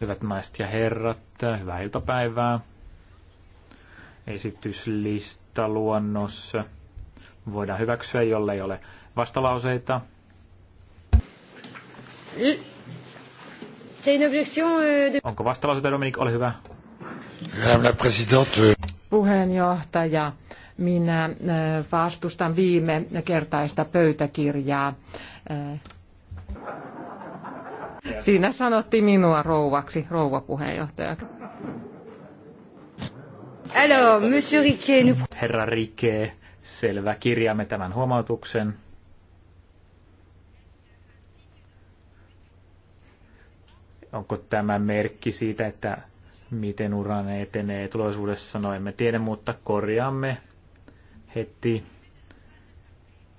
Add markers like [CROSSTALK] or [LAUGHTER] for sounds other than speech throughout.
Hyvät naiset ja herrat, hyvää iltapäivää. Esityslista luonnos voidaan hyväksyä, jollei ole vastalauseita. Euh, Onko vastalauseita, Dominik? Ole hyvä. Madame la présidente. Euh, Puheenjohtaja, minä äh, vastustan viime kertaista pöytäkirjaa äh, Siinä sanottiin minua rouvaksi, rouva puheenjohtaja. Alors, monsieur Riquet, nous... Herra Riquet, selvä, kirjaamme tämän huomautuksen. Onko tämä merkki siitä, että miten urane etenee tulevaisuudessa? No emme tiedä, mutta korjaamme heti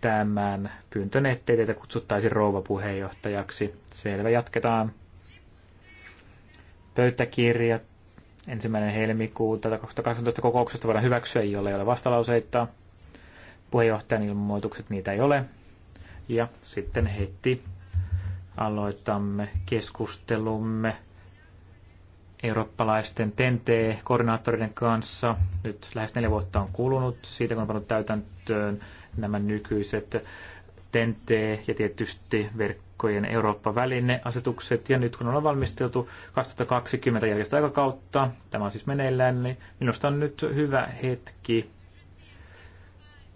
tämän pyyntön, ettei teitä kutsuttaisi rouva puheenjohtajaksi. Selvä, jatketaan. Pöytäkirja ensimmäinen helmikuuta 2018 kokouksesta voidaan hyväksyä, jolle ei ole vastalauseita. Puheenjohtajan ilmoitukset, niitä ei ole. Ja sitten heti aloitamme keskustelumme eurooppalaisten TNT-koordinaattoreiden kanssa. Nyt lähes neljä vuotta on kulunut siitä, kun on pannut täytäntöön nämä nykyiset TNT ja tietysti verkkojen eurooppa välinne asetukset. Ja nyt kun ollaan valmisteltu 2020 jälkeistä aikakautta, tämä on siis meneillään, niin minusta on nyt hyvä hetki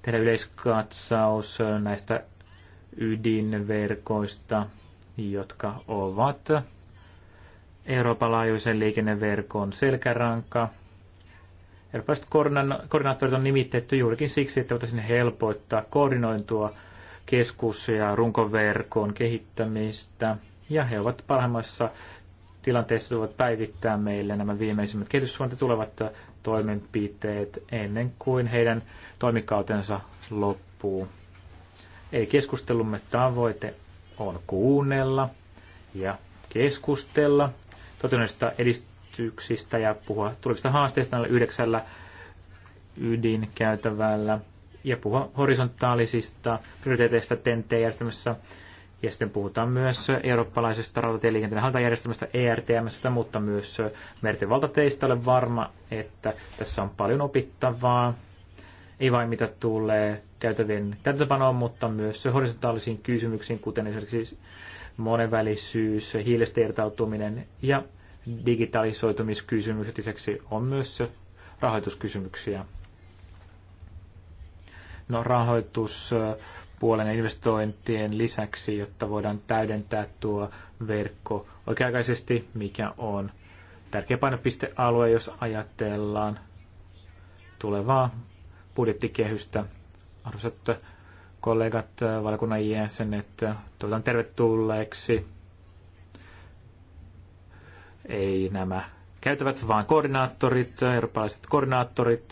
tehdä yleiskatsaus näistä ydinverkoista, jotka ovat Euroopan laajuisen liikenneverkon selkäranka. Eurooppalaiset koordinaattorit on nimitetty juurikin siksi, että voitaisiin helpoittaa koordinointua keskus- ja runkoverkon kehittämistä. Ja he ovat parhaimmassa tilanteessa tulevat päivittää meille nämä viimeisimmät kehityssuunta tulevat toimenpiteet ennen kuin heidän toimikautensa loppuu. Ei keskustelumme tavoite on kuunnella ja keskustella toteutuneista edist- edistyksistä ja puhua tulevista haasteista näillä yhdeksällä ydinkäytävällä ja puhua horisontaalisista prioriteeteista TNT-järjestelmässä. Ja sitten puhutaan myös eurooppalaisesta rautatieliikenteen hallintajärjestelmästä ERTMstä, mutta myös merten valtateistä. Olen varma, että tässä on paljon opittavaa. Ei vain mitä tulee käytävien täytäntöpanoon, mutta myös horisontaalisiin kysymyksiin, kuten esimerkiksi monenvälisyys, hiilestä irtautuminen ja digitalisoitumiskysymykset. Lisäksi on myös rahoituskysymyksiä. No, rahoituspuolen investointien lisäksi, jotta voidaan täydentää tuo verkko oikea-aikaisesti, mikä on tärkeä painopistealue, jos ajatellaan tulevaa budjettikehystä. Arvoisat kollegat, valiokunnan jäsenet, toivotan tervetulleeksi ei nämä käytävät, vaan koordinaattorit, eurooppalaiset koordinaattorit.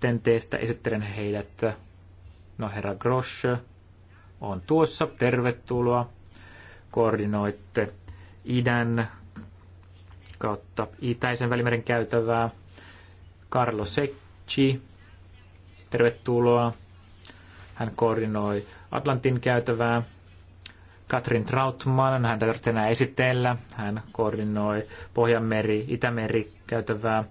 Tenteestä esittelen heidät. No herra Grosch on tuossa, tervetuloa. Koordinoitte idän kautta itäisen välimeren käytävää. Carlo Secchi, tervetuloa. Hän koordinoi Atlantin käytävää. Katrin Trautman, häntä tarvitsee enää esitellä. Hän koordinoi Pohjanmeri, Itämeri käytävää.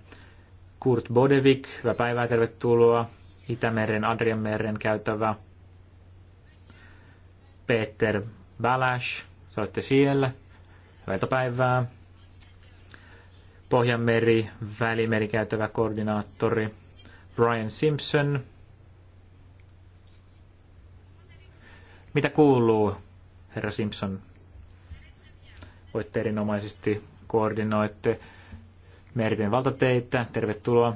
Kurt Bodevik, hyvää päivää, tervetuloa. Itämeren, Adrianmeren käytävä. Peter Balash, olette siellä. Hyvää päivää. Pohjanmeri, Välimeri käytävä koordinaattori. Brian Simpson. Mitä kuuluu? herra Simpson, voitte erinomaisesti koordinoitte meriten valtateitä. Tervetuloa.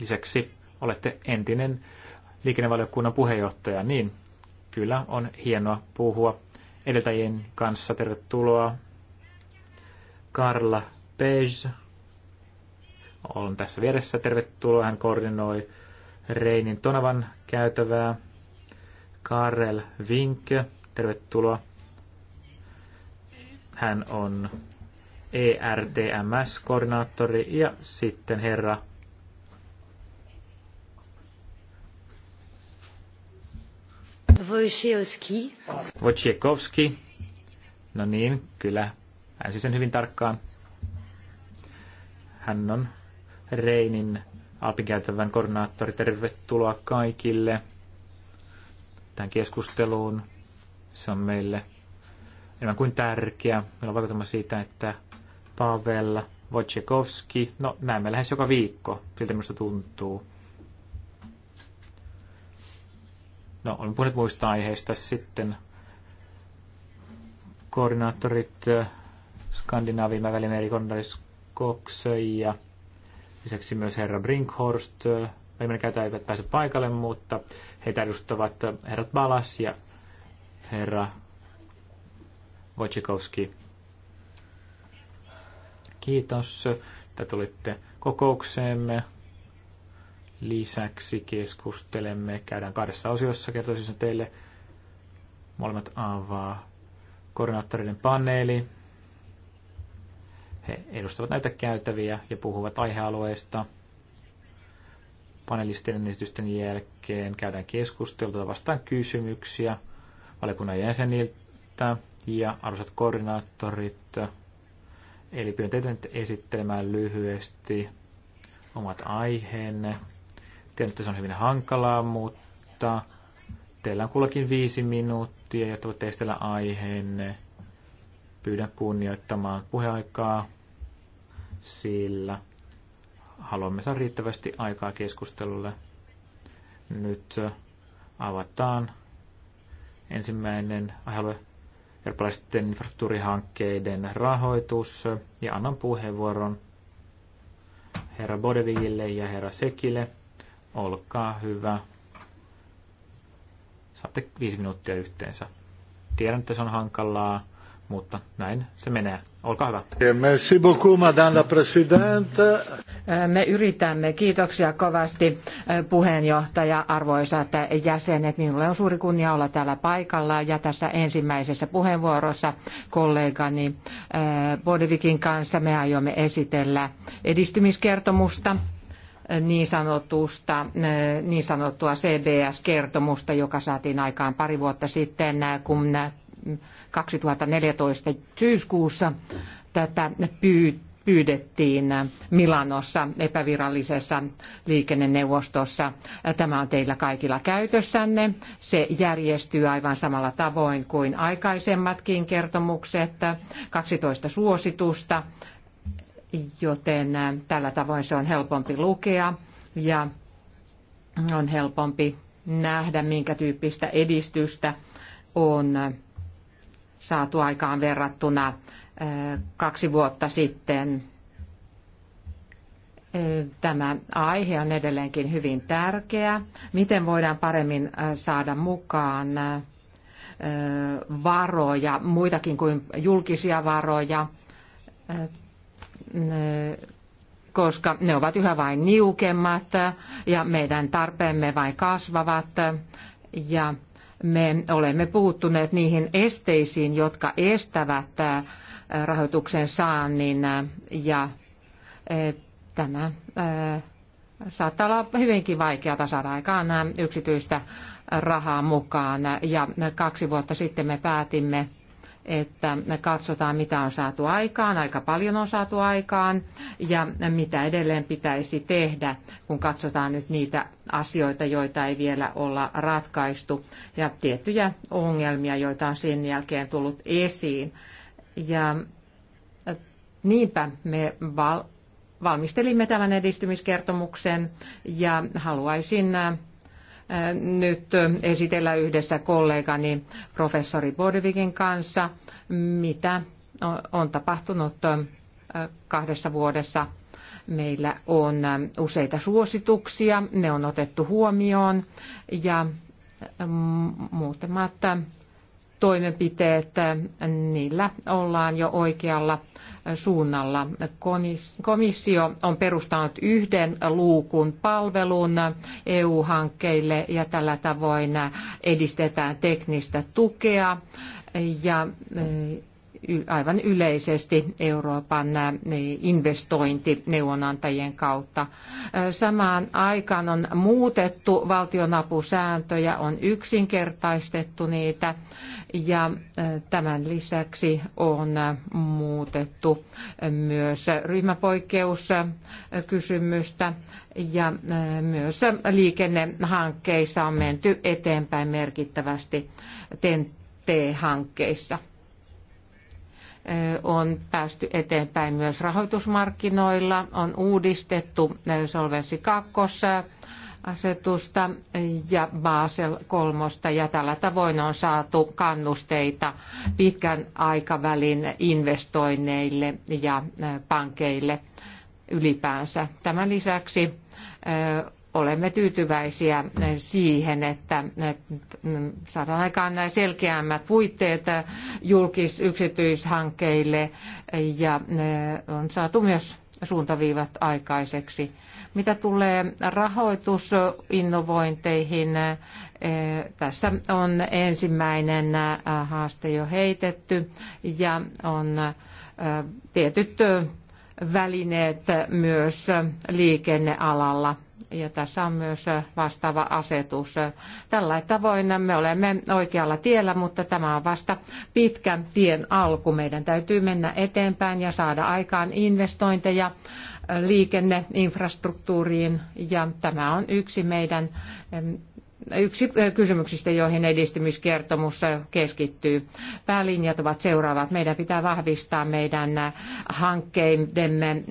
Lisäksi olette entinen liikennevaliokunnan puheenjohtaja, niin kyllä on hienoa puhua edeltäjien kanssa. Tervetuloa. Karla Pej on tässä vieressä. Tervetuloa. Hän koordinoi Reinin Tonavan käytävää. Karel Vinke Tervetuloa. Hän on ERTMS-koordinaattori ja sitten herra Wojciechowski. Wojciechowski. No niin, kyllä. Hän siis sen hyvin tarkkaan. Hän on Reinin alpikäytävän koordinaattori. Tervetuloa kaikille tähän keskusteluun. Se on meille enemmän kuin tärkeä. Meillä on vaikutelma siitä, että Pavel Wojciechowski, no näemme lähes joka viikko, siltä minusta tuntuu. No, olemme puhunut muista aiheista sitten. Koordinaattorit Skandinaavimä välimeri Kondalis Koksöi ja lisäksi myös herra Brinkhorst. käytä eivät pääse paikalle, mutta heitä edustavat herrat Balas ja herra Wojciechowski. Kiitos, että tulitte kokoukseemme. Lisäksi keskustelemme, käydään kahdessa osiossa, kertoisin teille. Molemmat avaa koordinaattoreiden paneeli. He edustavat näitä käytäviä ja puhuvat aihealueista. Panelistien esitysten jälkeen käydään keskustelua vastaan kysymyksiä valiokunnan jäseniltä ja arvoisat koordinaattorit. Eli pyydän teitä nyt esittelemään lyhyesti omat aiheenne. Tiedän, että se on hyvin hankalaa, mutta teillä on kullakin viisi minuuttia, jotta voitte esitellä aiheenne. Pyydän kunnioittamaan puheaikaa, sillä haluamme saada riittävästi aikaa keskustelulle. Nyt avataan Ensimmäinen aihealue eurooppalaisten infrastruktuurihankkeiden rahoitus ja annan puheenvuoron herra Bodevigille ja herra Sekille. Olkaa hyvä. Saatte viisi minuuttia yhteensä. Tiedän, että se on hankalaa, mutta näin se menee. Olkaa hyvä. Eh, merci beaucoup, madame la présidente. Eh, me yritämme. Kiitoksia kovasti eh, puheenjohtaja, arvoisat jäsenet. Minulle on suuri kunnia olla täällä paikalla ja tässä ensimmäisessä puheenvuorossa kollegani Bodevikin kanssa me aiomme esitellä edistymiskertomusta niin, sanotusta, niin sanottua CBS-kertomusta, joka saatiin aikaan pari vuotta sitten, kun 2014 syyskuussa tätä pyydettiin Milanossa epävirallisessa liikenneneuvostossa. Tämä on teillä kaikilla käytössänne. Se järjestyy aivan samalla tavoin kuin aikaisemmatkin kertomukset, 12 suositusta, joten tällä tavoin se on helpompi lukea ja on helpompi nähdä, minkä tyyppistä edistystä on saatu aikaan verrattuna kaksi vuotta sitten. Tämä aihe on edelleenkin hyvin tärkeä. Miten voidaan paremmin saada mukaan varoja, muitakin kuin julkisia varoja, koska ne ovat yhä vain niukemmat ja meidän tarpeemme vain kasvavat. Ja me olemme puuttuneet niihin esteisiin, jotka estävät äh, rahoituksen saannin äh, ja äh, tämä saattaa olla hyvinkin vaikeaa saada aikaan yksityistä rahaa mukaan ja kaksi vuotta sitten me päätimme että katsotaan mitä on saatu aikaan, aika paljon on saatu aikaan ja mitä edelleen pitäisi tehdä, kun katsotaan nyt niitä asioita, joita ei vielä olla ratkaistu ja tiettyjä ongelmia, joita on sen jälkeen tullut esiin. Ja niinpä me val- valmistelimme tämän edistymiskertomuksen ja haluaisin äh, nyt esitellä yhdessä kollegani professori Bodevikin kanssa, mitä on tapahtunut kahdessa vuodessa. Meillä on useita suosituksia, ne on otettu huomioon ja muutamat toimenpiteet, niillä ollaan jo oikealla suunnalla. Komissio on perustanut yhden luukun palvelun EU-hankkeille ja tällä tavoin edistetään teknistä tukea ja aivan yleisesti Euroopan investointineuvonantajien kautta. Samaan aikaan on muutettu valtionapusääntöjä, on yksinkertaistettu niitä ja tämän lisäksi on muutettu myös ryhmäpoikkeuskysymystä ja myös liikennehankkeissa on menty eteenpäin merkittävästi TEN-T-hankkeissa on päästy eteenpäin myös rahoitusmarkkinoilla, on uudistettu Solvenssi 2 asetusta ja Basel kolmosta ja tällä tavoin on saatu kannusteita pitkän aikavälin investoinneille ja pankeille ylipäänsä. Tämän lisäksi olemme tyytyväisiä siihen, että saadaan aikaan selkeämmät puitteet julkis-yksityishankkeille ja eh, on saatu myös suuntaviivat aikaiseksi. Mitä tulee rahoitusinnovointeihin, eh, tässä on ensimmäinen eh, haaste jo heitetty ja on tietyt välineet myös liikennealalla ja tässä on myös vastaava asetus. Tällä tavoin me olemme oikealla tiellä, mutta tämä on vasta pitkän tien alku. Meidän täytyy mennä eteenpäin ja saada aikaan investointeja liikenneinfrastruktuuriin ja tämä on yksi meidän Yksi kysymyksistä, joihin edistymiskertomus keskittyy. Päälinjat ovat seuraavat. Meidän pitää vahvistaa meidän hankkeidemme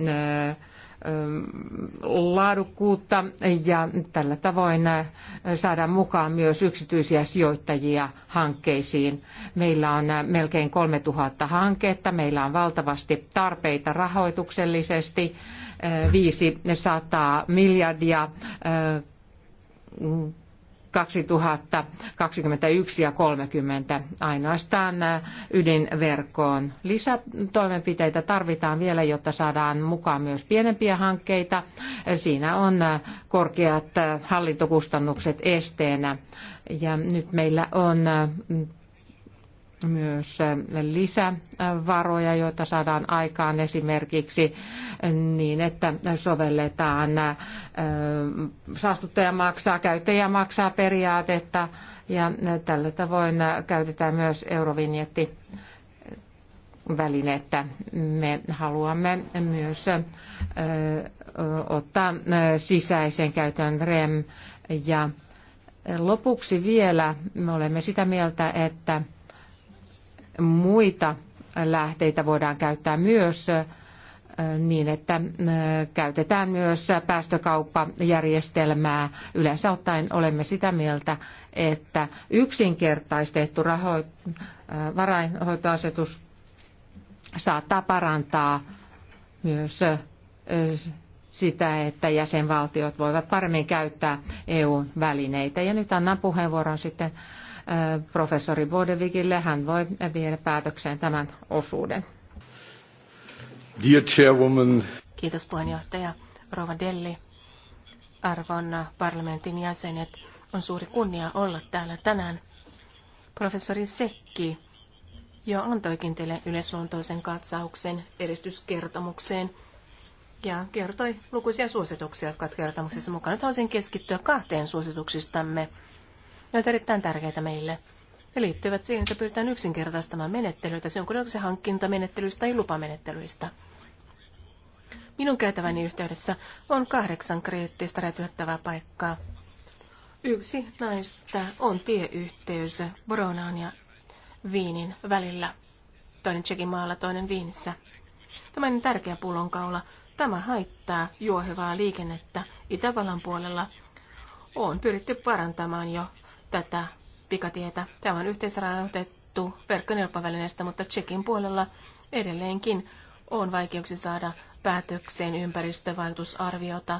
laadukkuutta ja tällä tavoin saadaan mukaan myös yksityisiä sijoittajia hankkeisiin. Meillä on melkein 3000 hanketta, meillä on valtavasti tarpeita rahoituksellisesti, 500 miljardia 2021 ja 30 ainoastaan ydinverkkoon. Lisätoimenpiteitä tarvitaan vielä, jotta saadaan mukaan myös pienempiä hankkeita. Siinä on korkeat hallintokustannukset esteenä. Ja nyt meillä on myös lisävaroja, joita saadaan aikaan esimerkiksi niin, että sovelletaan saastuttaja maksaa, käyttäjä maksaa periaatetta ja tällä tavoin käytetään myös eurovinjetti välinettä. Me haluamme myös ottaa sisäisen käytön REM ja lopuksi vielä me olemme sitä mieltä, että muita lähteitä voidaan käyttää myös niin, että käytetään myös päästökauppajärjestelmää. Yleensä ottaen olemme sitä mieltä, että yksinkertaistettu raho- varainhoitoasetus saattaa parantaa myös sitä, että jäsenvaltiot voivat paremmin käyttää EU-välineitä. Ja nyt annan puheenvuoron sitten professori Bodevikille. Hän voi viedä päätökseen tämän osuuden. Dear chairwoman. Kiitos puheenjohtaja Rova Delli. Arvon parlamentin jäsenet, on suuri kunnia olla täällä tänään. Professori Sekki jo antoikin teille yleisluontoisen katsauksen eristyskertomukseen ja kertoi lukuisia suosituksia, jotka ovat kertomuksessa mukana. Haluaisin keskittyä kahteen suosituksistamme, ne ovat erittäin tärkeitä meille. Ne liittyvät siihen, että pyritään yksinkertaistamaan menettelyitä. Se on kuitenkin hankintamenettelyistä tai lupamenettelyistä. Minun käytäväni yhteydessä on kahdeksan kriittistä räjähtyvää paikkaa. Yksi näistä on tieyhteys Boronaan ja Viinin välillä. Toinen Tsekin maalla, toinen Viinissä. Tämä on tärkeä pullonkaula. Tämä haittaa juohevaa liikennettä Itävallan puolella. On pyritty parantamaan jo tätä pikatietä. Tämä on yhteisrajoitettu verkkoneuvopavälineestä, mutta Tsekin puolella edelleenkin on vaikeuksia saada päätökseen ympäristövaikutusarviota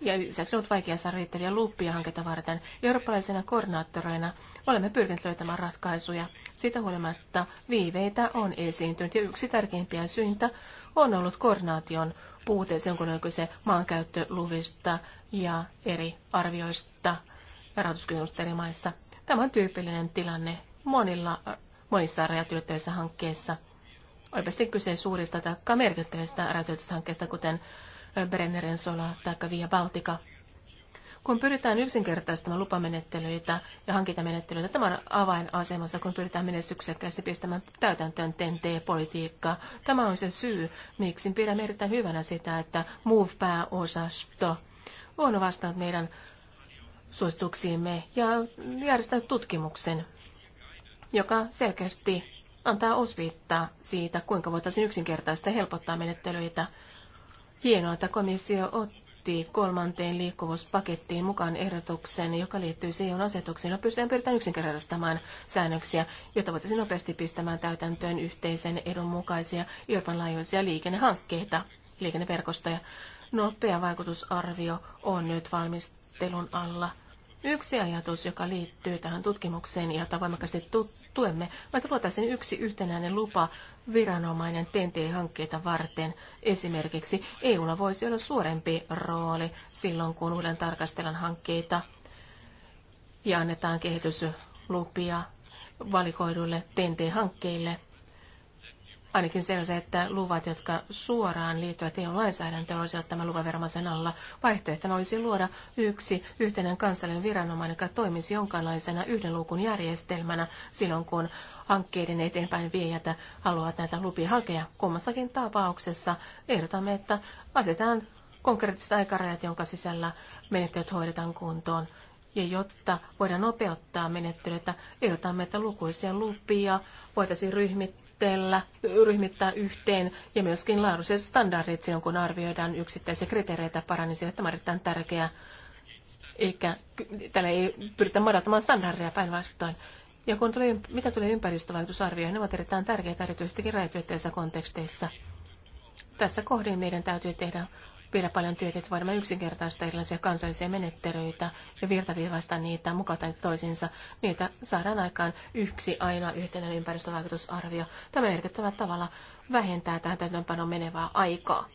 ja lisäksi on ollut vaikea saada riittäviä luuppia hanketta varten. Eurooppalaisena koordinaattoreina olemme pyrkineet löytämään ratkaisuja. Siitä huolimatta viiveitä on esiintynyt ja yksi tärkeimpiä syyntä on ollut koordinaation puute, sen kun on kyse maankäyttöluvista ja eri arvioista – ja rahoituskysymystä eri maissa. Tämä on tyypillinen tilanne monilla, monissa rajat hankkeissa. Olipa sitten kyse suurista tai merkittävistä rajat hankkeista, kuten Brennerin sola tai Via Baltica. Kun pyritään yksinkertaistamaan lupamenettelyitä ja hankintamenettelyitä, tämä on avainasemassa, kun pyritään menestyksekkäästi pistämään täytäntöön TNT-politiikkaa. Tämä on se syy, miksi pidämme erittäin hyvänä sitä, että MOVE-pääosasto on vastannut meidän suosituksiimme ja järjestänyt tutkimuksen, joka selkeästi antaa osviittaa siitä, kuinka voitaisiin yksinkertaista helpottaa menettelyitä. Hienoa, että komissio otti kolmanteen liikkuvuuspakettiin mukaan ehdotuksen, joka liittyy siihen asetukseen, jolla pyritään, pyritään yksinkertaistamaan säännöksiä, jotta voitaisiin nopeasti pistämään täytäntöön yhteisen edun mukaisia Euroopan laajuisia liikennehankkeita, liikenneverkostoja. Nopea vaikutusarvio on nyt valmistelun alla – Yksi ajatus, joka liittyy tähän tutkimukseen ja jota voimakkaasti tu- tuemme, on, että luotaisiin yksi yhtenäinen lupa viranomainen TNT-hankkeita varten. Esimerkiksi EUlla voisi olla suurempi rooli silloin, kun uuden tarkastellaan hankkeita ja annetaan kehityslupia valikoiduille TNT-hankkeille – Ainakin se, että luvat, jotka suoraan liittyvät EU-lainsäädäntöön, olisivat tämän luvaviranomaisen alla. Vaihtoehtona olisi luoda yksi yhteinen kansallinen viranomainen, joka toimisi jonkinlaisena yhden luukun järjestelmänä silloin, kun hankkeiden eteenpäin viejätä haluavat näitä lupia hakea. Kummassakin tapauksessa ehdotamme, että asetetaan konkreettiset aikarajat, jonka sisällä menettelyt hoidetaan kuntoon. Ja jotta voidaan nopeuttaa menettelyitä, ehdotamme, että lukuisia lupia voitaisiin ryhmittää määritellä, ryhmittää yhteen ja myöskin laadulliset standardit silloin, kun arvioidaan yksittäisiä kriteereitä paranisivat. Tämä on erittäin tärkeää. Eikä tällä ei pyritä madaltamaan standardeja päinvastoin. Ja kun tulee, mitä tulee ympäristövaikutusarvioihin, ne ovat erittäin tärkeitä erityisesti rajatyötteissä konteksteissa. Tässä kohdin meidän täytyy tehdä vielä paljon työtä, että voidaan yksinkertaistaa erilaisia kansallisia menettelyitä ja virtaviivaista niitä niitä toisiinsa. Niitä saadaan aikaan yksi aina yhtenä ympäristövaikutusarvio. Tämä merkittävä tavalla vähentää tähän täytäntöönpanoon menevää aikaa.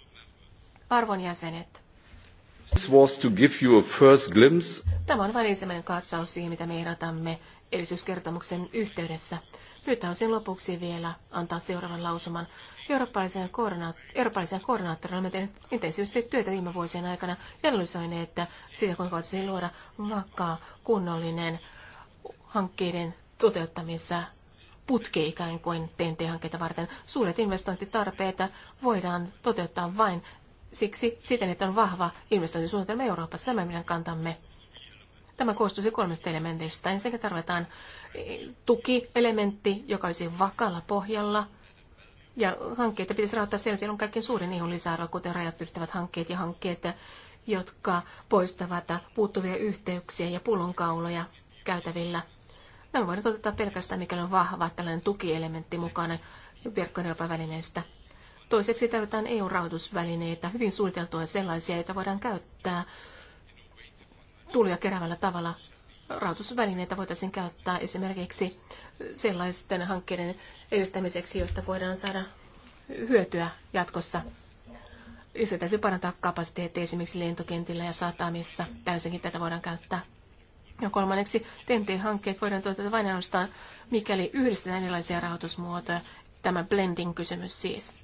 Arvon jäsenet. This was to give you a first glimpse. Tämä on vain ensimmäinen katsaus siihen, mitä me ehdotamme erityiskertomuksen yhteydessä. Nyt sen lopuksi vielä antaa seuraavan lausuman. Eurooppalaisen koordinaattorin olemme tehneet intensiivisesti työtä viime vuosien aikana ja analysoineet, että siitä kuinka voitaisiin luoda vakaa, kunnollinen hankkeiden toteuttamissa putki ikään kuin TNT-hankkeita varten. Suuret investointitarpeet voidaan toteuttaa vain siksi siten, että on vahva investointisuunnitelma Euroopassa. Tämä meidän kantamme. Tämä koostuisi kolmesta elementistä. Ensinnäkin tarvitaan eh, tukielementti, joka olisi vakalla pohjalla. Ja hankkeita pitäisi rahoittaa siellä, siellä on kaikkein suurin ihon lisäarvo, kuten rajat ylittävät hankkeet ja hankkeet, jotka poistavat puuttuvia yhteyksiä ja pullonkauloja käytävillä. Nämä voidaan toteuttaa pelkästään, mikäli on vahva tällainen tukielementti mukana verkkojen Toiseksi tarvitaan EU-rahoitusvälineitä, hyvin suunniteltuja sellaisia, joita voidaan käyttää tulia keräävällä tavalla rahoitusvälineitä voitaisiin käyttää esimerkiksi sellaisten hankkeiden edistämiseksi, joista voidaan saada hyötyä jatkossa. Se täytyy parantaa kapasiteettia esimerkiksi lentokentillä ja satamissa. Täysinkin tätä voidaan käyttää. Ja kolmanneksi, TNT-hankkeet voidaan toteuttaa vain ainoastaan, mikäli yhdistetään erilaisia rahoitusmuotoja. Tämä blending-kysymys siis.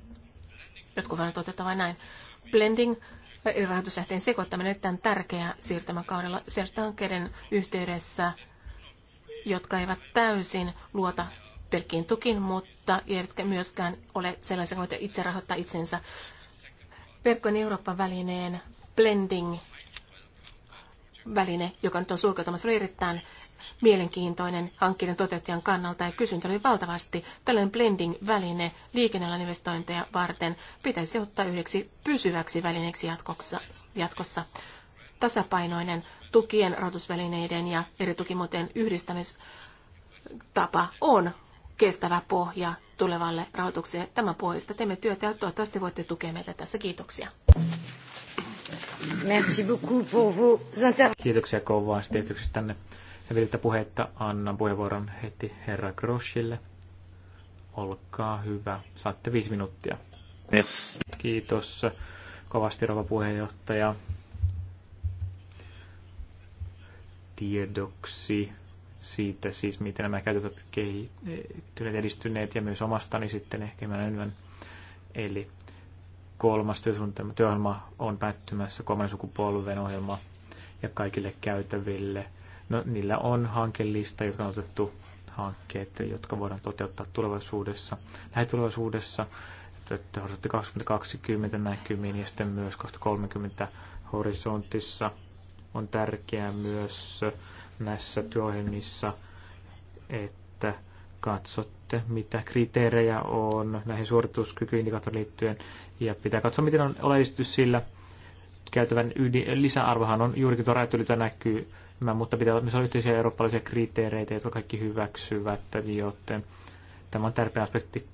Jotkut voidaan toteuttaa vain näin. Blending eri rahoituslähteen sekoittaminen erittäin tärkeää siirtymäkaudella hankkeiden yhteydessä, jotka eivät täysin luota pelkkiin tukin, mutta eivätkä myöskään ole sellaisia, joita itse rahoittaa itsensä. Verkkojen Euroopan välineen blending väline, joka nyt on sulkeutumassa, oli erittäin mielenkiintoinen hankkeiden toteuttajan kannalta ja kysyntä oli valtavasti. Tällainen blending-väline liikennealan investointeja varten pitäisi ottaa yhdeksi pysyväksi välineeksi jatkossa. jatkossa. Tasapainoinen tukien, rahoitusvälineiden ja eri tukimuotojen yhdistämistapa on kestävä pohja tulevalle rahoitukseen. Tämän pohjasta teemme työtä ja toivottavasti voitte tukea meitä tässä. Kiitoksia. Merci beaucoup pour vos Kiitoksia kovasti esityksestänne. tänne sen viidettä puhetta annan puheenvuoron heti herra Groschille. Olkaa hyvä. Saatte viisi minuuttia. Yes. Kiitos kovasti rouva puheenjohtaja. Tiedoksi siitä siis, miten nämä käytöt kehittyneet, edistyneet ja myös omastani niin sitten ehkä mä enemmän. Eli kolmas työsuunnitelma, työohjelma on päättymässä kolmannen sukupolven ohjelma ja kaikille käytäville No, niillä on hankelista, jotka on otettu hankkeet, jotka voidaan toteuttaa tulevaisuudessa, lähitulevaisuudessa, että horisontti 2020 näkymiin ja sitten myös 2030 horisontissa on tärkeää myös näissä työohjelmissa, että katsotte, mitä kriteerejä on näihin suorituskykyindikaattoriin liittyen, ja pitää katsoa, miten on oleellisesti sillä käytävän ydin, lisäarvohan on juurikin tuo näkyy Mä mutta pitää että on yhteisiä eurooppalaisia kriteereitä, jotka kaikki hyväksyvät, joten tämä on tärkeä aspekti.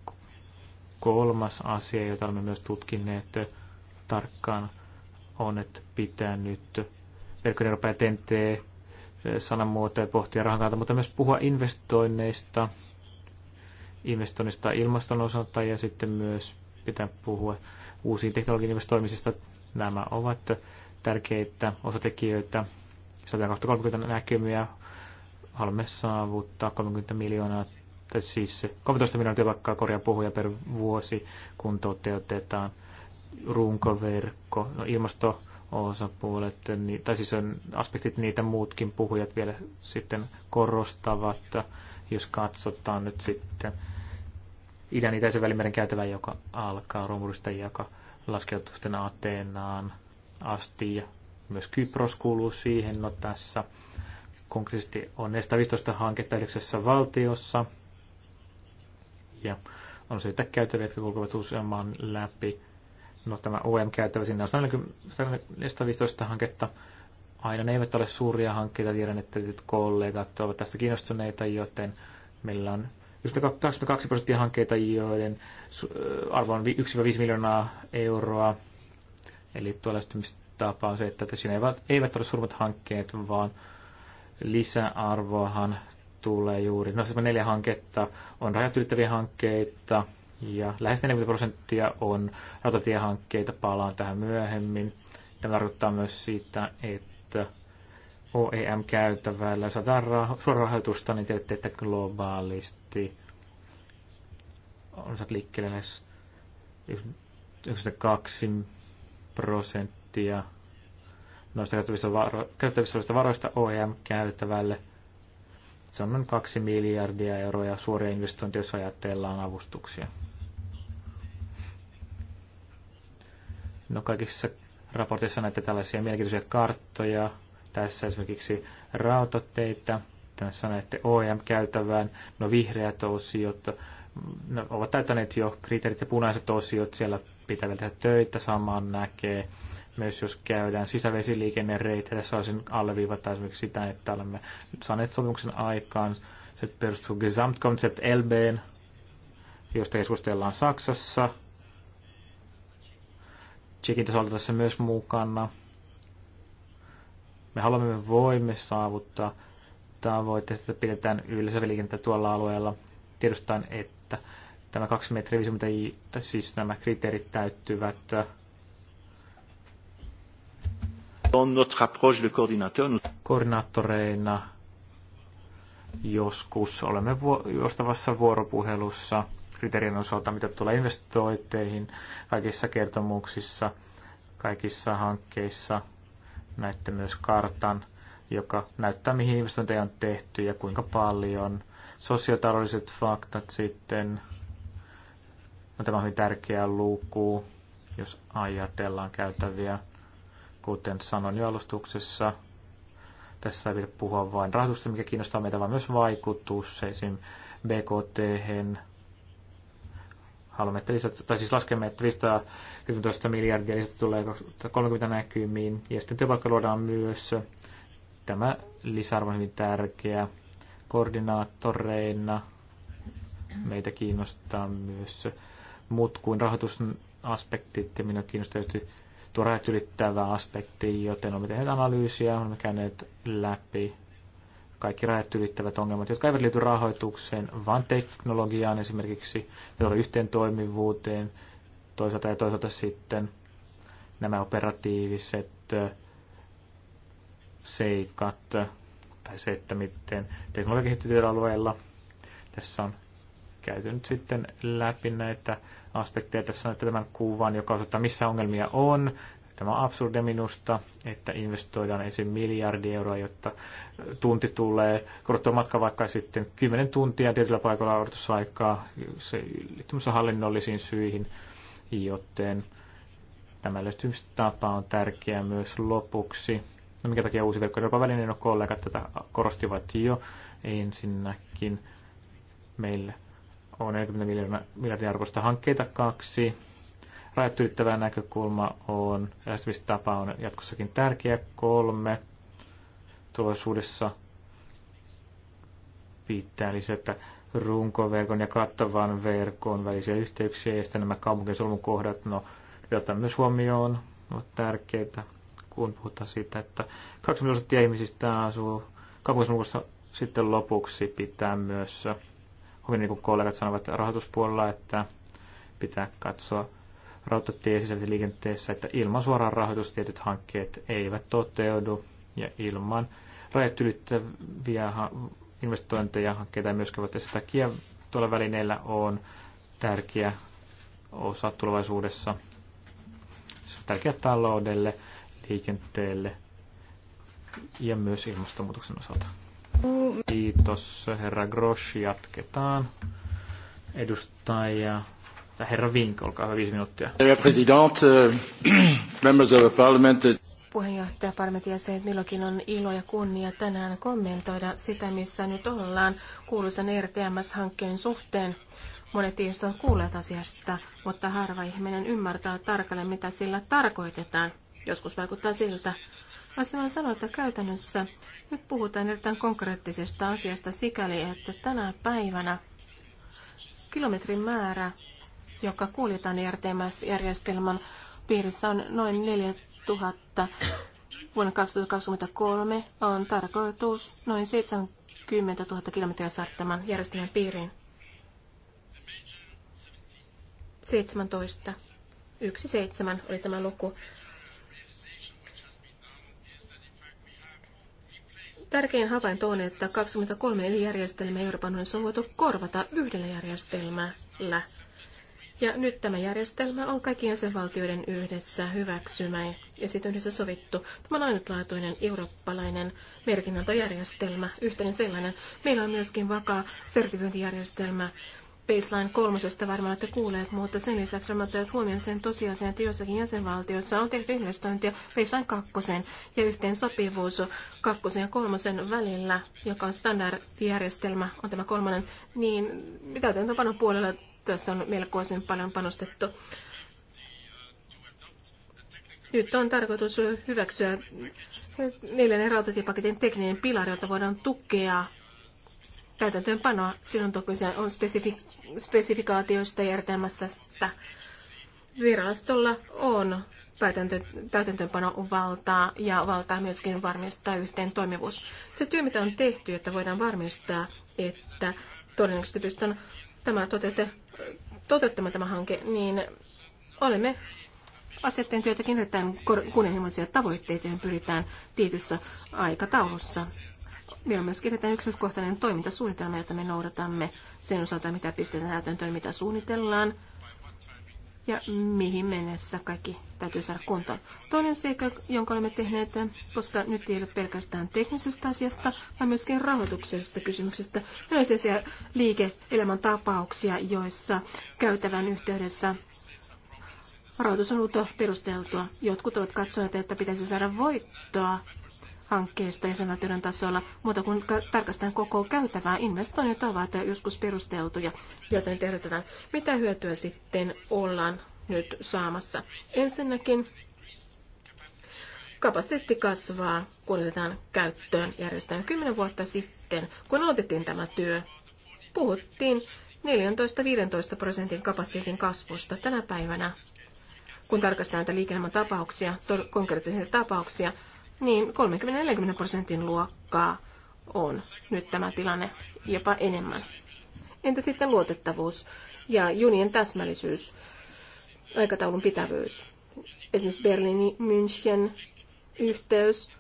Kolmas asia, jota olemme myös tutkineet tarkkaan, on, että pitää nyt verkkojen Eurooppa ja eh, sanamuotoja pohtia rahan kautta, mutta myös puhua investoinneista, investoinnista ilmaston osalta ja sitten myös pitää puhua uusiin teknologian investoimisista. Nämä ovat tärkeitä osatekijöitä 130 näkymiä. Haluamme saavuttaa 30 miljoonaa, tai siis 13 miljoonaa työpaikkaa korjaa puhuja per vuosi, kun toteutetaan runkoverkko, no, ilmasto osapuolet, tai siis on aspektit niitä muutkin puhujat vielä sitten korostavat, jos katsotaan nyt sitten idän itäisen välimeren käytävä, joka alkaa Romurista, joka laskeutusten Ateenaan asti ja myös Kypros kuuluu siihen. No tässä konkreettisesti on näistä 15 hanketta yhdeksässä valtiossa. Ja on siitä käytäviä, jotka kulkevat useamman läpi. No tämä OM-käytävä, sinne on 115 hanketta. Aina ne eivät ole suuria hankkeita, tiedän, että kollegat ovat tästä kiinnostuneita, joten meillä on 22 prosenttia hankkeita, joiden arvo on 1-5 miljoonaa euroa. Eli tuo lähestymistä tapa on se, että siinä eivät, eivät ole suurimmat hankkeet, vaan lisäarvoahan tulee juuri. No siis neljä hanketta on rajat ylittäviä hankkeita ja lähes 40 prosenttia on rautatiehankkeita. Palaan tähän myöhemmin. Tämä tarkoittaa myös sitä, että OEM-käytävällä saadaan rah- suoraa rahoitusta, niin teette, että globaalisti on saat liikkeelle lähes 92 prosenttia prosenttia noista käytettävissä, varo- käytettävissä olevista varoista OEM-käytävälle. Se on noin 2 miljardia euroa suoria investointeja, jos ajatellaan avustuksia. No kaikissa raportissa näitä tällaisia mielenkiintoisia karttoja. Tässä esimerkiksi rautateitä, tässä näette OEM-käytävään, no vihreät osiot, ne no, ovat täyttäneet jo kriteerit ja punaiset osiot, siellä pitää vielä tehdä töitä, samaan näkee myös jos käydään sisävesiliikennereitä. Tässä olisin alleviivata esimerkiksi sitä, että olemme saaneet sopimuksen aikaan. Se perustuu Gesamtkonzept LBn, josta keskustellaan Saksassa. Tsekin tasolla tässä myös mukana. Me haluamme, me voimme saavuttaa tavoitteesta, että pidetään yllä säveliikennettä tuolla alueella. Tiedostan, että tämä 2,50 metriä, siis nämä kriteerit täyttyvät Koordinaattoreina joskus olemme joustavassa vuoropuhelussa kriteerien osalta, mitä tulee investointeihin, kaikissa kertomuksissa, kaikissa hankkeissa. Näette myös kartan, joka näyttää, mihin investointeja on tehty ja kuinka paljon. Sosiotaloudelliset faktat sitten. No, tämä on hyvin tärkeä luku, jos ajatellaan käytäviä Kuten sanoin jo alustuksessa, tässä ei puhua vain rahoitusta, mikä kiinnostaa meitä, vaan myös vaikutus, esim. BKT, -hen. haluamme, että lisät, tai siis laskemme, että 511 miljardia lisätä tulee 30 näkymiin, ja sitten työpaikka luodaan myös. Tämä lisäarvo on hyvin tärkeä koordinaattoreina. Meitä kiinnostaa myös muut kuin rahoitusaspektit, ja minua kiinnostaa tietysti tuo rajat ylittävä aspekti, joten olemme tehneet analyysiä, olemme käyneet läpi kaikki rajat ylittävät ongelmat, jotka eivät liity rahoitukseen, vaan teknologiaan esimerkiksi, yhteen toimivuuteen, toisaalta ja toisaalta sitten nämä operatiiviset seikat, tai se, että miten teknologia kehittyy alueella. Tässä on käyty nyt sitten läpi näitä aspekteja. Tässä että tämän kuvan, joka osoittaa, missä ongelmia on. Tämä on absurde minusta, että investoidaan ensin miljardi euroa, jotta tunti tulee korottua matka vaikka sitten 10 tuntia tietyllä paikalla odotusaikaa se, hallinnollisiin syihin, joten tämä lähestymistapa on tärkeä myös lopuksi. No minkä takia uusi jopa välineen on kollegat tätä korostivat jo ensinnäkin meille on 40 miljardin arvosta hankkeita kaksi. Rajat ylittävä näkökulma on, tapa on jatkossakin tärkeä kolme. Tulevaisuudessa pitää lisätä runkoverkon ja kattavan verkon välisiä yhteyksiä ja sitten nämä kaupunkien solmukohdat, no, joita myös huomioon ovat tärkeitä, kun puhutaan siitä, että 20 prosenttia ihmisistä asuu kaupunkisolmukossa sitten lopuksi pitää myös niin kuin kollegat sanovat rahoituspuolella, että pitää katsoa rautatie- ja liikenteessä, että ilman suoraan rahoitus tietyt hankkeet eivät toteudu ja ilman rajat ylittäviä investointeja hankkeita ei myöskään voi sitä takia tuolla välineellä on tärkeä osa tulevaisuudessa. Se on tärkeä taloudelle, liikenteelle ja myös ilmastonmuutoksen osalta. Kiitos, herra Grosch. Jatketaan. Edustaja, tai herra Vink, olkaa hyvä, viisi minuuttia. Herra president, äh, [CLEARS THROAT] members of parliament. Äh, Puheenjohtaja parlamentin jäsen, milloinkin on ilo ja kunnia tänään kommentoida sitä, missä nyt ollaan kuuluisen e RTMS-hankkeen suhteen. Monet ihmiset ovat kuulleet asiasta, mutta harva ihminen ymmärtää tarkalleen, mitä sillä tarkoitetaan. Joskus vaikuttaa siltä, Voisin vain sanoa, että käytännössä nyt puhutaan erittäin konkreettisesta asiasta sikäli, että tänä päivänä kilometrin määrä, joka kuljetaan järjestelmän piirissä, on noin 4000. Vuonna 2023 on tarkoitus noin 70 000 kilometriä saada tämän järjestelmän piiriin. 17. 1.7 oli tämä luku. Tärkein havainto on, että 23 eri järjestelmää Euroopan unionissa on voitu korvata yhdellä järjestelmällä. Ja nyt tämä järjestelmä on kaikkien jäsenvaltioiden yhdessä hyväksymä ja sitten yhdessä sovittu. Tämä on ainutlaatuinen eurooppalainen merkinnäntöjärjestelmä, yhteinen sellainen. Meillä on myöskin vakaa sertifiointijärjestelmä baseline kolmosesta varmaan olette kuulleet, mutta sen lisäksi olemme ottaneet huomioon sen tosiasian, että jossakin jäsenvaltiossa on tehty investointia baseline kakkosen ja yhteen sopivuus kakkosen ja kolmosen välillä, joka on standardijärjestelmä, on tämä kolmonen, niin mitä täytäntöpanon puolella tässä on melkoisen paljon panostettu. Nyt on tarkoitus hyväksyä neljännen rautatiepaketin tekninen pilari, jota voidaan tukea täytäntöönpanoa silloin, kun se on spesifi- spesifikaatioista järjestelmässä. Virastolla on valtaa ja valtaa myöskin varmistaa yhteen toimivuus. Se työ, mitä on tehty, että voidaan varmistaa, että todennäköisesti pystytään tämä toteutte, toteuttamaan tämä hanke, niin olemme asetteen työtäkin erittäin kunnianhimoisia tavoitteita, joihin pyritään tietyssä aikataulussa Meillä on myös kirjataan yksityiskohtainen toimintasuunnitelma, jota me noudatamme sen osalta, mitä pistetään täytäntöön, mitä suunnitellaan ja mihin mennessä kaikki täytyy saada kuntoon. Toinen seikka, jonka olemme tehneet, koska nyt ei ole pelkästään teknisestä asiasta, vaan myöskin rahoituksesta kysymyksestä, yleisiä siis liike-elämän tapauksia, joissa käytävän yhteydessä rahoitus on ollut perusteltua. Jotkut ovat katsoneet, että pitäisi saada voittoa hankkeesta jäsenvaltioiden tasolla, mutta kun tarkastetaan koko käytävää, investoinnit ovat joskus perusteltuja, joten tehdään, Mitä hyötyä sitten ollaan nyt saamassa? Ensinnäkin kapasiteetti kasvaa, kun otetaan käyttöön järjestelmä. Kymmenen vuotta sitten, kun aloitettiin tämä työ, puhuttiin 14-15 prosentin kapasiteetin kasvusta tänä päivänä. Kun tarkastetaan näitä liikenneman tapauksia, konkreettisia tapauksia, niin 30-40 prosentin luokkaa on nyt tämä tilanne jopa enemmän. Entä sitten luotettavuus ja junien täsmällisyys, aikataulun pitävyys? Esimerkiksi Berliini-München yhteys,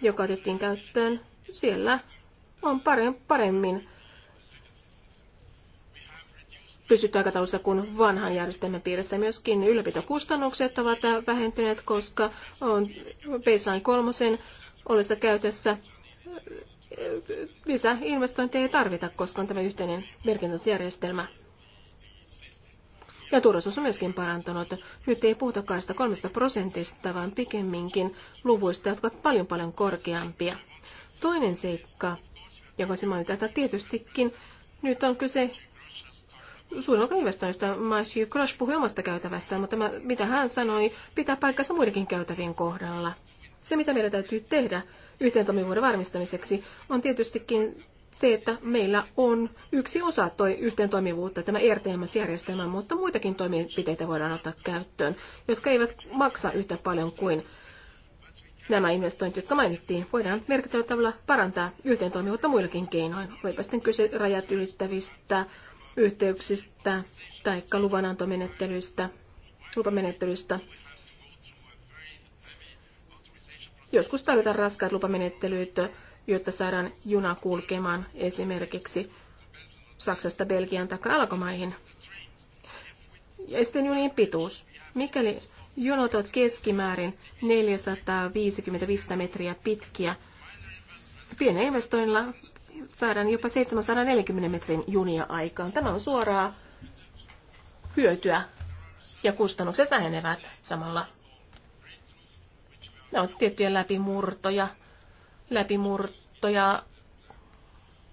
joka otettiin käyttöön, siellä on paremmin pysytty aikataulussa kuin vanhan järjestelmän piirissä. Myöskin ylläpitokustannukset ovat vähentyneet, koska on baseline kolmosen ollessa käytössä lisäinvestointeja ei tarvita, koska on tämä yhteinen merkintöjärjestelmä Ja turvallisuus on myöskin parantunut. Nyt ei puhuta kaista kolmesta prosentista, vaan pikemminkin luvuista, jotka ovat paljon paljon korkeampia. Toinen seikka, joka se mainitaan, että tietystikin nyt on kyse suurin osa investoinnista. Matthew Crush puhui omasta käytävästään, mutta mä, mitä hän sanoi, pitää paikkansa muidenkin käytävien kohdalla. Se, mitä meidän täytyy tehdä toimivuuden varmistamiseksi, on tietystikin se, että meillä on yksi osa toi yhteen toimivuutta, tämä ERTMS-järjestelmä, mutta muitakin toimenpiteitä voidaan ottaa käyttöön, jotka eivät maksa yhtä paljon kuin nämä investoinnit, jotka mainittiin. Voidaan merkittävällä tavalla parantaa yhteen toimivuutta muillakin keinoin. Voipa sitten kyse rajat ylittävistä yhteyksistä tai luvanantomenettelyistä, lupamenettelyistä. Joskus tarvitaan raskaat lupamenettelyt, jotta saadaan juna kulkemaan esimerkiksi Saksasta Belgian tai alkomaihin. Ja sitten junien pituus. Mikäli junot ovat keskimäärin 450 metriä pitkiä, pienellä investoinnilla saadaan jopa 740 metrin junia aikaan. Tämä on suoraa hyötyä ja kustannukset vähenevät samalla. Ne ovat tiettyjä läpimurtoja. Läpimurtoja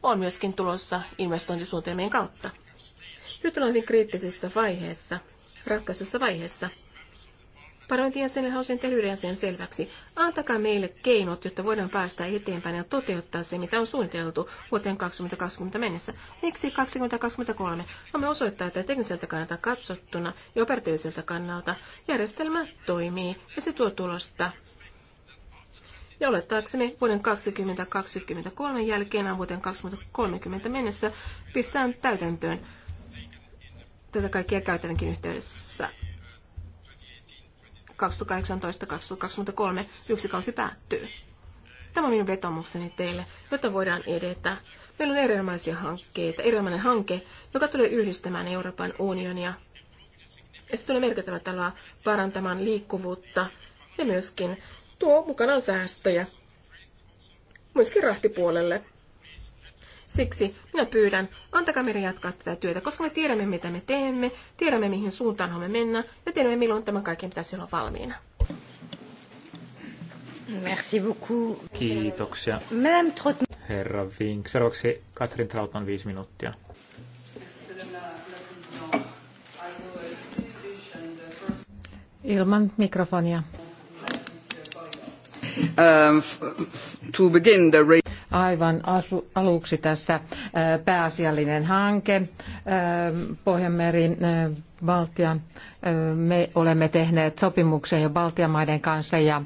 on myöskin tulossa investointisuunnitelmien kautta. Nyt ollaan hyvin kriittisessä vaiheessa, ratkaisussa vaiheessa – parointi jäsenen hausen tehdä yhden selväksi. Antakaa meille keinot, jotta voidaan päästä eteenpäin ja toteuttaa se, mitä on suunniteltu vuoteen 2020 mennessä. Miksi 2023? Voimme osoittaa, että tekniseltä kannalta katsottuna ja operatiiviselta kannalta järjestelmä toimii ja se tuo tulosta. Ja olettaakseni vuoden 2023 jälkeen vuoteen 2030 mennessä pistään täytäntöön tätä kaikkia käytävänkin yhteydessä 2018-2023 yksi kausi päättyy. Tämä on minun vetomukseni teille, jotta voidaan edetä. Meillä on erilaisia hankkeita, erilainen hanke, joka tulee yhdistämään Euroopan unionia. Ja se tulee merkittävällä tavalla parantamaan liikkuvuutta ja myöskin tuo mukanaan säästöjä, myöskin rahtipuolelle. Siksi minä pyydän, antakaa meidän jatkaa tätä työtä, koska me tiedämme, mitä me teemme, tiedämme, mihin suuntaan me mennä ja tiedämme, milloin tämä kaiken pitäisi olla valmiina. Merci beaucoup. Kiitoksia. Herra Vink. Seuraavaksi Katrin Trautman viisi minuuttia. Ilman mikrofonia. Um, to begin the aivan asu, aluksi tässä äh, pääasiallinen hanke äh, Pohjanmeri äh, Baltian. Me olemme tehneet sopimuksen jo Baltian maiden kanssa ja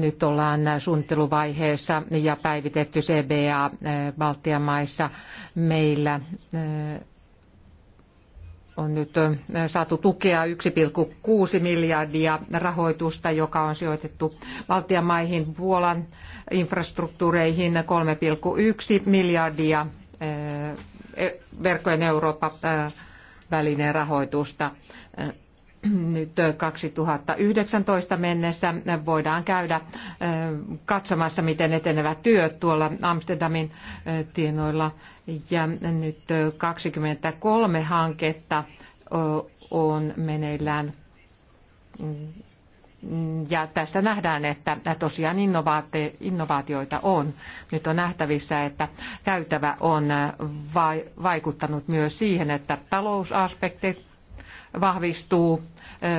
nyt ollaan suunnitteluvaiheessa ja päivitetty CBA Baltian maissa. Meillä on nyt saatu tukea 1,6 miljardia rahoitusta, joka on sijoitettu Baltian maihin Puolan infrastruktuureihin 3,1 miljardia eh, verkkojen Eurooppa-välineen eh, rahoitusta. Eh, nyt 2019 mennessä voidaan käydä katsomassa, miten etenevät työt tuolla Amsterdamin tienoilla. Ja nyt 23 hanketta on meneillään ja tästä nähdään, että tosiaan innovaatioita on. Nyt on nähtävissä, että käytävä on vaikuttanut myös siihen, että talousaspekti vahvistuu.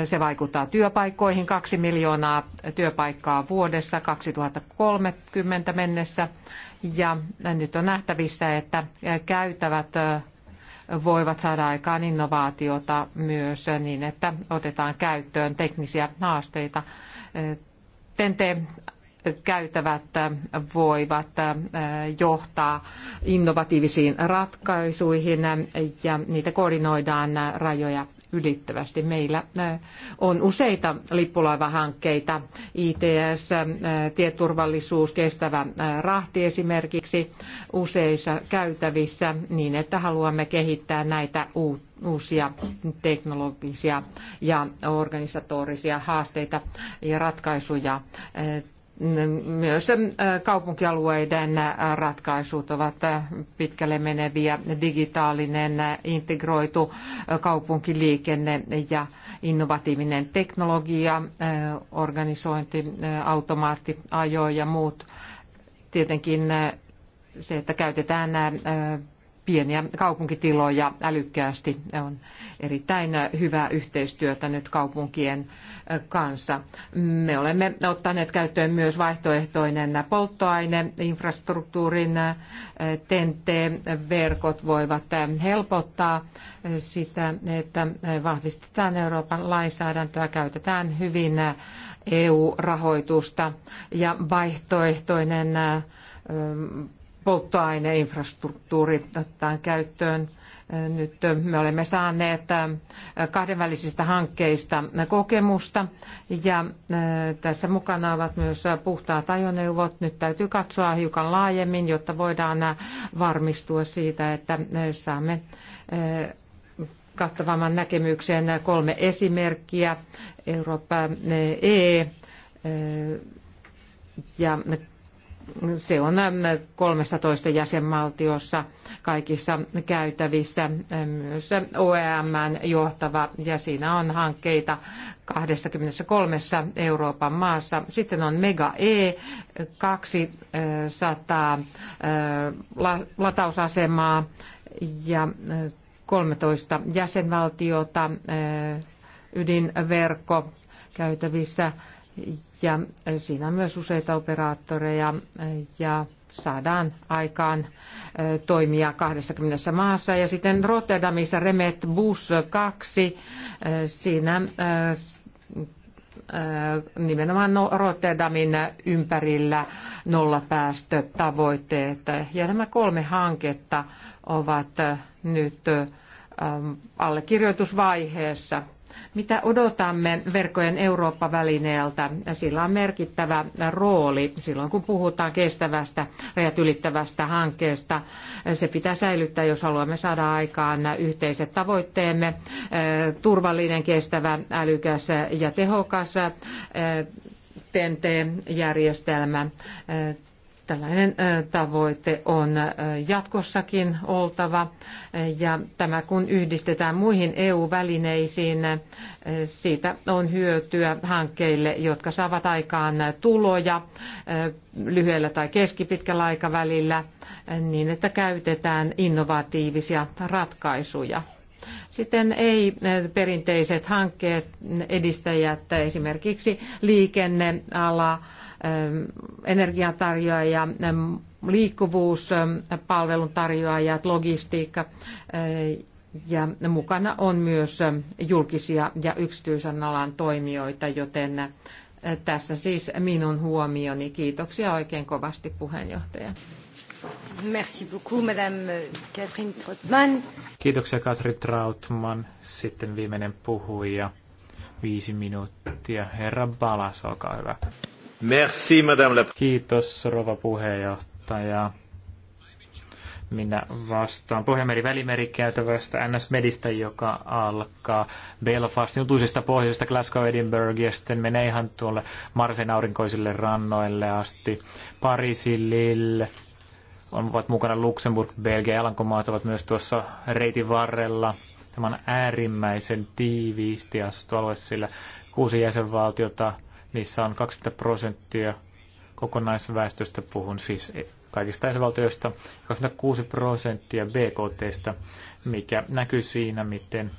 Se vaikuttaa työpaikkoihin. Kaksi miljoonaa työpaikkaa vuodessa 2030 mennessä. Ja nyt on nähtävissä, että käytävät voivat saada aikaan innovaatiota myös niin, että otetaan käyttöön teknisiä haasteita. Tente käytävät voivat johtaa innovatiivisiin ratkaisuihin ja niitä koordinoidaan rajoja ylittävästi. Meillä äh, on useita lippulaivahankkeita, ITS, äh, tieturvallisuus, kestävä äh, rahti esimerkiksi useissa käytävissä niin, että haluamme kehittää näitä uusia teknologisia ja organisatorisia haasteita ja ratkaisuja myös äh, kaupunkialueiden äh, ratkaisut ovat äh, pitkälle meneviä, digitaalinen integroitu kaupunkiliikenne ja innovatiivinen teknologia, organisointi, automaattiajo ja muut. Tietenkin se, että käytetään pieniä kaupunkitiloja älykkäästi. On erittäin hyvää yhteistyötä nyt kaupunkien kanssa. Me olemme ottaneet käyttöön myös vaihtoehtoinen polttoaine, infrastruktuurin TNT-verkot voivat helpottaa sitä, että vahvistetaan Euroopan lainsäädäntöä, käytetään hyvin EU-rahoitusta ja vaihtoehtoinen polttoaineinfrastruktuuri otetaan käyttöön. Nyt me olemme saaneet äh, kahdenvälisistä hankkeista kokemusta ja äh, tässä mukana ovat myös puhtaat ajoneuvot. Nyt täytyy katsoa hiukan laajemmin, jotta voidaan äh, varmistua siitä, että saamme kattavamman näkemyksen kolme esimerkkiä. Eurooppa E ja se on 13 ähm, jäsenvaltiossa kaikissa käytävissä, ähm, myös OEM johtava, ja siinä on hankkeita 23 Euroopan maassa. Sitten on Mega E, 200 äh, äh, latausasemaa ja 13 äh, jäsenvaltiota ydinverkko käytävissä ja eh, siinä on myös useita operaattoreja eh, ja saadaan aikaan eh, toimia 20 maassa. Ja sitten Rotterdamissa Remet Bus 2, siinä nimenomaan no, Rotterdamin ympärillä nollapäästötavoitteet. Ja nämä kolme hanketta ovat nyt allekirjoitusvaiheessa. Mitä odotamme verkkojen Eurooppa-välineeltä? Sillä on merkittävä rooli silloin, kun puhutaan kestävästä, rajat ylittävästä hankkeesta. Se pitää säilyttää, jos haluamme saada aikaan yhteiset tavoitteemme. Äh, turvallinen, kestävä, älykäs ja tehokas äh, TNT-järjestelmä äh, Tällainen tavoite on jatkossakin oltava ja tämä kun yhdistetään muihin EU-välineisiin, siitä on hyötyä hankkeille, jotka saavat aikaan tuloja lyhyellä tai keskipitkällä aikavälillä niin, että käytetään innovatiivisia ratkaisuja. Sitten ei-perinteiset hankkeet edistäjät, esimerkiksi liikenneala, Ähm, energiantarjoaja, ähm, liikkuvuus, ähm, palveluntarjoajat, logistiikka äh, ja mukana on myös julkisia ja yksityisen alan toimijoita, joten äh, tässä siis minun huomioni. Kiitoksia oikein kovasti puheenjohtaja. Merci beaucoup, Madame Catherine Trautmann. Kiitoksia Katri Trautman. Sitten viimeinen puhuja. Viisi minuuttia. Herra Balas, olkaa hyvä. Merci, madame la... Kiitos, rouva puheenjohtaja. Minä vastaan Pohjanmeri-Välimeri käytävästä NS-medistä, joka alkaa Belfastin niin utuisesta pohjoisesta Glasgow Edinburgh ja sitten menee ihan tuolle Marsen aurinkoisille rannoille asti. Pariisin Lille, ovat mukana Luxemburg, Belgia ja Alankomaat ovat myös tuossa reitin varrella. Tämä on äärimmäisen tiiviisti asuttu alue, sillä kuusi jäsenvaltiota – Niissä on 20 prosenttia kokonaisväestöstä, puhun siis e- kaikista esivaltioista, 26 prosenttia BKTstä, mikä näkyy siinä, miten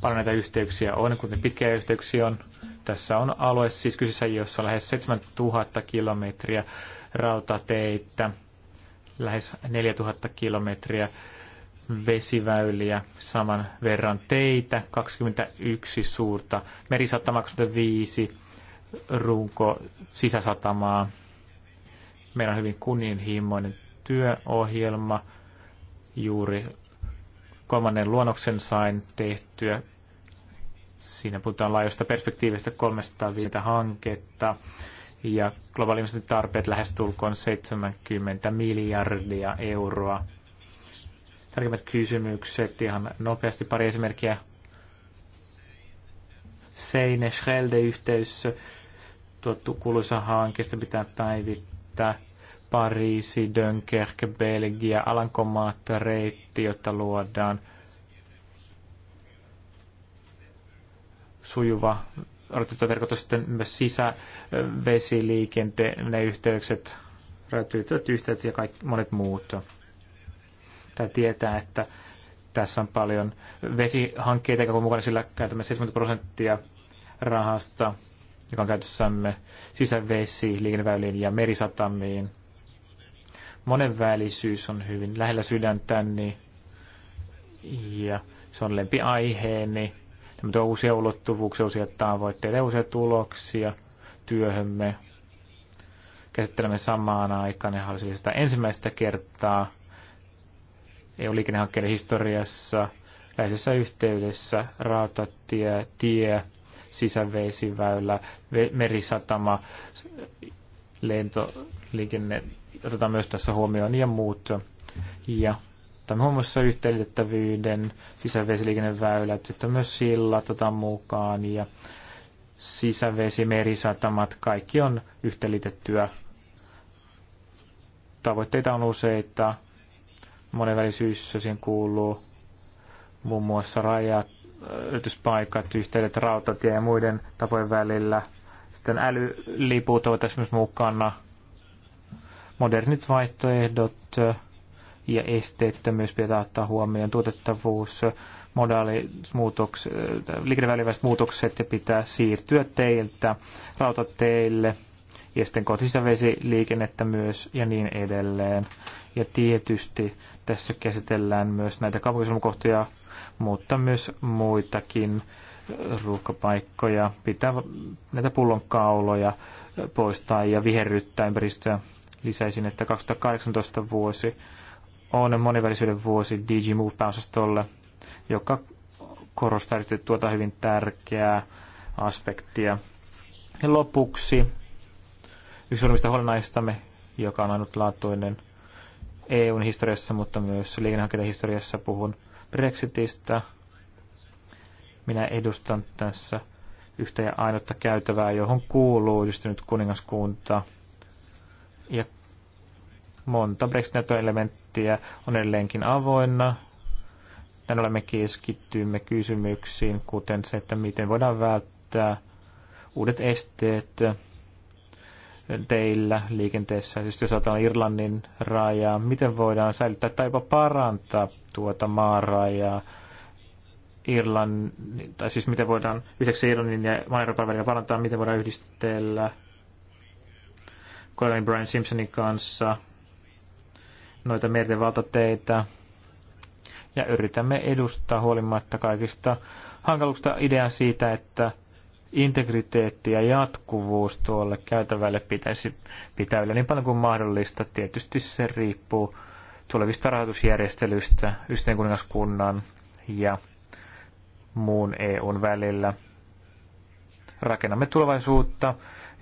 paljon näitä yhteyksiä on, kuten pitkiä yhteyksiä on. Tässä on alue siis kyseessä, jossa on lähes 7000 kilometriä rautateitä, lähes 4000 kilometriä vesiväyliä, saman verran teitä, 21 suurta, merisatama 25, runko sisäsatamaa. Meillä on hyvin kunnianhimoinen työohjelma. Juuri kolmannen luonnoksen sain tehtyä. Siinä puhutaan laajoista perspektiivistä 305 hanketta ja globaalimmiset tarpeet lähestulkoon 70 miljardia euroa tärkeimmät kysymykset. Ihan nopeasti pari esimerkkiä. Seine Schelde yhteys tuottu kuuluisa hankkeesta pitää päivittää. Pariisi, Dönkerke, Belgia, Alankomaat, reitti, jota luodaan. Sujuva rautatieverkosto sitten myös sisävesiliikenteen, ne yhteykset, räätyytyvät yhteydet ja kaikki, monet muut sitä tietää, että tässä on paljon vesihankkeita, joka on mukana sillä käytämme 70 prosenttia rahasta, joka on käytössämme sisävesi, liikenneväyliin ja merisatamiin. Monenvälisyys on hyvin lähellä sydäntäni ja se on lempi aiheeni. Tämä tuo uusia ulottuvuuksia, uusia tavoitteita ja uusia tuloksia työhömme. Käsittelemme samaan aikaan ja haluaisin sitä ensimmäistä kertaa – EU-liikennehankkeiden historiassa läheisessä yhteydessä rautatie, tie, sisävesiväylä, merisatama, lentoliikenne otetaan myös tässä huomioon ja muut. Ja otamme muassa yhteydettävyyden, sisävesiliikenneväylät, sitten myös sillat otetaan mukaan ja sisävesi, merisatamat, kaikki on yhteenliitettyä. Tavoitteita on useita, monenvälisyys, siihen kuuluu muun muassa rajat, yrityspaikat, yhteydet rautatie ja muiden tapojen välillä. Sitten älyliput ovat esimerkiksi mukana. Modernit vaihtoehdot ja esteettömyys pitää ottaa huomioon. Tuotettavuus, modaalimuutokset, liikenneväliväiset muutokset ja pitää siirtyä teiltä rautateille ja sitten kotisavesiliikennettä myös ja niin edelleen. Ja tietysti tässä käsitellään myös näitä kaupunkisuunnitelmakohtia, mutta myös muitakin ruuhkapaikkoja. Pitää näitä pullonkauloja poistaa ja viherryttää ympäristöä. Lisäisin, että 2018 vuosi on monivälisyyden vuosi DG Move-pääosastolle, joka korostaa erityisesti tuota hyvin tärkeää aspektia. Ja lopuksi yksi suurimmista huolenaistamme, joka on ainutlaatuinen – EUn historiassa, mutta myös liikennehankkeiden historiassa puhun Brexitistä. Minä edustan tässä yhtä ja ainutta käytävää, johon kuuluu yhdistynyt kuningaskunta. Ja monta brexit elementtiä on edelleenkin avoinna. Näin olemme keskittymme kysymyksiin, kuten se, että miten voidaan välttää uudet esteet teillä liikenteessä, siis jos ajatellaan Irlannin rajaa, miten voidaan säilyttää tai jopa parantaa tuota maarajaa Irlannin, tai siis miten voidaan lisäksi Irlannin ja Euroopan välillä parantaa, miten voidaan yhdistellä Colin Brian Simpsonin kanssa noita merten valtateitä, ja yritämme edustaa huolimatta kaikista hankaluuksista idean siitä, että integriteetti ja jatkuvuus tuolle käytävälle pitäisi pitää yllä niin paljon kuin mahdollista. Tietysti se riippuu tulevista rahoitusjärjestelyistä yhteenkuningaskunnan ja muun EUn välillä. Rakennamme tulevaisuutta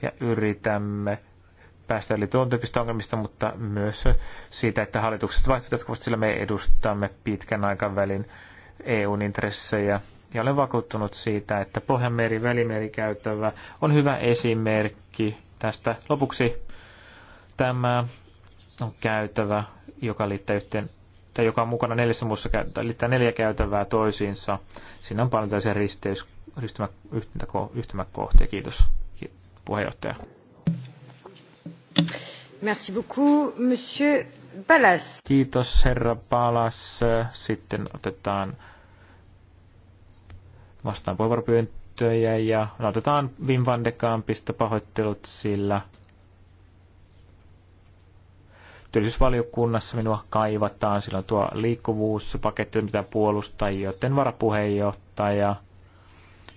ja yritämme päästä yli tuon tyyppistä ongelmista, mutta myös siitä, että hallitukset vaihtuvat jatkuvasti, sillä me edustamme pitkän aikavälin EUn intressejä ja olen vakuuttunut siitä, että Pohjanmeri välimerikäytävä on hyvä esimerkki tästä. Lopuksi tämä on käytävä, joka liittää yhteen tai joka on mukana neljässä muussa, tai liittää neljä käytävää toisiinsa. Siinä on paljon tällaisia risteys, ristymä, yhtymäkohtia. Kiitos puheenjohtaja. Merci beaucoup, monsieur Palas. Kiitos herra Palas. Sitten otetaan vastaan puheenvuoropyyntöjä ja otetaan Wim van de Kampista pahoittelut, sillä työllisyysvaliokunnassa minua kaivataan. Silloin tuo liikkuvuuspaketti mitä puolustaa, joten varapuheenjohtaja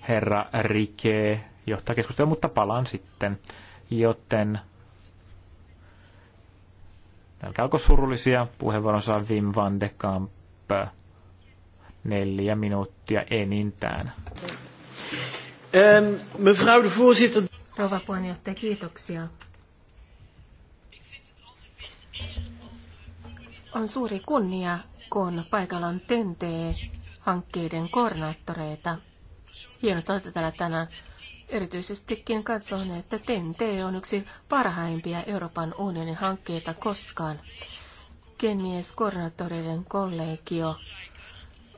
herra Rike johtaa keskustelua, mutta palaan sitten. Joten älkää olko surullisia, puheenvuoron saa Wim van de Kamp neljä minuuttia enintään. Ähm, mevrouw de voorzitter. Rouva puheenjohtaja, kiitoksia. On suuri kunnia, kun paikalla on tentee hankkeiden koordinaattoreita. Hienot olette täällä tänään. Erityisestikin katson, että TNT on yksi parhaimpia Euroopan unionin hankkeita koskaan. Kenmies koordinaattoreiden kollegio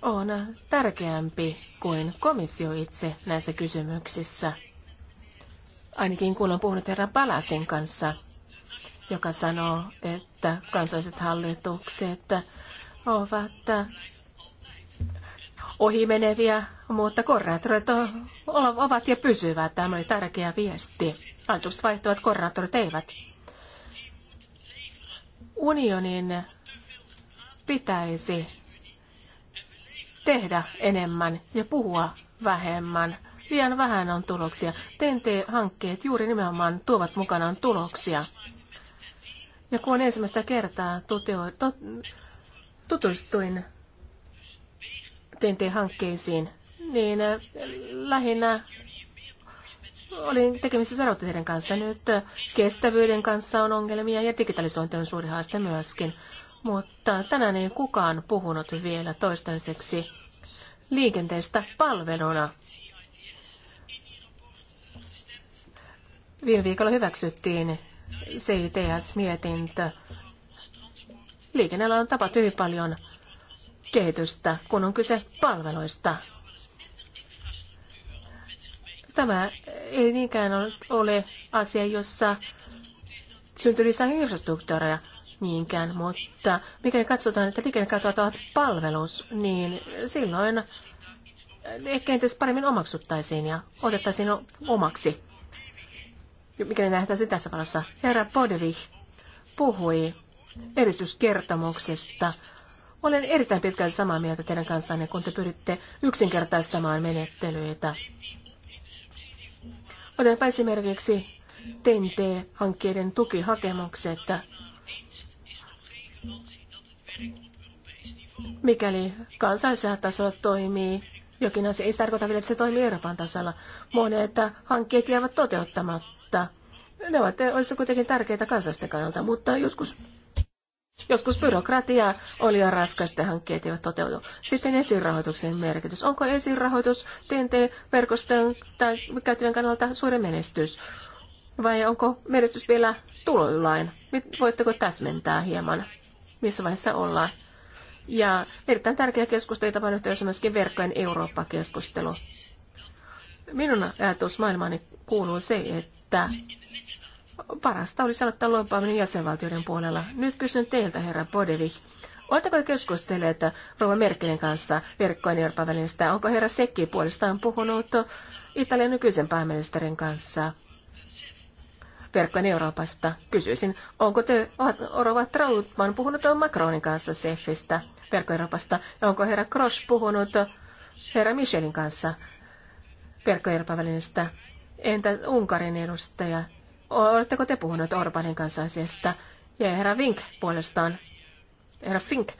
on tärkeämpi kuin komissio itse näissä kysymyksissä. Ainakin kun on puhunut herran Palasin kanssa, joka sanoo, että kansalliset hallitukset ovat ohimeneviä, mutta korreatorit ovat ja pysyvät. Tämä oli tärkeä viesti. Hallitukset vaihtuvat, korreatorit eivät. Unionin pitäisi tehdä enemmän ja puhua vähemmän. Vien vähän on tuloksia. TNT-hankkeet juuri nimenomaan tuovat mukanaan tuloksia. Ja kun ensimmäistä kertaa tutustuin TNT-hankkeisiin, niin äh, lähinnä olin tekemisissä rautateiden kanssa. Nyt äh, kestävyyden kanssa on ongelmia ja digitalisointi on suuri haaste myöskin mutta tänään ei kukaan puhunut vielä toistaiseksi liikenteestä palveluna. Viime viikolla hyväksyttiin CITS-mietintö. liikennellä on tapa hyvin paljon kehitystä, kun on kyse palveluista. Tämä ei niinkään ole asia, jossa syntyy lisää infrastruktuuria niinkään, mutta mikäli katsotaan, että liikennekatot ovat palvelus, niin silloin ehkä entäs paremmin omaksuttaisiin ja otettaisiin omaksi, mikäli nähtäisiin tässä valossa. Herra Podevih puhui edistyskertomuksesta. Olen erittäin pitkälti samaa mieltä teidän kanssanne, kun te pyritte yksinkertaistamaan menettelyitä. Otetaanpa esimerkiksi TNT-hankkeiden tukihakemukset Mikäli kansallisella tasolla toimii jokin asia, ei se tarkoita vielä, että se toimii Euroopan tasolla. Monet hankkeet jäävät toteuttamatta. Ne ovat olisivat kuitenkin tärkeitä kansallisten kannalta, mutta joskus, joskus byrokratia oli jo raskasta hankkeet eivät toteudu. Sitten esirahoituksen merkitys. Onko esirahoitus TNT-verkostojen tai käyttäjien kannalta suuri menestys? Vai onko menestys vielä tulollain? Voitteko täsmentää hieman? missä vaiheessa ollaan. Ja erittäin tärkeä keskustelu tapahtuu yhteydessä myöskin verkkojen Eurooppa-keskustelu. Minun ajatusmaailmaani kuuluu se, että parasta olisi aloittaa lompaaminen jäsenvaltioiden puolella. Nyt kysyn teiltä, herra Bodevich. Oletteko keskustelleet rova Merkelin kanssa verkkojen Euroopan välistä? Onko herra Sekki puolestaan puhunut Italian nykyisen pääministerin kanssa? verkkojen Euroopasta. Kysyisin, onko te, Orova Trautman puhunut Macronin kanssa SEFistä, verkkojen Euroopasta, ja onko herra Krosh puhunut herra Michelin kanssa verkkojen Euroopan välinestä? Entä Unkarin edustaja? Oletteko te puhunut Orbanin kanssa asiasta? Ja herra Vink puolestaan, herra Fink,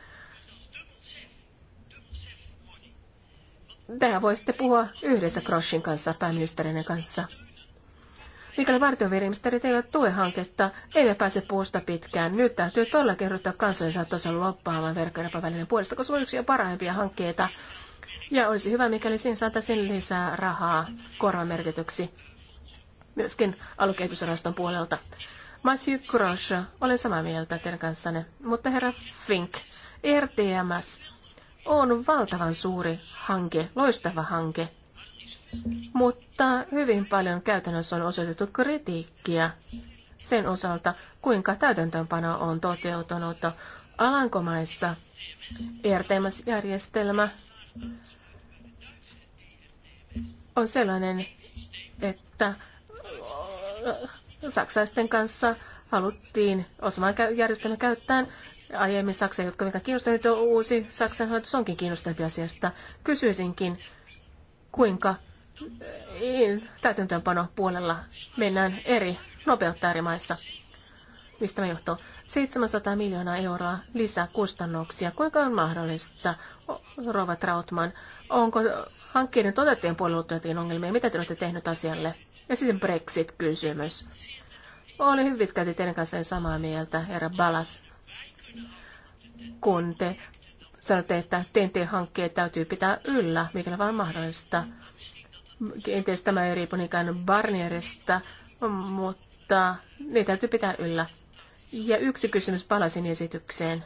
Tehän voisitte puhua yhdessä Kroshin kanssa, pääministerinen kanssa. Mikäli vartiovieriministerit eivät tue hanketta, eivät pääse puusta pitkään. Nyt täytyy todella kerrottaa kansallisella tasolla loppaamaan verkkojen puolesta, koska se on yksi parhaimpia hankkeita. Ja olisi hyvä, mikäli siinä saataisiin lisää rahaa korvamerkityksi myöskin alukehitysrahaston puolelta. Matthew Grosch, olen samaa mieltä teidän kanssanne, mutta herra Fink, RTMS on valtavan suuri hanke, loistava hanke, mutta hyvin paljon käytännössä on osoitettu kritiikkiä sen osalta, kuinka täytäntöönpano on toteutunut Alankomaissa. ERTMS-järjestelmä on sellainen, että äh, saksaisten kanssa haluttiin osamaan järjestelmä käyttää aiemmin Saksa, jotka mikä kiinnostuneet on uusi. Saksan hallitus onkin kiinnostavia asiasta. Kysyisinkin, kuinka E, puolella mennään eri nopeutta eri maissa. Mistä me johtuu? 700 miljoonaa euroa lisää kustannuksia. Kuinka on mahdollista, Rova Trautman? Onko hankkeiden toteuttajien puolella ollut ongelmia? Mitä te olette tehnyt asialle? Ja sitten Brexit-kysymys. Olin hyvin pitkälti teidän kanssa samaa mieltä, herra Balas, kun te sanotte, että TNT-hankkeet täytyy pitää yllä, mikä vain mahdollista. Kenties tämä ei riipu niinkään Barnierista, mutta ne täytyy pitää yllä. Ja yksi kysymys palasin esitykseen.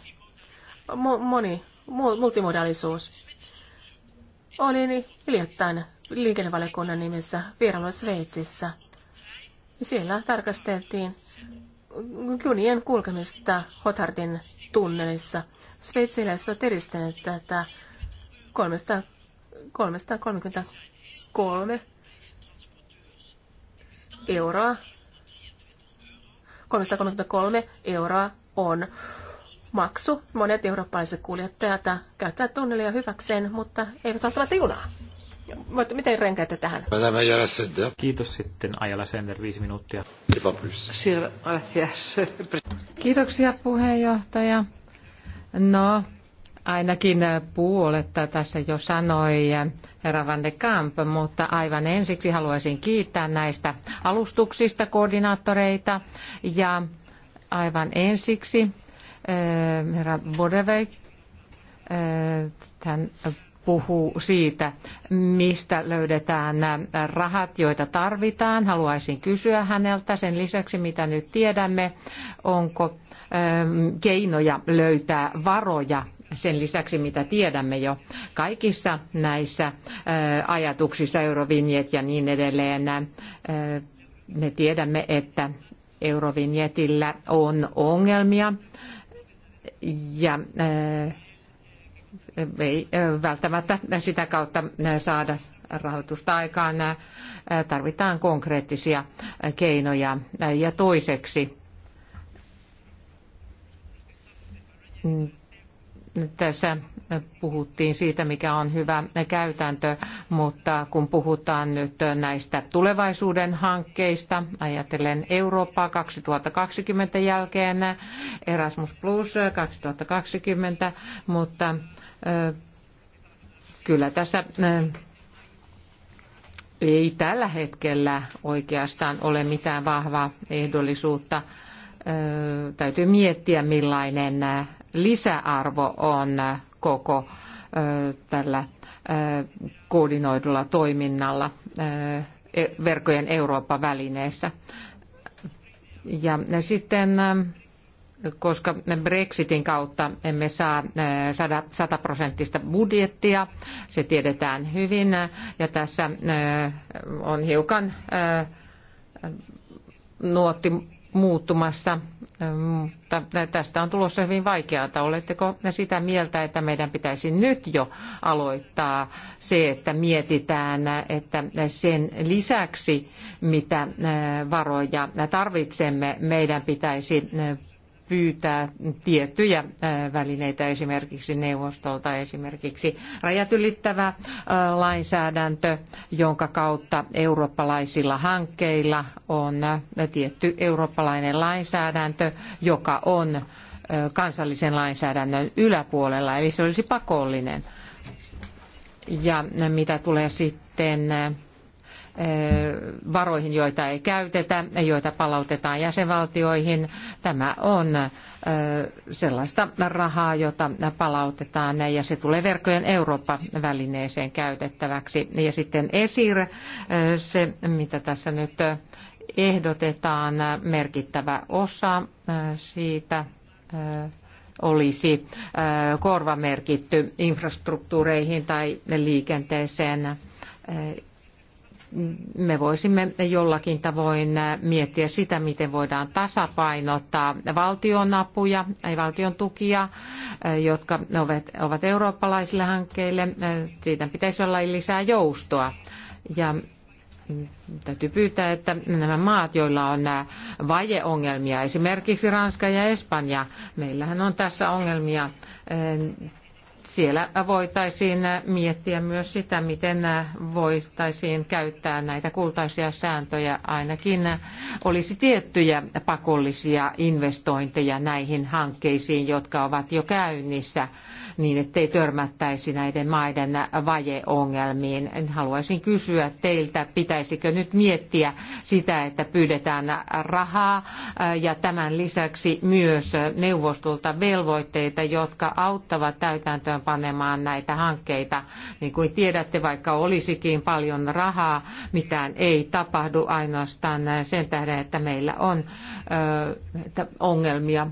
Mo- moni, mu- multimodaalisuus. Olin hiljattain liikennevaliokunnan nimessä vierailu Sveitsissä. Siellä tarkasteltiin junien kulkemista Hotardin tunnelissa. Sveitsiläiset ovat eristäneet tätä 330 kolme euroa, 333 euroa on maksu. Monet eurooppalaiset kuljettajat käyttävät tunnelia hyväkseen, mutta eivät välttämättä junaa. Miten renkäätte tähän? Kiitos sitten Ajala Sender, viisi minuuttia. Kiitoksia puheenjohtaja. No, Ainakin äh, puolet tässä jo sanoi äh, herra Van de Kamp, mutta aivan ensiksi haluaisin kiittää näistä alustuksista koordinaattoreita ja aivan ensiksi äh, herra Bodevek, hän puhuu siitä, mistä löydetään rahat, joita tarvitaan. Haluaisin kysyä häneltä sen lisäksi, mitä nyt tiedämme, onko keinoja löytää varoja sen lisäksi, mitä tiedämme jo kaikissa näissä ajatuksissa, eurovinjet ja niin edelleen, me tiedämme, että eurovinjetillä on ongelmia ja ei välttämättä sitä kautta saada rahoitusta aikaan. Tarvitaan konkreettisia keinoja. Ja toiseksi tässä puhuttiin siitä, mikä on hyvä käytäntö, mutta kun puhutaan nyt näistä tulevaisuuden hankkeista, ajatellen Eurooppaa 2020 jälkeen, Erasmus Plus 2020, mutta kyllä tässä ei tällä hetkellä oikeastaan ole mitään vahvaa ehdollisuutta. Täytyy miettiä, millainen lisäarvo on koko tällä koordinoidulla toiminnalla e, verkkojen Eurooppa-välineessä. Ja sitten koska Brexitin kautta emme saa sataprosenttista budjettia, se tiedetään hyvin, ja tässä on hiukan nuotti muuttumassa, ähm, mutta tästä on tulossa hyvin vaikeaa. Oletteko sitä mieltä, että meidän pitäisi nyt jo aloittaa se, että mietitään, että sen lisäksi, mitä äh, varoja tarvitsemme, meidän pitäisi äh, pyytää tiettyjä välineitä esimerkiksi neuvostolta, esimerkiksi rajat ylittävä lainsäädäntö, jonka kautta eurooppalaisilla hankkeilla on tietty eurooppalainen lainsäädäntö, joka on kansallisen lainsäädännön yläpuolella, eli se olisi pakollinen. Ja mitä tulee sitten Eh, varoihin, joita ei käytetä, joita palautetaan jäsenvaltioihin. Tämä on eh, sellaista rahaa, jota palautetaan ja se tulee verkkojen Eurooppa-välineeseen käytettäväksi. Ja sitten ESIR, eh, se mitä tässä nyt ehdotetaan, merkittävä osa siitä olisi korvamerkitty infrastruktuureihin tai liikenteeseen me voisimme jollakin tavoin miettiä sitä, miten voidaan tasapainottaa valtion apuja, ei valtion tukia, jotka ovat eurooppalaisille hankkeille. Siitä pitäisi olla lisää joustoa. Ja täytyy pyytää, että nämä maat, joilla on nämä vajeongelmia, esimerkiksi Ranska ja Espanja, meillähän on tässä ongelmia, siellä voitaisiin miettiä myös sitä, miten voitaisiin käyttää näitä kultaisia sääntöjä. Ainakin olisi tiettyjä pakollisia investointeja näihin hankkeisiin, jotka ovat jo käynnissä niin ettei törmättäisi näiden maiden vajeongelmiin. Haluaisin kysyä teiltä, pitäisikö nyt miettiä sitä, että pyydetään rahaa äh, ja tämän lisäksi myös neuvostolta velvoitteita, jotka auttavat täytäntöön panemaan näitä hankkeita. Niin kuin tiedätte, vaikka olisikin paljon rahaa, mitään ei tapahdu ainoastaan sen tähden, että meillä on äh, ongelmia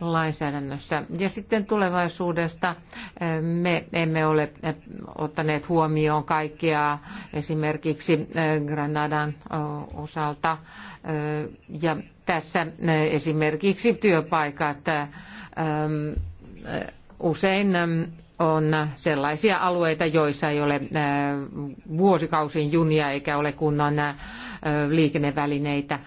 lainsäädännössä. Ja sitten tulevaisuudesta eh, me emme ole eh, ottaneet huomioon kaikkea esimerkiksi eh, Granadan osalta. Ja tässä esimerkiksi työpaikat usein on sellaisia alueita, joissa ei ole vuosikausin junia eikä ole kunnon liikennevälineitä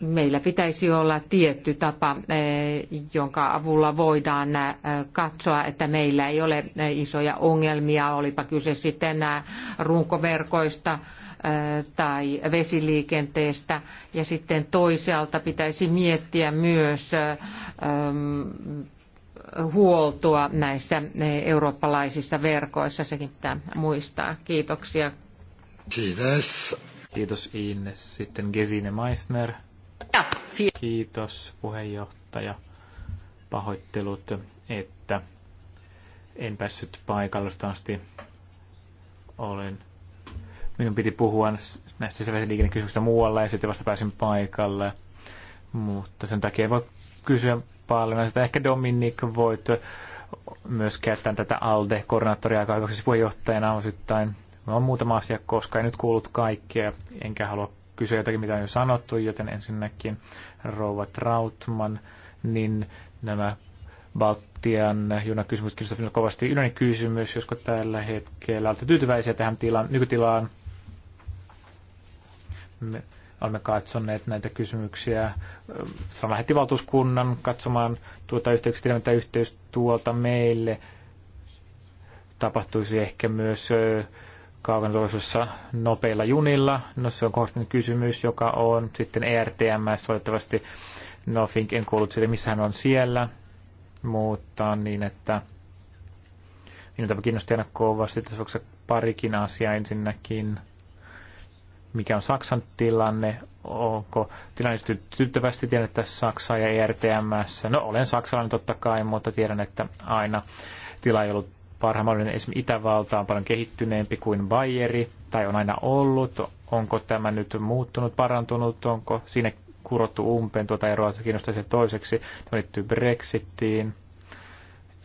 meillä pitäisi olla tietty tapa, eh, jonka avulla voidaan eh, katsoa, että meillä ei ole eh, isoja ongelmia, olipa kyse sitten runkoverkoista tai vesiliikenteestä. Ja sitten toisaalta pitäisi miettiä myös huoltoa näissä eurooppalaisissa verkoissa, sekin pitää muistaa. Kiitoksia. Kiitos. Kiitos Ines. Sitten Gesine Meissner. Kiitos puheenjohtaja. Pahoittelut, että en päässyt paikalle asti. Olen minun piti puhua näistä sisäisen liikennekysymyksistä muualla ja sitten vasta pääsin paikalle. Mutta sen takia voi kysyä paljon asioita. Ehkä Dominik voit myös käyttää tätä ALDE-koordinaattoria aika siis puheenjohtajana osittain. Mä on muutama asia, koska en nyt kuullut kaikkea, enkä halua kysyä jotakin, mitä on jo sanottu, joten ensinnäkin Rouva Trautman, niin nämä Baltian junakysymys kysymys on kovasti. Yleinen kysymys, josko tällä hetkellä olette tyytyväisiä tähän tilaan, nykytilaan? Me olemme katsoneet näitä kysymyksiä. Sama lähetti valtuuskunnan katsomaan tuota yhteyksiä, mitä yhteys tuolta meille tapahtuisi ehkä myös kaukana tulevaisuudessa nopeilla junilla. No se on kohdistunut kysymys, joka on sitten ERTMS valitettavasti. No Fink en kuullut sille, missä hän on siellä, mutta niin, että minun minulta kiinnosti aina kovasti että se parikin asiaa ensinnäkin. Mikä on Saksan tilanne? Onko tilanne tyttävästi Tiedän, että Saksa ja ERTMS. No olen saksalainen totta kai, mutta tiedän, että aina tila ei ollut parhaan esim. Esimerkiksi Itävalta on paljon kehittyneempi kuin Bayeri, tai on aina ollut. Onko tämä nyt muuttunut, parantunut, onko sinne kurottu umpeen tuota eroa, kiinnostaisi toiseksi. Tämä liittyy Brexitiin,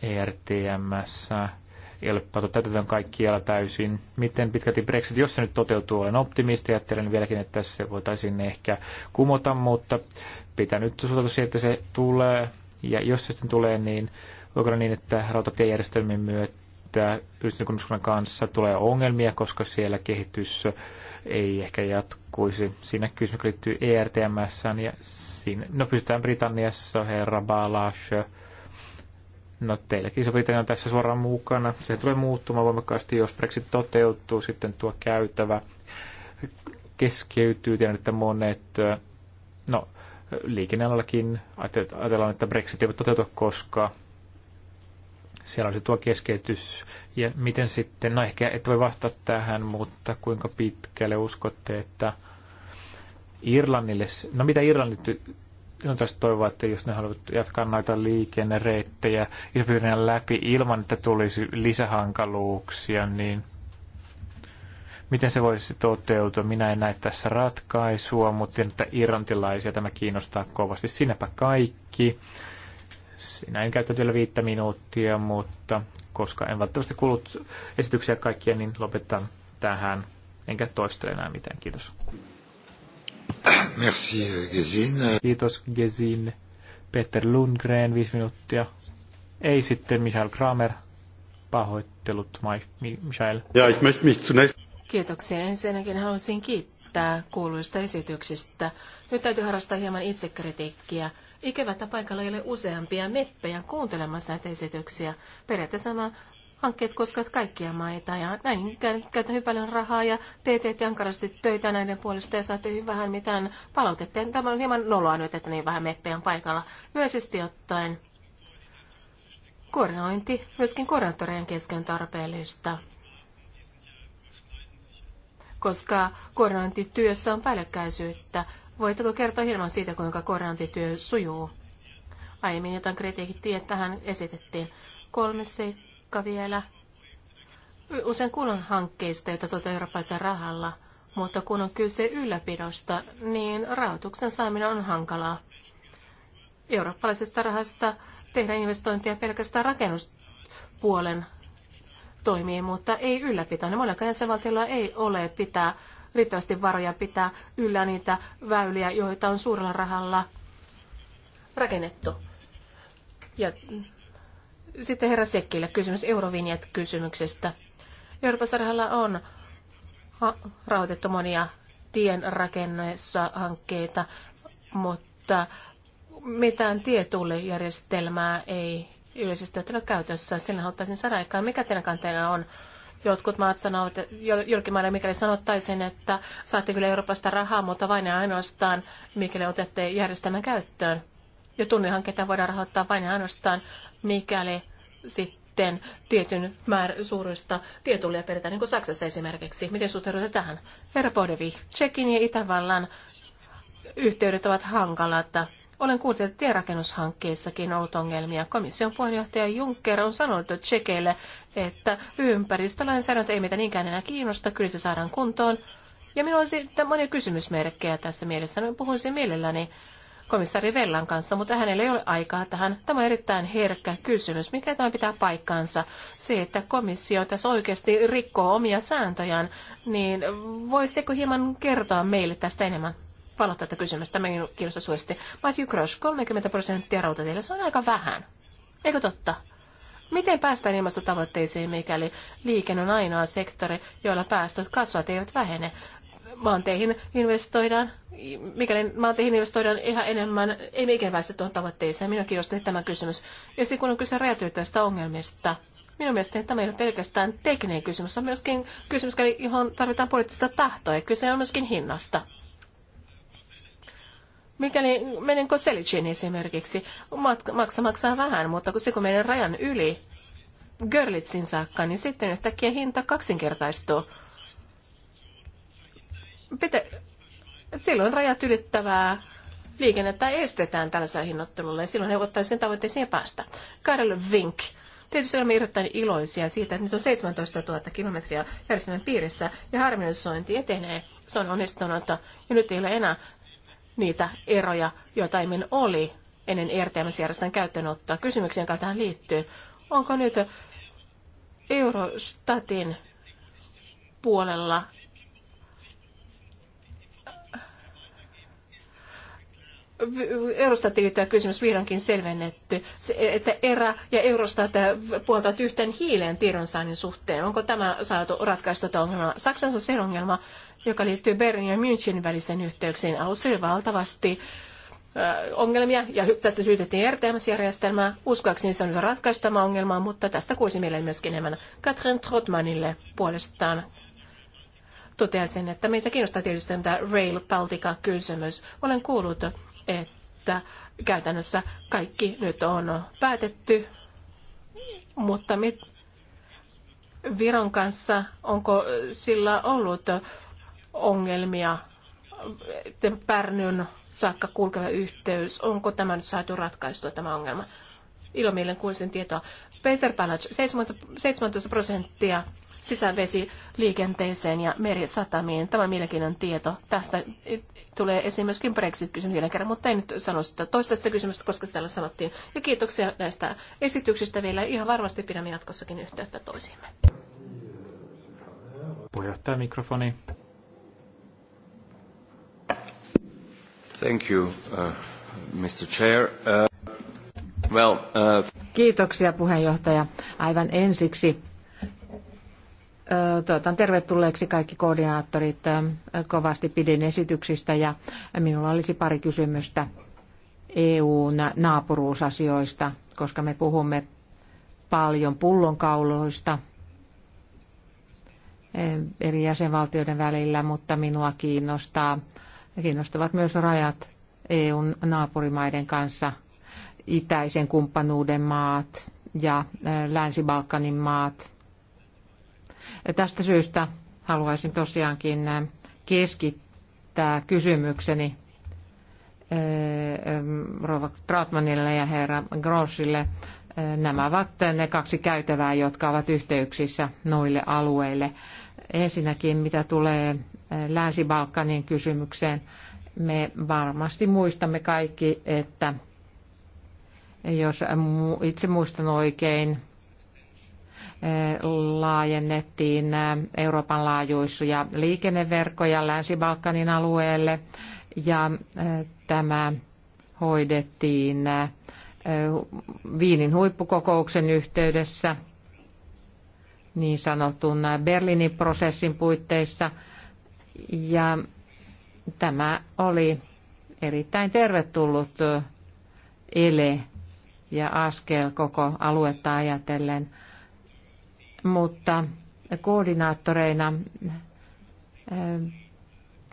ERTMS, ei ole on täytetään kaikkialla täysin. Miten pitkälti Brexit, jos se nyt toteutuu, olen optimisti, ajattelen vieläkin, että se voitaisiin ehkä kumota, mutta pitää nyt suhtautua siihen, että se tulee. Ja jos se sitten tulee, niin voiko niin, että rautatiejärjestelmien myötä että yhteiskunnan kanssa tulee ongelmia, koska siellä kehitys ei ehkä jatkuisi. Siinä kysymys liittyy ERTMS, ja siinä, no pysytään Britanniassa, herra Balash, No teilläkin Iso-Britannia on tässä suoraan mukana. Se tulee muuttumaan voimakkaasti, jos Brexit toteutuu, sitten tuo käytävä keskeytyy. Tiedän, että monet, no liikennealallakin ajatellaan, että Brexit ei voi toteutua koskaan siellä on se tuo keskeytys. Ja miten sitten, no ehkä et voi vastata tähän, mutta kuinka pitkälle uskotte, että Irlannille, no mitä Irlannit no tästä toivoa, että jos ne haluavat jatkaa näitä liikennereittejä ja läpi ilman, että tulisi lisähankaluuksia, niin miten se voisi toteutua? Minä en näe tässä ratkaisua, mutta että irlantilaisia tämä kiinnostaa kovasti. Siinäpä kaikki siinä en käytä vielä viittä minuuttia, mutta koska en välttämättä kuullut esityksiä kaikkia, niin lopetan tähän. Enkä toista enää mitään. Kiitos. Merci, Gesin. Kiitos, Gesin. Peter Lundgren, viisi minuuttia. Ei sitten Michael Kramer. Pahoittelut, Michael. Ja, ich möchte mich zunächst... Kiitoksia. Ensinnäkin haluaisin kiittää kiittää kuuluista esityksistä. Nyt täytyy harrastaa hieman itsekritiikkiä että paikalla ei ole useampia meppejä kuuntelemassa näitä esityksiä. Periaatteessa nämä hankkeet koskevat kaikkia maita ja näin käytän hyvin paljon rahaa ja te teette ankarasti töitä näiden puolesta ja saatte hyvin vähän mitään palautetta. Tämä on hieman noloa nyt, että niin vähän meppejä on paikalla. Yleisesti ottaen koordinointi myöskin koordinaattorien kesken tarpeellista koska koordinointityössä on päällekkäisyyttä Voitteko kertoa hieman siitä, kuinka koordinointityö sujuu? Aiemmin jotain kritiikkiä tähän esitettiin. Kolme seikka vielä. Usein kuulun hankkeista, joita tuota Euroopassa rahalla, mutta kun on kyse ylläpidosta, niin rahoituksen saaminen on hankalaa. Eurooppalaisesta rahasta tehdään investointia pelkästään rakennuspuolen toimii, mutta ei ylläpitoa. Niin monella jäsenvaltiolla ei ole pitää riittävästi varoja pitää yllä niitä väyliä, joita on suurella rahalla rakennettu. Ja sitten herra Sekkille kysymys Eurovinjet-kysymyksestä. Euroopan rahalla on rahoitettu monia hankkeita, mutta mitään tietullijärjestelmää ei yleisesti ole käytössä. Sillä haluaisin saada aikaan. Mikä teidän kanteena on Jotkut maat sanovat, joillekin maille mikäli sanottaisiin, että saatte kyllä Euroopasta rahaa, mutta vain ja ainoastaan, mikäli otette järjestelmän käyttöön. Ja tunnihanketta voidaan rahoittaa vain ja ainoastaan, mikäli sitten tietyn määrä suuruista tietulia peritään, niin kuin Saksassa esimerkiksi. Miten suhtaudutte tähän? Herra Podevi, Tsekin ja Itävallan yhteydet ovat hankalat olen kuullut, että tierakennushankkeissakin on ollut ongelmia. Komission puheenjohtaja Juncker on sanonut Tsekeille, että ympäristölainsäädäntö ei meitä niinkään enää kiinnosta, kyllä se saadaan kuntoon. Ja minulla olisi monia kysymysmerkkejä tässä mielessä. No, puhuisin mielelläni komissaari Vellan kanssa, mutta hänellä ei ole aikaa tähän. Tämä on erittäin herkkä kysymys. Mikä tämä pitää paikkaansa? Se, että komissio tässä oikeasti rikkoo omia sääntöjään, niin voisitteko hieman kertoa meille tästä enemmän? valottaa tätä kysymystä. Minun kiinnostaa suosittiin. Matthew Grosh, 30 prosenttia rautateillä, se on aika vähän. Eikö totta? Miten päästään ilmastotavoitteisiin, mikäli liikenne on ainoa sektori, jolla päästöt kasvavat eivät vähene? Maanteihin investoidaan, mikäli maanteihin investoidaan ihan enemmän, ei mikään päästä tuon tavoitteeseen. Minua kiinnostaa tämä kysymys. Ja sitten kun on kyse rajatyöttäistä ongelmista, Minun mielestäni tämä ei ole pelkästään tekninen kysymys, on myöskin kysymys, johon tarvitaan poliittista tahtoa ja kyse on myöskin hinnasta. Mikäli menenkö Selicin esimerkiksi, matka, maksa maksaa vähän, mutta kun se kun menen rajan yli, Görlitsin saakka, niin sitten yhtäkkiä hinta kaksinkertaistuu. Pite, silloin rajat ylittävää liikennettä estetään tällaisella hinnoittelulla ja silloin he tavoitteisiin sen päästä. Karel Vink. Tietysti olemme erittäin iloisia siitä, että nyt on 17 000 kilometriä järjestelmän piirissä ja harmonisointi etenee. Se on onnistunut ja nyt ei ole enää niitä eroja, joita aiemmin oli ennen ERTMS-järjestelmän käyttöönottoa. Kysymyksiä, joka tähän liittyy, onko nyt Eurostatin puolella tämä kysymys vihdoinkin selvennetty, että ERA ja Eurostat puoltavat yhteen hiileen tiedonsaannin suhteen. Onko tämä saatu ratkaistua tämä ongelma? Saksassa on se ongelma, joka liittyy Bernin ja Münchenin välisen yhteyksiin. Alussa oli valtavasti ongelmia ja tästä syytettiin RTMS-järjestelmää. Uskoakseni se on ratkaistu tämä ongelma, mutta tästä kuusi mieleen myöskin enemmän. Katrin Trotmanille puolestaan toteaisin, että meitä kiinnostaa tietysti tämä Rail Baltica-kysymys. Olen kuullut että käytännössä kaikki nyt on päätetty, mutta mit, Viron kanssa, onko sillä ollut ongelmia, Pärnyn saakka kulkeva yhteys, onko tämä nyt saatu ratkaistua tämä ongelma? Ilomielen kuulisin tietoa. Peter Palac, 17 prosenttia sisävesiliikenteeseen ja merisatamiin. Tämä on mielenkiintoinen tieto. Tästä tulee esiin myöskin Brexit-kysymys vielä kerran, mutta en nyt sano sitä toista sitä kysymystä, koska sitä sanottiin. Ja kiitoksia näistä esityksistä vielä. Ihan varmasti pidämme jatkossakin yhteyttä toisiimme. Puheenjohtaja mikrofoni. Thank you, uh, Mr. Chair. Uh, well, uh... Kiitoksia puheenjohtaja. Aivan ensiksi Toivotan tervetulleeksi kaikki koordinaattorit. Kovasti pidin esityksistä ja minulla olisi pari kysymystä EUn naapuruusasioista, koska me puhumme paljon pullonkauloista eri jäsenvaltioiden välillä, mutta minua kiinnostaa, kiinnostavat myös rajat EUn naapurimaiden kanssa, itäisen kumppanuuden maat ja Länsi-Balkanin maat – Tästä syystä haluaisin tosiaankin äh, keskittää kysymykseni äh, ähm, rouva Trautmanille ja herra Grossille. Äh, nämä ovat ne kaksi käytävää, jotka ovat yhteyksissä noille alueille. Ensinnäkin mitä tulee Länsi-Balkanin kysymykseen, me varmasti muistamme kaikki, että jos itse muistan oikein, laajennettiin Euroopan laajuisia liikenneverkkoja Länsi-Balkanin alueelle ja tämä hoidettiin Viinin huippukokouksen yhteydessä niin sanotun Berliinin prosessin puitteissa. Ja tämä oli erittäin tervetullut ele ja askel koko aluetta ajatellen – mutta koordinaattoreina eh,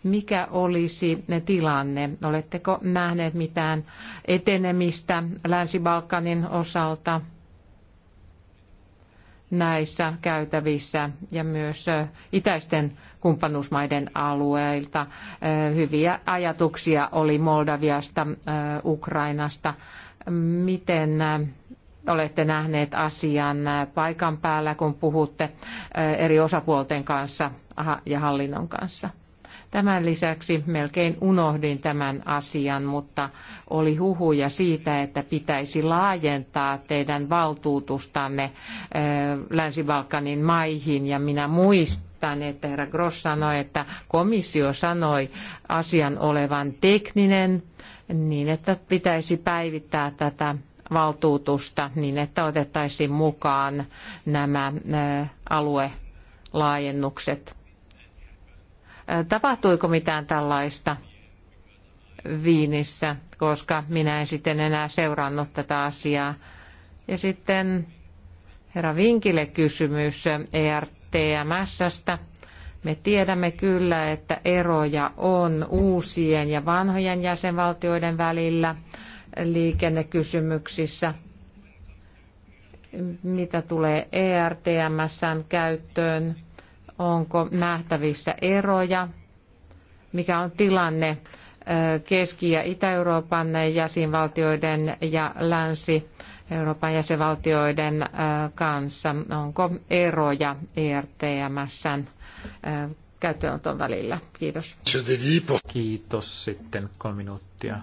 mikä olisi tilanne? Oletteko nähneet mitään etenemistä Länsi-Balkanin osalta näissä käytävissä ja myös eh, itäisten kumppanuusmaiden alueilta? Eh, hyviä ajatuksia oli Moldaviasta, Ukrainasta. Miten olette nähneet asian paikan päällä, kun puhutte eh, eri osapuolten kanssa ja hallinnon kanssa. Tämän lisäksi melkein unohdin tämän asian, mutta oli huhuja siitä, että pitäisi laajentaa teidän valtuutustanne eh, Länsi-Balkanin maihin. Ja minä muistan, että herra Gross sanoi, että komissio sanoi asian olevan tekninen, niin että pitäisi päivittää tätä valtuutusta niin, että otettaisiin mukaan nämä aluelaajennukset. Tapahtuiko mitään tällaista Viinissä, koska minä en sitten enää seurannut tätä asiaa. Ja sitten herra Vinkille kysymys ERTMSstä. Me tiedämme kyllä, että eroja on uusien ja vanhojen jäsenvaltioiden välillä – liikennekysymyksissä. Mitä tulee ERTMSn käyttöön, onko nähtävissä eroja, mikä on tilanne Keski- ja Itä-Euroopan jäsenvaltioiden ja Länsi-Euroopan jäsenvaltioiden kanssa? Onko eroja ERTMSn käyttöönoton välillä? Kiitos. Kiitos sitten kolme minuuttia,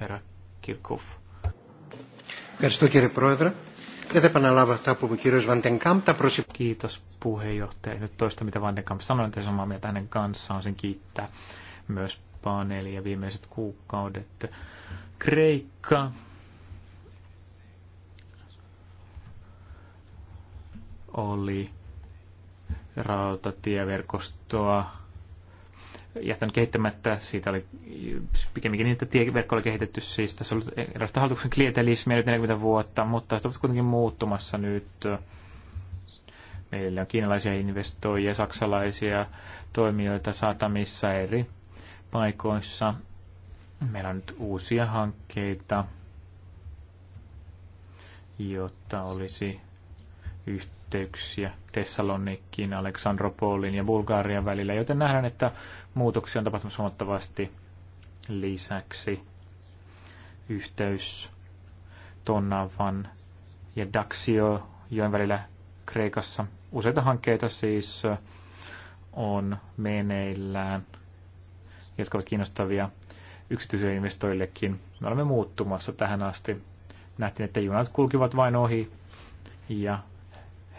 herra Kirkhoff. Ευχαριστώ κύριε Πρόεδρε. Δεν θα επαναλάβω αυτά που ο κύριος Βαντενκάμπ τα προσυ... Kiitos puheenjohtaja. Nyt toista mitä Vandenkamp sanoi, että samaa mieltä hänen kanssaan sen kiittää myös paneelia viimeiset kuukaudet. Kreikka oli rautatieverkostoa jättänyt kehittämättä. Siitä oli pikemminkin niin, että tieverkko oli kehitetty siis. Tässä on ollut erästä hallituksen klientelismia nyt 40 vuotta, mutta se on kuitenkin muuttumassa nyt. Meillä on kiinalaisia investoijia, saksalaisia toimijoita satamissa eri paikoissa. Meillä on nyt uusia hankkeita, jotta olisi yhteyksiä Tessalonikin, Aleksandropolin ja Bulgarian välillä, joten nähdään, että muutoksia on tapahtunut huomattavasti lisäksi yhteys Tonavan ja Daxio-joen välillä Kreikassa. Useita hankkeita siis on meneillään, jotka ovat kiinnostavia yksityisille investoillekin. Me olemme muuttumassa tähän asti. Nähtiin, että junat kulkivat vain ohi ja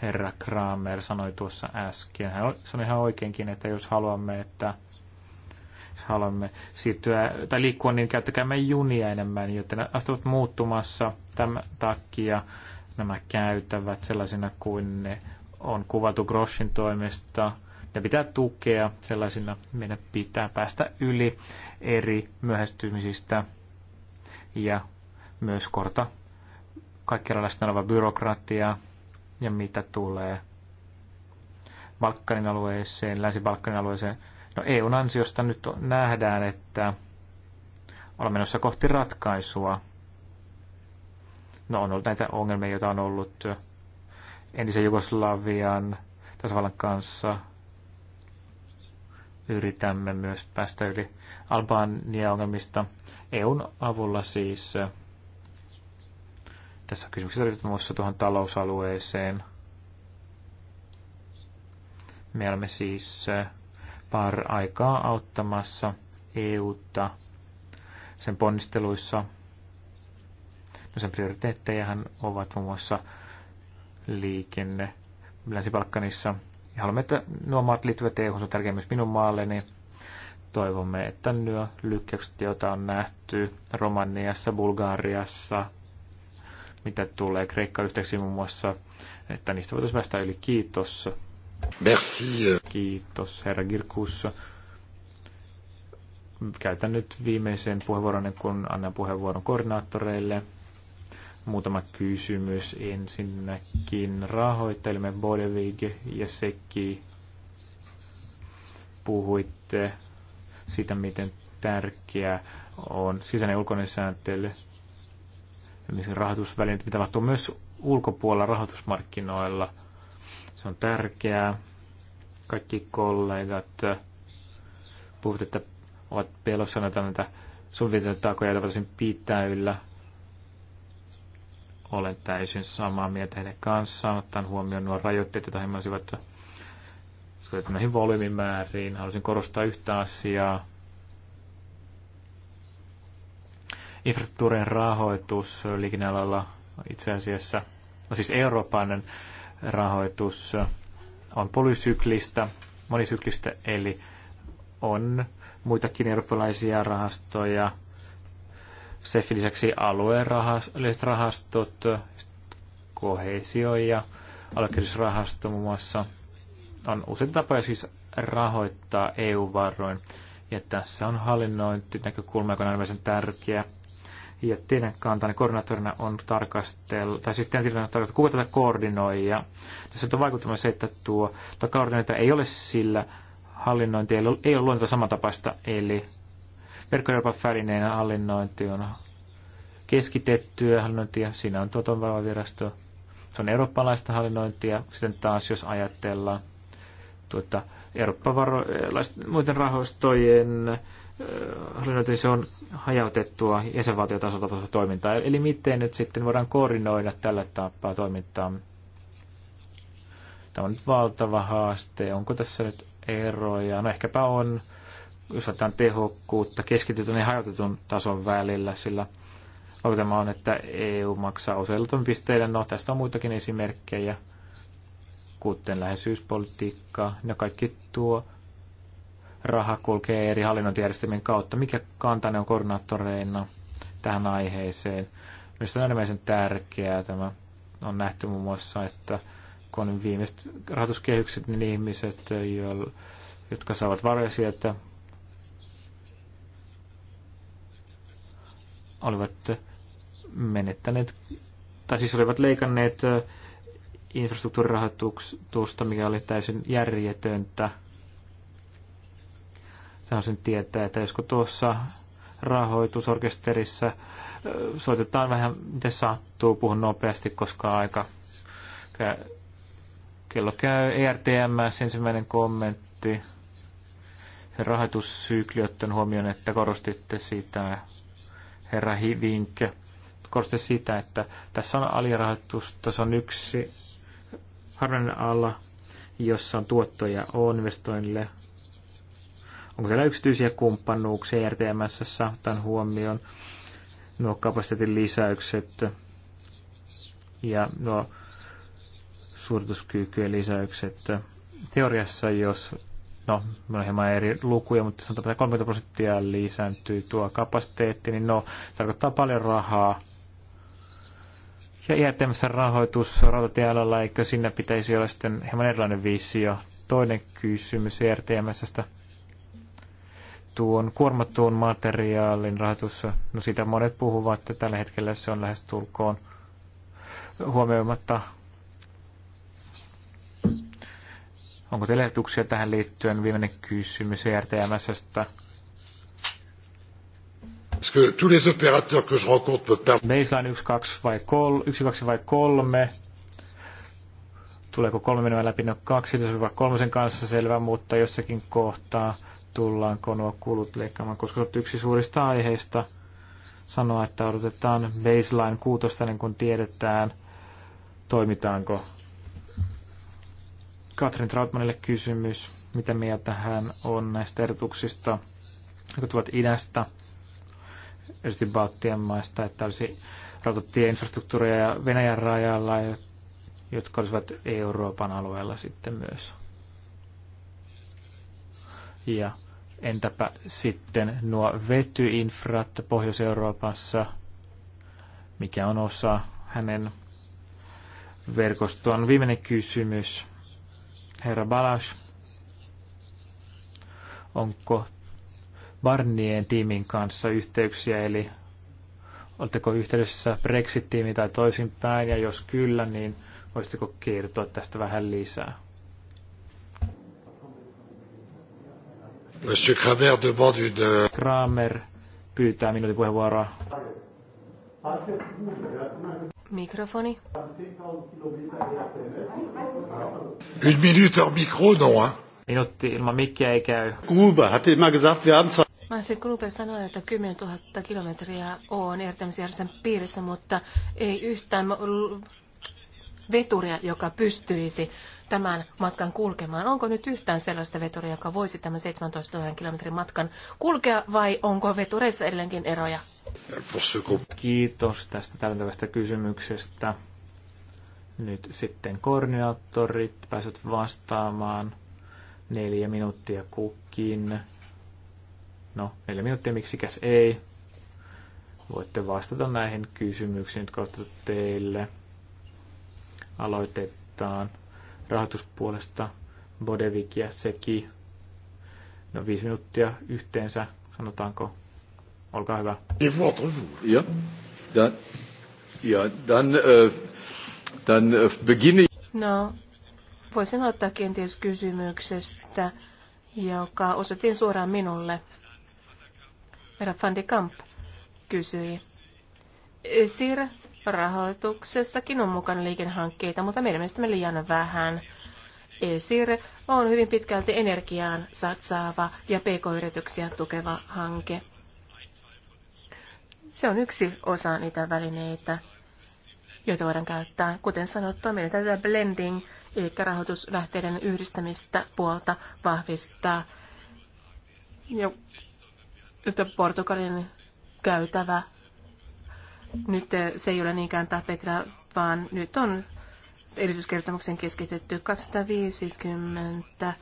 herra Kramer sanoi tuossa äsken. Hän sanoi ihan oikeinkin, että jos haluamme, että jos haluamme siirtyä tai liikkua, niin käyttäkäämme junia enemmän, joten astuvat muuttumassa tämän takia nämä käytävät sellaisina kuin ne on kuvattu Groschin toimesta. Ne pitää tukea sellaisina, meidän pitää päästä yli eri myöhästymisistä ja myös korta kaikkialla läsnä oleva byrokratiaa ja mitä tulee Balkanin alueeseen, Länsi-Balkanin alueeseen, no EUn ansiosta nyt nähdään, että ollaan menossa kohti ratkaisua. No on ollut näitä ongelmia, joita on ollut entisen Jugoslavian tasavallan kanssa. Yritämme myös päästä yli Albania-ongelmista EUn avulla siis. Tässä kysymyksessä tarvitaan muassa tuohon talousalueeseen. Me olemme siis äh, par aikaa auttamassa EUta sen ponnisteluissa. No sen prioriteettejähän ovat muun muassa liikenne Länsi-Balkanissa. Ja haluamme, että nuo maat liittyvät EU, se on tärkeä myös minun maalleni. Toivomme, että nuo lykkäykset, joita on nähty Romaniassa, Bulgariassa, mitä tulee Kreikka yhteyksiin muun muassa, että niistä voitaisiin päästä yli. Kiitos. Merci. Kiitos, herra Girkus. Käytän nyt viimeisen puheenvuoron, kun annan puheenvuoron koordinaattoreille. Muutama kysymys ensinnäkin rahoittajille. Bodevig ja Sekki, puhuitte siitä, miten tärkeää on sisäinen ulkoinen sääntely rahoitusvälineet, mitä tapahtuu myös ulkopuolella rahoitusmarkkinoilla. Se on tärkeää. Kaikki kollegat puhuvat, että ovat pelossa näitä, näitä sulvitetakoja, joita voitaisiin pitää yllä. Olen täysin samaa mieltä heidän kanssaan, ottaen huomioon nuo rajoitteet, joita he maisivat näihin volyymimääriin. Haluaisin korostaa yhtä asiaa infrastruktuurin rahoitus liikennealalla itse asiassa, no siis eurooppainen rahoitus on polysyklistä, monisyklistä, eli on muitakin eurooppalaisia rahastoja. SEFin lisäksi alueen rahastot, kohesio ja aluekehitysrahasto muun muassa on useita tapoja siis rahoittaa EU-varoin. Ja tässä on hallinnointinäkökulma, joka on aivan tärkeä. Ja teidän kantanne koordinaattorina on tarkastella, tai siis teidän tilanne on tarkastella, kuka tätä koordinoi. Ja tässä on vaikuttava se, että tuo koordinoita ei ole sillä hallinnointi ei ole, ei ole luonteelta samantapaista, eli verkko välineen hallinnointi on keskitettyä hallinnointia, siinä on tuo virasto, se on eurooppalaista hallinnointia, sitten taas jos ajatellaan tuota, eurooppalaisten muiden rahastojen hallinnointi se on hajautettua jäsenvaltiotasolta toimintaa. Eli miten nyt sitten voidaan koordinoida tällä tapaa toimintaa? Tämä on nyt valtava haaste. Onko tässä nyt eroja? No ehkäpä on, jos otetaan tehokkuutta keskitytyn ja hajautetun tason välillä, sillä onko tämä on, että EU maksaa useilla pisteillä. No tästä on muitakin esimerkkejä, kuten läheisyyspolitiikkaa. No kaikki tuo raha kulkee eri hallinnointijärjestelmien kautta. Mikä kantanne on koordinaattoreina tähän aiheeseen? Minusta on äärimmäisen tärkeää tämä. On nähty muun muassa, että kun viimeiset rahoituskehykset, niin ihmiset, jotka saavat varoja sieltä, olivat menettäneet, tai siis olivat leikanneet äh, infrastruktuurirahoitusta, mikä oli täysin järjetöntä. Sanoisin tietää, että josko tuossa rahoitusorkesterissa soitetaan vähän, miten sattuu, puhun nopeasti, koska aika kello käy. ERTMS ensimmäinen kommentti. Se rahoitussykli, ottaen huomioon, että korostitte sitä, herra Hivink, korostitte sitä, että tässä on alirahoitus, tässä on yksi harvinainen ala, jossa on tuottoja on investoinnille Onko siellä yksityisiä kumppanuuksia RTMS ottaen huomioon nuo kapasiteetin lisäykset ja nuo suorituskykyjen lisäykset? Teoriassa, jos no, on hieman eri lukuja, mutta sanotaan, että 30 prosenttia lisääntyy tuo kapasiteetti, niin no, tarkoittaa paljon rahaa. Ja jäätämässä rahoitus rautatiealalla, eikö sinne pitäisi olla sitten hieman erilainen visio? Toinen kysymys ERTMSstä tuon kuormattuun materiaalin rahoitus, no sitä monet puhuvat, että tällä hetkellä se on lähes tulkoon huomioimatta. Onko teillä ehdotuksia tähän liittyen? Viimeinen kysymys e RTMSstä. Baseline 1, 2 vai 3, 1, 2 vai 3. Tuleeko kolme menemään läpi? No on kolmosen kanssa selvä, mutta jossakin kohtaa tullaanko nuo kulut leikkaamaan, koska on yksi suurista aiheista sanoa, että odotetaan baseline kuutosta, niin kun tiedetään, toimitaanko. Katrin Trautmanille kysymys, mitä mieltä hän on näistä erotuksista, jotka tulevat idästä, erityisesti Baltian maista, että olisi rautatieinfrastruktuuria ja Venäjän rajalla, jotka olisivat Euroopan alueella sitten myös. Ja Entäpä sitten nuo vetyinfrat Pohjois-Euroopassa, mikä on osa hänen verkostoon. Viimeinen kysymys. Herra Balas, onko Barnien tiimin kanssa yhteyksiä, eli oletteko yhteydessä Brexit-tiimiin tai toisinpäin, ja jos kyllä, niin voisitteko kertoa tästä vähän lisää? Monsieur Kramer demande une... Euh, Kramer pyytää minuutin puheenvuoroa. Mikrofoni. Une minute hors micro, non, hein? Minuutti ilman mikkiä ei käy. Kuuba, hatte immer gesagt, wir haben zwar... Manfred Gruber sanoi, että 10 000 kilometriä on ertämisjärjestön piirissä, mutta ei yhtään veturia, joka pystyisi tämän matkan kulkemaan? Onko nyt yhtään sellaista veturia, joka voisi tämän 17 000 kilometrin matkan kulkea vai onko vetureissa edelleenkin eroja? Kiitos tästä täydentävästä kysymyksestä. Nyt sitten koordinaattorit pääsevät vastaamaan neljä minuuttia kukin. No, neljä minuuttia miksikäs ei. Voitte vastata näihin kysymyksiin, jotka teille. Aloitetaan rahoituspuolesta Bodevik ja Seki. No viisi minuuttia yhteensä, sanotaanko. Olkaa hyvä. Ja, dann, ja, dann, äh, dann äh, beginne. No, voisin ottaa kenties kysymyksestä, joka osoitin suoraan minulle. Herra van de Kamp kysyi. Sir Rahoituksessakin on mukana liikennehankkeita, mutta meidän mielestämme liian vähän. ESIR on hyvin pitkälti energiaan satsaava ja pk-yrityksiä tukeva hanke. Se on yksi osa niitä välineitä, joita voidaan käyttää. Kuten sanottua, meidän täytyy blending, eli rahoituslähteiden yhdistämistä puolta vahvistaa. Ja että Portugalin käytävä nyt eh, se ei ole niinkään tapetra, vaan nyt on erityiskertomuksen keskitetty 250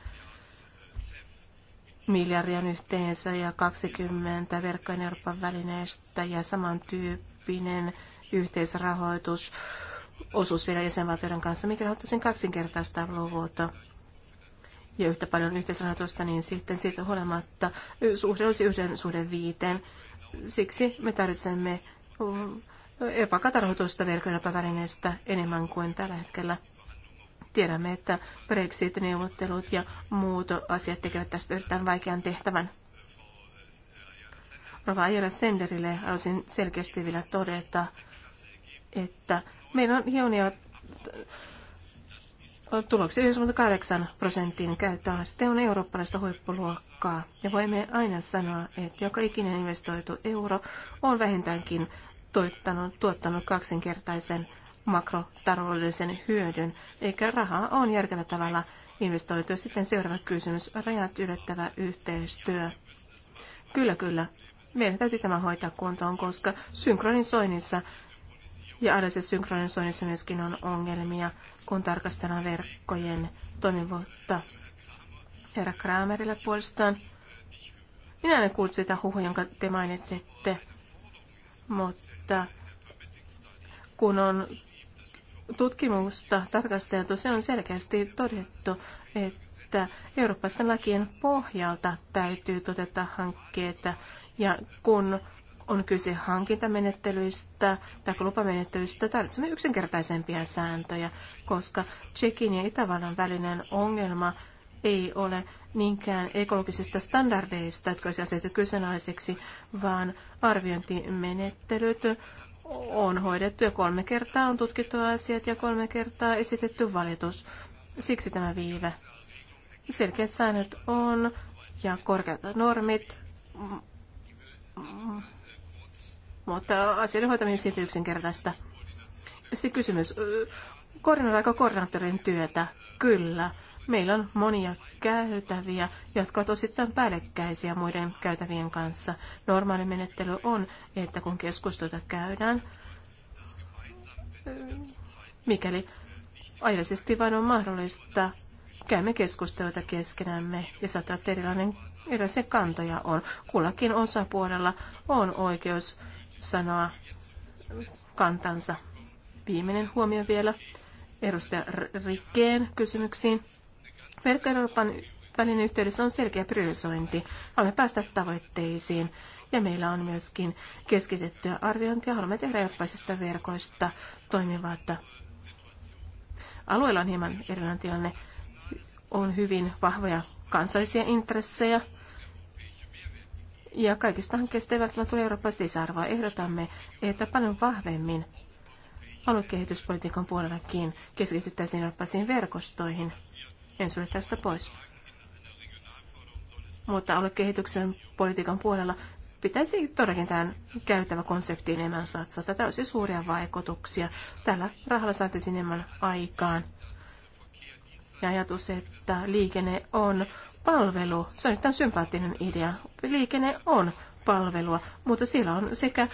miljardia yhteensä ja 20 verkkojen Euroopan välineestä ja samantyyppinen yhteisrahoitus osuus vielä jäsenvaltioiden kanssa, mikä rahoittaisiin kaksinkertaista luvulta ja yhtä paljon yhteisrahoitusta, niin sitten siitä huolimatta suhde olisi yhden suhde viiteen. Siksi me tarvitsemme epäkatarhoitusta rahoitusta enemmän kuin tällä hetkellä. Tiedämme, että Brexit-neuvottelut ja muut asiat tekevät tästä erittäin vaikean tehtävän. Rova Ajala Senderille haluaisin selkeästi vielä todeta, että meillä on hienoja Tuloksia 98 prosentin käyttöaste on eurooppalaista huippuluokkaa, ja voimme aina sanoa, että joka ikinen investoitu euro on vähintäänkin tuottanut, tuottanut kaksinkertaisen makrotaloudellisen hyödyn, eikä rahaa on järkevällä tavalla investoitu. Sitten seuraava kysymys, rajat ylittävä yhteistyö. Kyllä, kyllä. Meidän täytyy tämä hoitaa kuntoon, koska synkronisoinnissa ja aina synkronisoinnissa myöskin on ongelmia kun tarkastellaan verkkojen toimivuutta. Herra Kramerille puolestaan. Minä en kuullut sitä huhua, jonka te mainitsitte, mutta kun on tutkimusta tarkasteltu, se on selkeästi todettu, että eurooppalaisten lakien pohjalta täytyy toteuttaa hankkeita. Ja kun on kyse hankintamenettelyistä tai lupamenettelyistä, tarvitsemme yksinkertaisempia sääntöjä, koska Tsekin ja Itävallan välinen ongelma ei ole niinkään ekologisista standardeista, jotka olisi asetettu kyseenalaiseksi, vaan arviointimenettelyt on hoidettu ja kolme kertaa on tutkittu asiat ja kolme kertaa esitetty valitus. Siksi tämä viive. Selkeät säännöt on ja korkeat normit mutta asioiden hoitaminen silti yksinkertaista. Sitten kysymys. Koordinoidaanko koordinaattorin työtä? Kyllä. Meillä on monia käytäviä, jotka ovat osittain päällekkäisiä muiden käytävien kanssa. Normaali menettely on, että kun keskustelua käydään, mikäli ajallisesti vain on mahdollista, käymme keskusteluita keskenämme ja saattaa erilainen, erilaisia kantoja on. Kullakin osapuolella on oikeus sanoa kantansa. Viimeinen huomio vielä edustaja Rikkeen kysymyksiin. Verkko Euroopan välinen yhteydessä on selkeä priorisointi. Haluamme päästä tavoitteisiin ja meillä on myöskin keskitettyä arviointia. Haluamme tehdä eurooppaisista verkoista toimivaa, alueella on hieman erilainen tilanne. On hyvin vahvoja kansallisia intressejä ja kaikista hankkeista ei välttämättä tule eurooppalaista lisäarvoa. Ehdotamme, että paljon vahvemmin aluekehityspolitiikan puolellakin keskityttäisiin eurooppalaisiin verkostoihin. En sulle tästä pois. Mutta aluekehityksen politiikan puolella pitäisi todellakin tämän käyttävä konseptiin enemmän satsata. olisi suuria vaikutuksia. Tällä rahalla saataisiin enemmän aikaan ja ajatus, että liikenne on palvelu. Se on nyt sympaattinen idea. Liikenne on palvelua, mutta siellä on sekä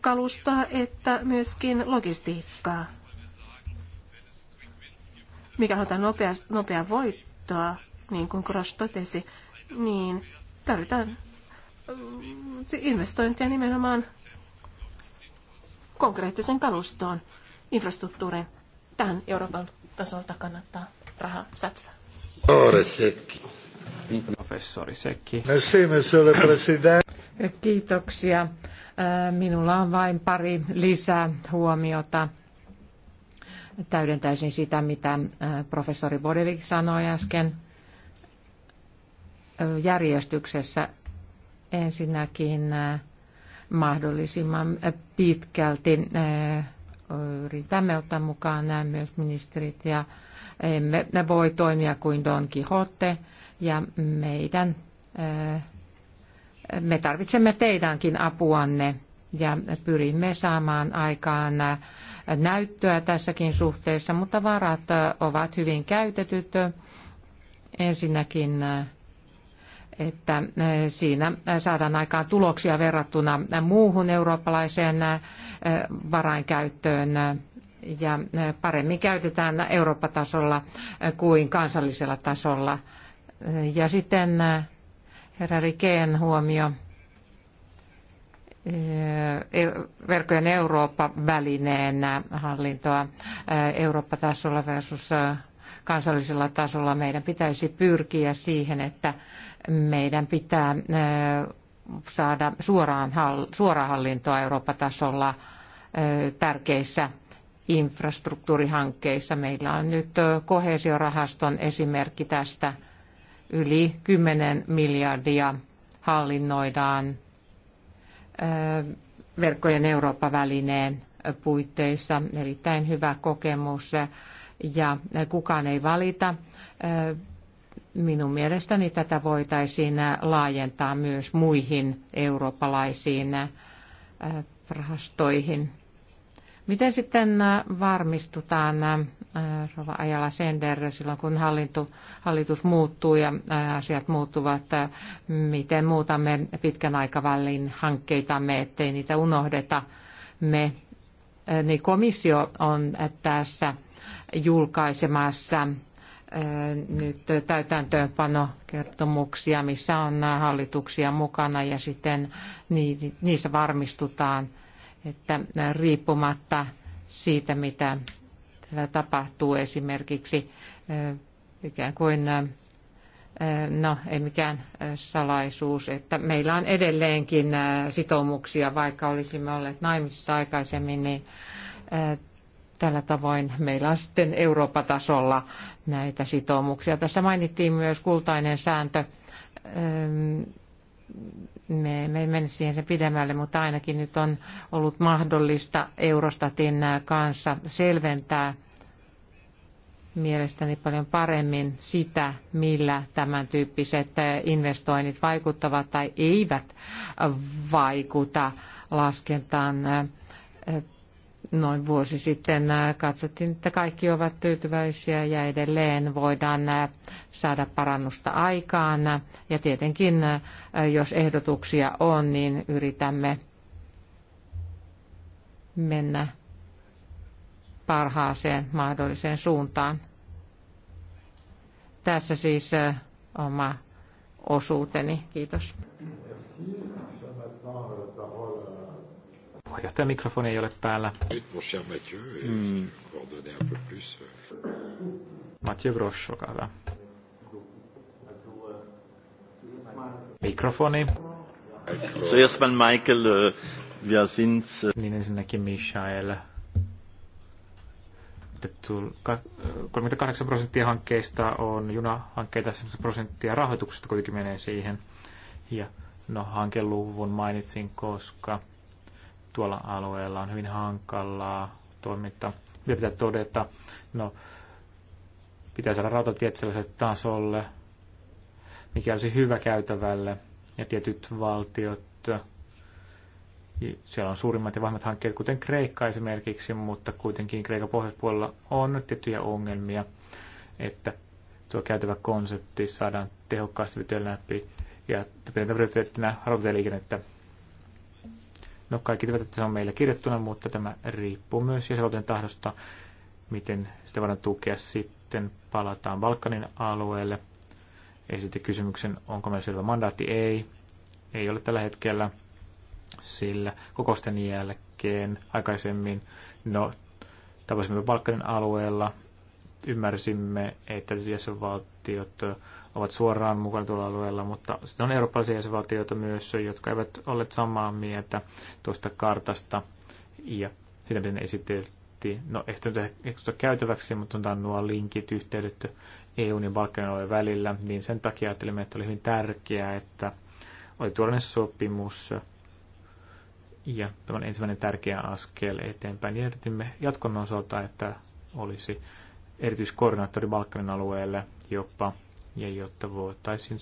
kalustoa että myöskin logistiikkaa. Mikä halutaan nopea, nopea voittoa, niin kuin Grosch totesi, niin tarvitaan mm, investointia nimenomaan konkreettisen kalustoon, infrastruktuurin, Tähän Euroopan tasolta kannattaa rahaa satsata. Professori Sekki. Kiitoksia. Äh, minulla on vain pari lisää huomiota. Täydentäisin sitä, mitä äh, professori Bodelik sanoi äsken äh, järjestyksessä. Ensinnäkin mahdollisimman pitkälti yritämme ottaa mukaan nämä myös ministerit ja emme ne voi toimia kuin Don Quixote ja meidän, eh, me tarvitsemme teidänkin apuanne ja pyrimme saamaan aikaan eh, näyttöä tässäkin suhteessa, mutta varat eh, ovat hyvin käytetyt. Ensinnäkin että äh, siinä äh, saadaan aikaan tuloksia verrattuna muuhun eurooppalaiseen äh, varainkäyttöön ja paremmin käytetään Eurooppa-tasolla kuin kansallisella tasolla. Ja sitten herra Rikeen huomio e, verkkojen Eurooppa-välineen hallintoa Eurooppa-tasolla versus kansallisella tasolla meidän pitäisi pyrkiä siihen, että meidän pitää saada suoraan, suoraa hallintoa Eurooppa-tasolla tärkeissä infrastruktuurihankkeissa. Meillä on nyt kohesiorahaston esimerkki tästä. Yli 10 miljardia hallinnoidaan verkkojen Eurooppa-välineen puitteissa. Erittäin hyvä kokemus ja kukaan ei valita. Minun mielestäni tätä voitaisiin laajentaa myös muihin eurooppalaisiin rahastoihin. Miten sitten varmistutaan, Rova Ajala Sender, silloin kun hallinto, hallitus muuttuu ja asiat muuttuvat, miten muutamme pitkän aikavälin hankkeitamme, ettei niitä unohdeta. Me, niin komissio on tässä julkaisemassa äh, nyt täytäntöönpanokertomuksia, missä on äh, hallituksia mukana ja sitten niissä varmistutaan, että äh, riippumatta siitä, mitä tapahtuu esimerkiksi ikään kuin no ei mikään salaisuus, että meillä on edelleenkin sitoumuksia, vaikka olisimme olleet naimisissa aikaisemmin, niin Tällä tavoin meillä on sitten Euroopan tasolla näitä sitoumuksia. Tässä mainittiin myös kultainen sääntö. Me emme mene siihen sen pidemmälle, mutta ainakin nyt on ollut mahdollista Eurostatin kanssa selventää mielestäni paljon paremmin sitä, millä tämän tyyppiset investoinnit vaikuttavat tai eivät vaikuta laskentaan noin vuosi sitten katsottiin, että kaikki ovat tyytyväisiä ja edelleen voidaan saada parannusta aikaan. Ja tietenkin, jos ehdotuksia on, niin yritämme mennä parhaaseen mahdolliseen suuntaan. Tässä siis oma osuuteni. Kiitos. Puheenjohtajan mikrofoni ei ole päällä. Mm. Mathieu Grosch, olkaa hyvä. Mikrofoni. So erstmal Michael, uh, wir sind... Uh, niin ensinnäkin Michael. 38 prosenttia hankkeista on junahankkeita, 70 prosenttia rahoituksesta kuitenkin menee siihen. Ja no hankeluvun mainitsin, koska tuolla alueella on hyvin hankalaa toimittaa. Mitä pitää todeta? No, pitää saada rautatiet sellaiselle tasolle, mikä olisi hyvä käytävälle. Ja tietyt valtiot, siellä on suurimmat ja vahvimmat hankkeet, kuten Kreikka esimerkiksi, mutta kuitenkin Kreikan pohjoispuolella on tiettyjä ongelmia, että tuo käytävä konsepti saadaan tehokkaasti vetellä läpi ja pidetään prioriteettina rautatieliikennettä No kaikki tietävät, että se on meillä kirjattuna, mutta tämä riippuu myös jäsenvaltojen tahdosta, miten sitä voidaan tukea sitten. Palataan Balkanin alueelle. Esitti kysymyksen, onko meillä selvä mandaatti? Ei. Ei ole tällä hetkellä, sillä kokousten jälkeen aikaisemmin, no tapasimme Balkanin alueella, ymmärsimme, että jäsenvaltio jäsenvaltiot ovat suoraan mukana tuolla alueella, mutta sitten on eurooppalaisia jäsenvaltioita myös, jotka eivät ole samaa mieltä tuosta kartasta ja sitä, miten esiteltiin. No, ehkä nyt ehkä käytäväksi, mutta on nuo linkit, yhteydet EUn ja Balkanin välillä, niin sen takia ajattelimme, että oli hyvin tärkeää, että oli tuollainen sopimus, ja tämä on ensimmäinen tärkeä askel eteenpäin. Ja niin jatkon osalta, että olisi erityiskoordinaattori Balkanin alueelle, jopa, ja jotta voitaisiin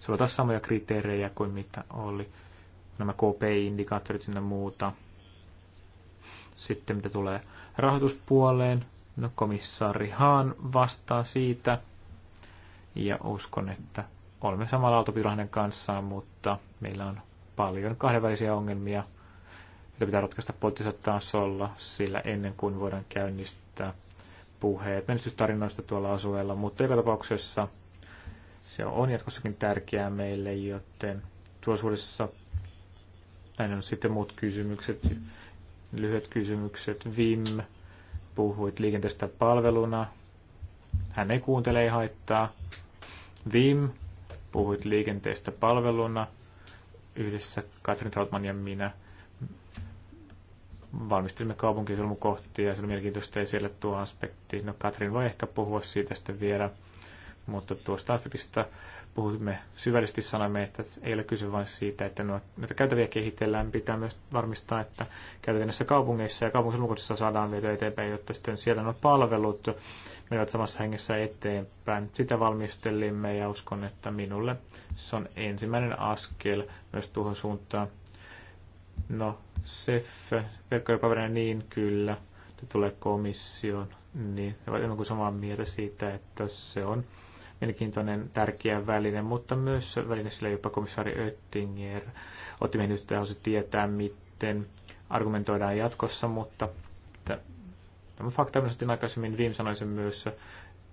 soveltaa samoja kriteerejä kuin mitä oli nämä KPI-indikaattorit ja muuta. Sitten mitä tulee rahoituspuoleen, no komissaari Haan vastaa siitä, ja uskon, että olemme samalla autopilla kanssa mutta meillä on paljon kahdenvälisiä ongelmia, joita pitää ratkaista poliittisella tasolla, sillä ennen kuin voidaan käynnistää puheet menestystarinoista tuolla asueella, mutta joka tapauksessa se on jatkossakin tärkeää meille, joten tuossa näin on sitten muut kysymykset, lyhyet kysymykset. Vim, puhuit liikenteestä palveluna. Hän ei kuuntele, ei haittaa. Vim, puhuit liikenteestä palveluna. Yhdessä Katrin Trautman ja minä valmistelimme kaupunkiselmukohtia ja se oli mielenkiintoista esille tuo aspekti. No Katrin voi ehkä puhua siitä sitten vielä, mutta tuosta aspektista puhumme syvällisesti sanamme, että ei ole kyse vain siitä, että näitä käytäviä kehitellään. Pitää myös varmistaa, että käytäviä näissä kaupungeissa ja kaupunkiselmukohdissa saadaan vietyä eteenpäin, jotta sitten siellä nuo palvelut menevät samassa hengessä eteenpäin. Sitä valmistelimme ja uskon, että minulle se on ensimmäinen askel myös tuohon suuntaan. No, ja verkkojen niin kyllä, se tulee komissioon, niin on kuin samaa mieltä siitä, että se on mielenkiintoinen, tärkeä väline, mutta myös väline sillä jopa komissaari Oettinger otti meidän että haluaisi tietää, miten argumentoidaan jatkossa, mutta tämä fakta, mitä aikaisemmin viime sanoisin myös,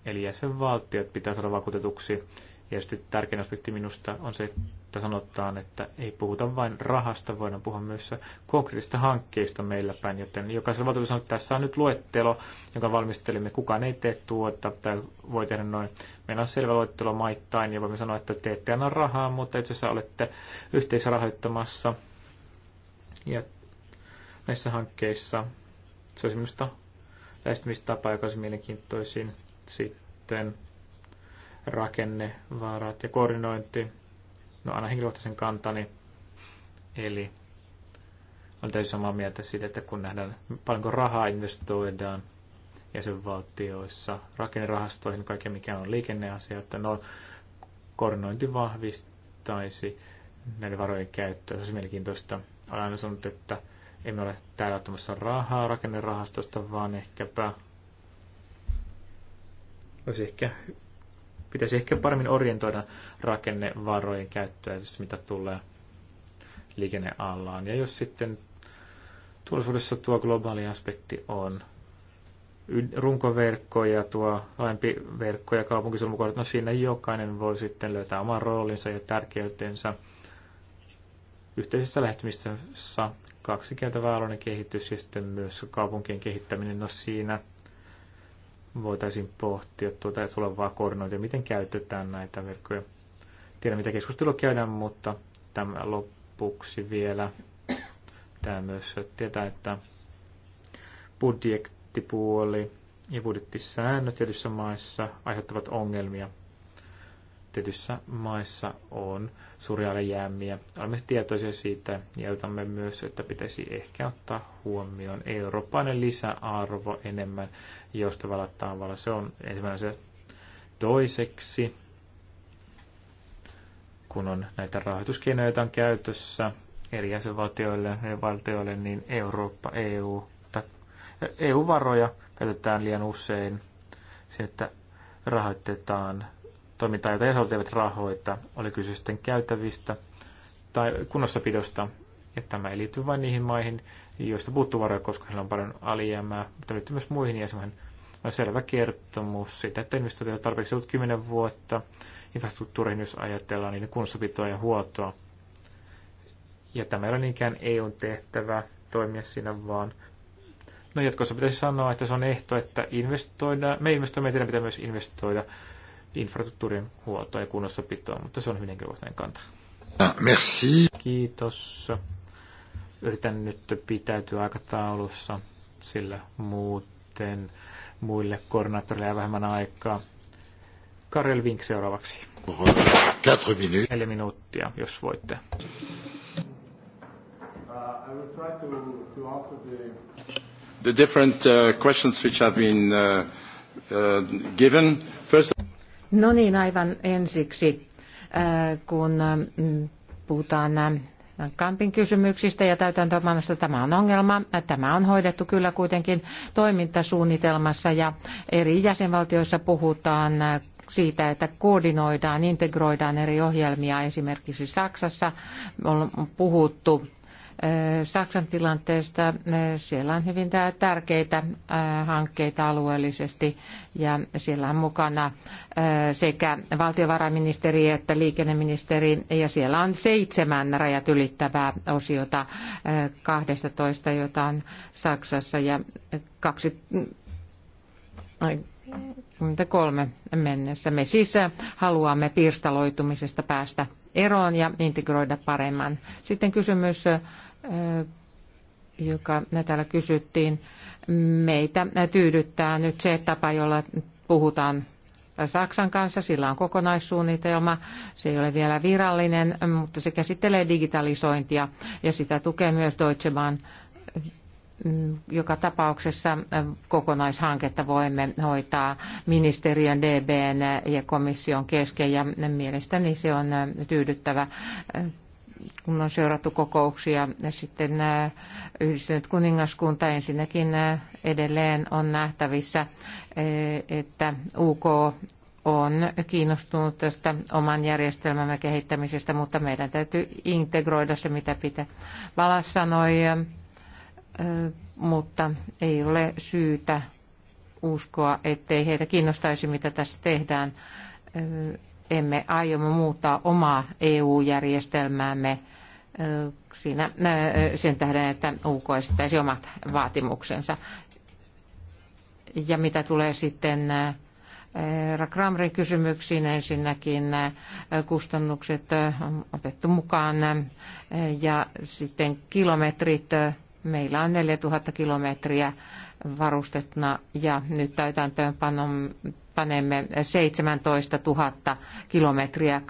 eli jäsenvaltiot pitää saada vakuutetuksi ja sitten tärkein aspekti minusta on se, että sanotaan, että ei puhuta vain rahasta, voidaan puhua myös konkreettisista hankkeista meillä päin, joten jokaisella valtuudella sanoo, että tässä on nyt luettelo, jonka valmistelimme, kukaan ei tee tuota tai voi tehdä noin. Meillä on selvä luettelo maittain ja voimme sanoa, että te ette anna rahaa, mutta itse asiassa olette yhteisrahoittamassa ja näissä hankkeissa. Se olisi minusta lähestymistapa, joka olisi mielenkiintoisin sitten vaarat ja koordinointi. No aina henkilökohtaisen kantani. Eli olen täysin samaa mieltä siitä, että kun nähdään paljonko rahaa investoidaan jäsenvaltioissa rakennerahastoihin, kaikki mikä on liikenneasia, että no, koordinointi vahvistaisi näiden varojen käyttöä. Se on mielenkiintoista. Olen aina sanonut, että emme ole täällä ottamassa rahaa rakennerahastosta, vaan ehkäpä olisi ehkä Pitäisi ehkä paremmin orientoida rakennevarojen käyttöä, mitä tulee liikennealaan. Ja jos sitten turvallisuudessa tuo globaali aspekti on runkoverkko ja tuo laajempi verkko ja kaupunkisulmukohdat, no siinä jokainen voi sitten löytää oman roolinsa ja tärkeytensä. Yhteisessä lähestymisessä kaksi kieltä kehitys ja sitten myös kaupunkien kehittäminen, no siinä – voitaisiin pohtia tuota tulevaa koordinointia, miten käytetään näitä verkkoja. Tiedän, mitä keskustelua käydään, mutta tämä lopuksi vielä. Tämä myös tietää, että budjettipuoli ja budjettisäännöt tietyissä maissa aiheuttavat ongelmia – tietyissä maissa on suuria alijäämiä. Olemme tietoisia siitä ja otamme myös, että pitäisi ehkä ottaa huomioon eurooppainen lisäarvo enemmän joustavalla tavalla. Se on ensimmäinen se toiseksi, kun on näitä rahoituskeinoja, joita on käytössä eri jäsenvaltioille ja valtioille, niin Eurooppa, EU, EU-varoja käytetään liian usein. Se, että rahoitetaan toimintaa, jota jäsenvaltiot eivät rahoita, oli kyse sitten käytävistä tai kunnossapidosta. Ja tämä ei liity vain niihin maihin, joista puuttuu varoja, koska heillä on paljon alijäämää, mutta liittyy myös muihin jäsenmaihin. On no, selvä kertomus siitä, että investointeja tarpeeksi ollut 10 vuotta infrastruktuuriin, jos ajatellaan niiden kunnossapitoa ja huoltoa. Ja tämä ei ole niinkään EUn tehtävä toimia siinä, vaan no jatkossa pitäisi sanoa, että se on ehto, että investoida, me investoimme, meidän pitää myös investoida infrastruktuurin huoltoa ja kunnossapitoa, mutta se on hyvin henkilökohtainen kanta. Ah, merci. Kiitos. Yritän nyt pitäytyä aikataulussa, sillä muuten muille koordinaattoreille jää vähemmän aikaa. Karel Vink seuraavaksi. Neljä minuuttia, jos voitte. Uh, the different uh, questions which have been uh, uh, given. First... No niin, aivan ensiksi, äh, kun mm, puhutaan äh, Kampin kysymyksistä ja täytäntöönpanosta tämä on ongelma. Tämä on hoidettu kyllä kuitenkin toimintasuunnitelmassa ja eri jäsenvaltioissa puhutaan äh, siitä, että koordinoidaan, integroidaan eri ohjelmia. Esimerkiksi Saksassa on puhuttu Saksan tilanteesta. Siellä on hyvin tärkeitä hankkeita alueellisesti ja siellä on mukana sekä valtiovarainministeri että liikenneministeri ja siellä on seitsemän rajat ylittävää osiota 12, jota on Saksassa ja kaksi 2023 mennessä. Me siis haluamme pirstaloitumisesta päästä eroon ja integroida paremmin. Sitten kysymys joka täällä kysyttiin. Meitä tyydyttää nyt se tapa, jolla puhutaan Saksan kanssa. Sillä on kokonaissuunnitelma. Se ei ole vielä virallinen, mutta se käsittelee digitalisointia ja sitä tukee myös Deutsche Bahn. Joka tapauksessa kokonaishanketta voimme hoitaa ministeriön, DBn ja komission kesken ja mielestäni se on tyydyttävä kun on seurattu kokouksia. Ja sitten yhdistynyt kuningaskunta ensinnäkin edelleen on nähtävissä, että UK on kiinnostunut tästä oman järjestelmämme kehittämisestä, mutta meidän täytyy integroida se, mitä pitää. Valas sanoi, mutta ei ole syytä uskoa, ettei heitä kiinnostaisi, mitä tässä tehdään emme aiomme muuttaa omaa EU-järjestelmäämme siinä, sen tähden, että UK esittäisi omat vaatimuksensa. Ja mitä tulee sitten Kramrin kysymyksiin ensinnäkin kustannukset on otettu mukaan ja sitten kilometrit. Meillä on 4000 kilometriä varustettuna ja nyt täytäntöönpanon panemme 17 000 kilometriä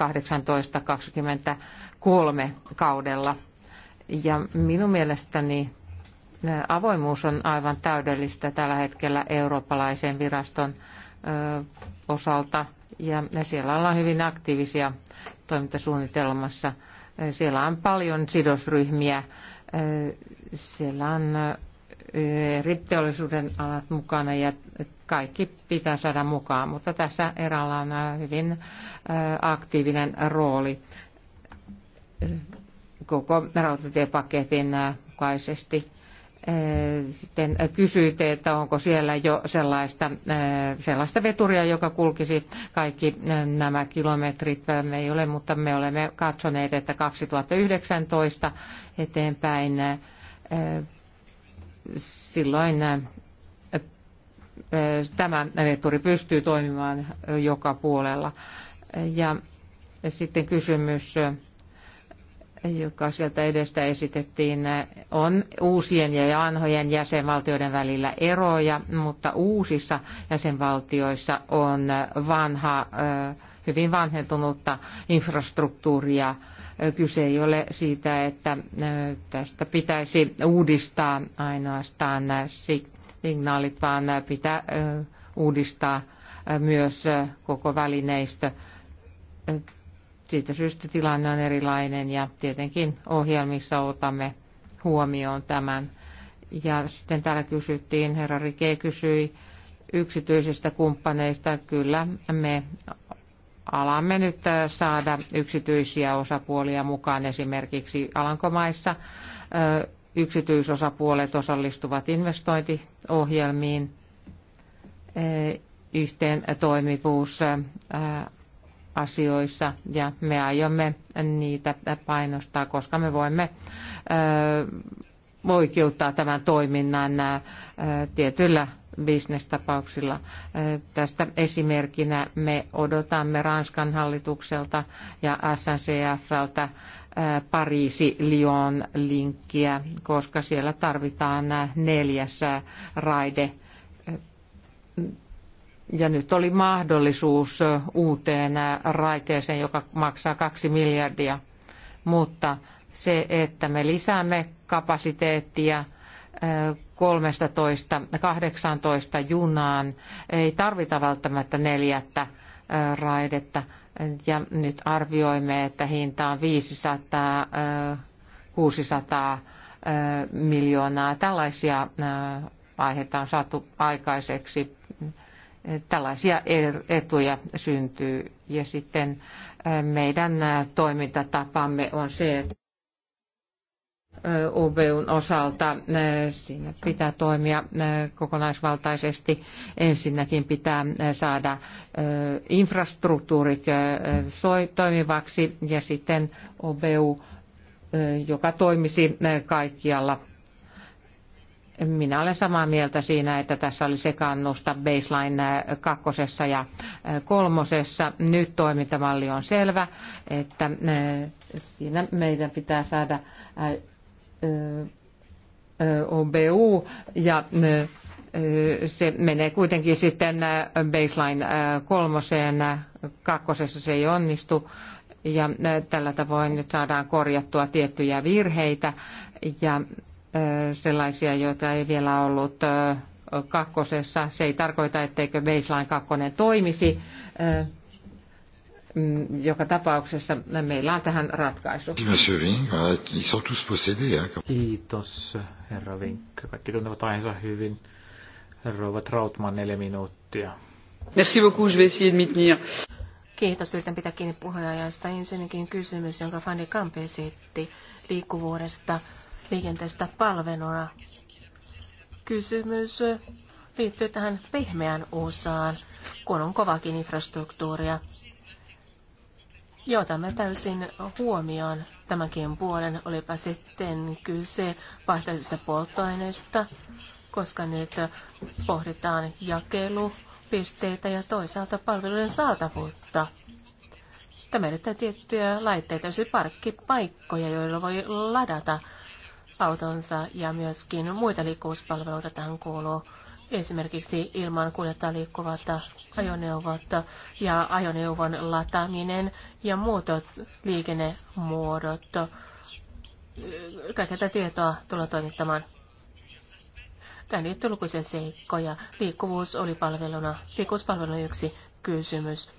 18-23 kaudella. Ja minun mielestäni avoimuus on aivan täydellistä tällä hetkellä eurooppalaisen viraston osalta. Ja siellä ollaan hyvin aktiivisia toimintasuunnitelmassa. Siellä on paljon sidosryhmiä. Siellä on eri eh, alat mukana ja kaikki pitää saada mukaan, mutta tässä eralla on eh, hyvin eh, aktiivinen rooli koko rautatiepaketin mukaisesti. Sitten kysyitte, että onko siellä jo sellaista, sellaista veturia, joka kulkisi kaikki nämä kilometrit. Me ei ole, mutta me olemme katsoneet, että 2019 eteenpäin silloin tämä veturi pystyy toimimaan joka puolella. Ja sitten kysymys, joka sieltä edestä esitettiin, on uusien ja anhojen jäsenvaltioiden välillä eroja, mutta uusissa jäsenvaltioissa on vanha, hyvin vanhentunutta infrastruktuuria – Kyse ei ole siitä, että tästä pitäisi uudistaa ainoastaan signaalit, vaan pitää uudistaa myös koko välineistö. Siitä syystä tilanne on erilainen ja tietenkin ohjelmissa otamme huomioon tämän. Ja sitten täällä kysyttiin, herra Rike kysyi yksityisistä kumppaneista. Kyllä, me alamme nyt äh, saada yksityisiä osapuolia mukaan esimerkiksi Alankomaissa. Äh, yksityisosapuolet osallistuvat investointiohjelmiin. Äh, yhteen toimivuus asioissa ja me aiomme niitä painostaa, koska me voimme oikeuttaa tämän toiminnan tietyllä bisnestapauksilla. Tästä esimerkkinä me odotamme Ranskan hallitukselta ja SNCFltä Pariisi-Lyon-linkkiä, koska siellä tarvitaan neljäs raide. Ja nyt oli mahdollisuus uuteen raiteeseen, joka maksaa kaksi miljardia. Mutta se, että me lisäämme kapasiteettia – 13-18 junaan. Ei tarvita välttämättä neljättä raidetta. Ja nyt arvioimme, että hinta on 500, 600 miljoonaa. Tällaisia aiheita on saatu aikaiseksi. Tällaisia er-, etuja syntyy. Ja sitten meidän toimintatapamme on se, että UBUn osalta siinä pitää toimia kokonaisvaltaisesti. Ensinnäkin pitää saada infrastruktuurit toimivaksi ja sitten OBU, joka toimisi kaikkialla. Minä olen samaa mieltä siinä, että tässä oli sekannusta baseline kakkosessa ja kolmosessa. Nyt toimintamalli on selvä, että siinä meidän pitää saada OBU ja se menee kuitenkin sitten baseline kolmoseen, kakkosessa se ei onnistu ja tällä tavoin nyt saadaan korjattua tiettyjä virheitä ja sellaisia, joita ei vielä ollut kakkosessa. Se ei tarkoita, etteikö baseline kakkonen toimisi Mm, joka tapauksessa meillä on tähän ratkaisu. Kiitos, herra Vink. Kaikki tuntevat aiheensa hyvin. Rouva Trautman, neljä minuuttia. Merci beaucoup, je vais essayer de tenir. Kiitos, yritän pitää kiinni puheenjohtajasta. Ensinnäkin kysymys, jonka Fanny Kamp esitti liikkuvuudesta liikenteestä palveluna. Kysymys liittyy tähän pehmeään osaan, kun on kovakin infrastruktuuria. Joo, tämä täysin huomioon tämänkin puolen, olipa sitten kyse vaihtoehtoisista polttoaineista, koska nyt pohditaan jakelupisteitä ja toisaalta palveluiden saatavuutta. Tämä edellyttää tiettyjä laitteita, parkkipaikkoja, joilla voi ladata autonsa ja myöskin muita liikkuvuuspalveluita tähän kuuluu. Esimerkiksi ilman kuljettaa liikkuvat ajoneuvot ja ajoneuvon lataaminen ja muut liikennemuodot. Kaikkea tietoa tulla toimittamaan. Tämä liittyy lukuisia seikkoja. Liikkuvuus oli palveluna, liikkuvuuspalveluna yksi kysymys.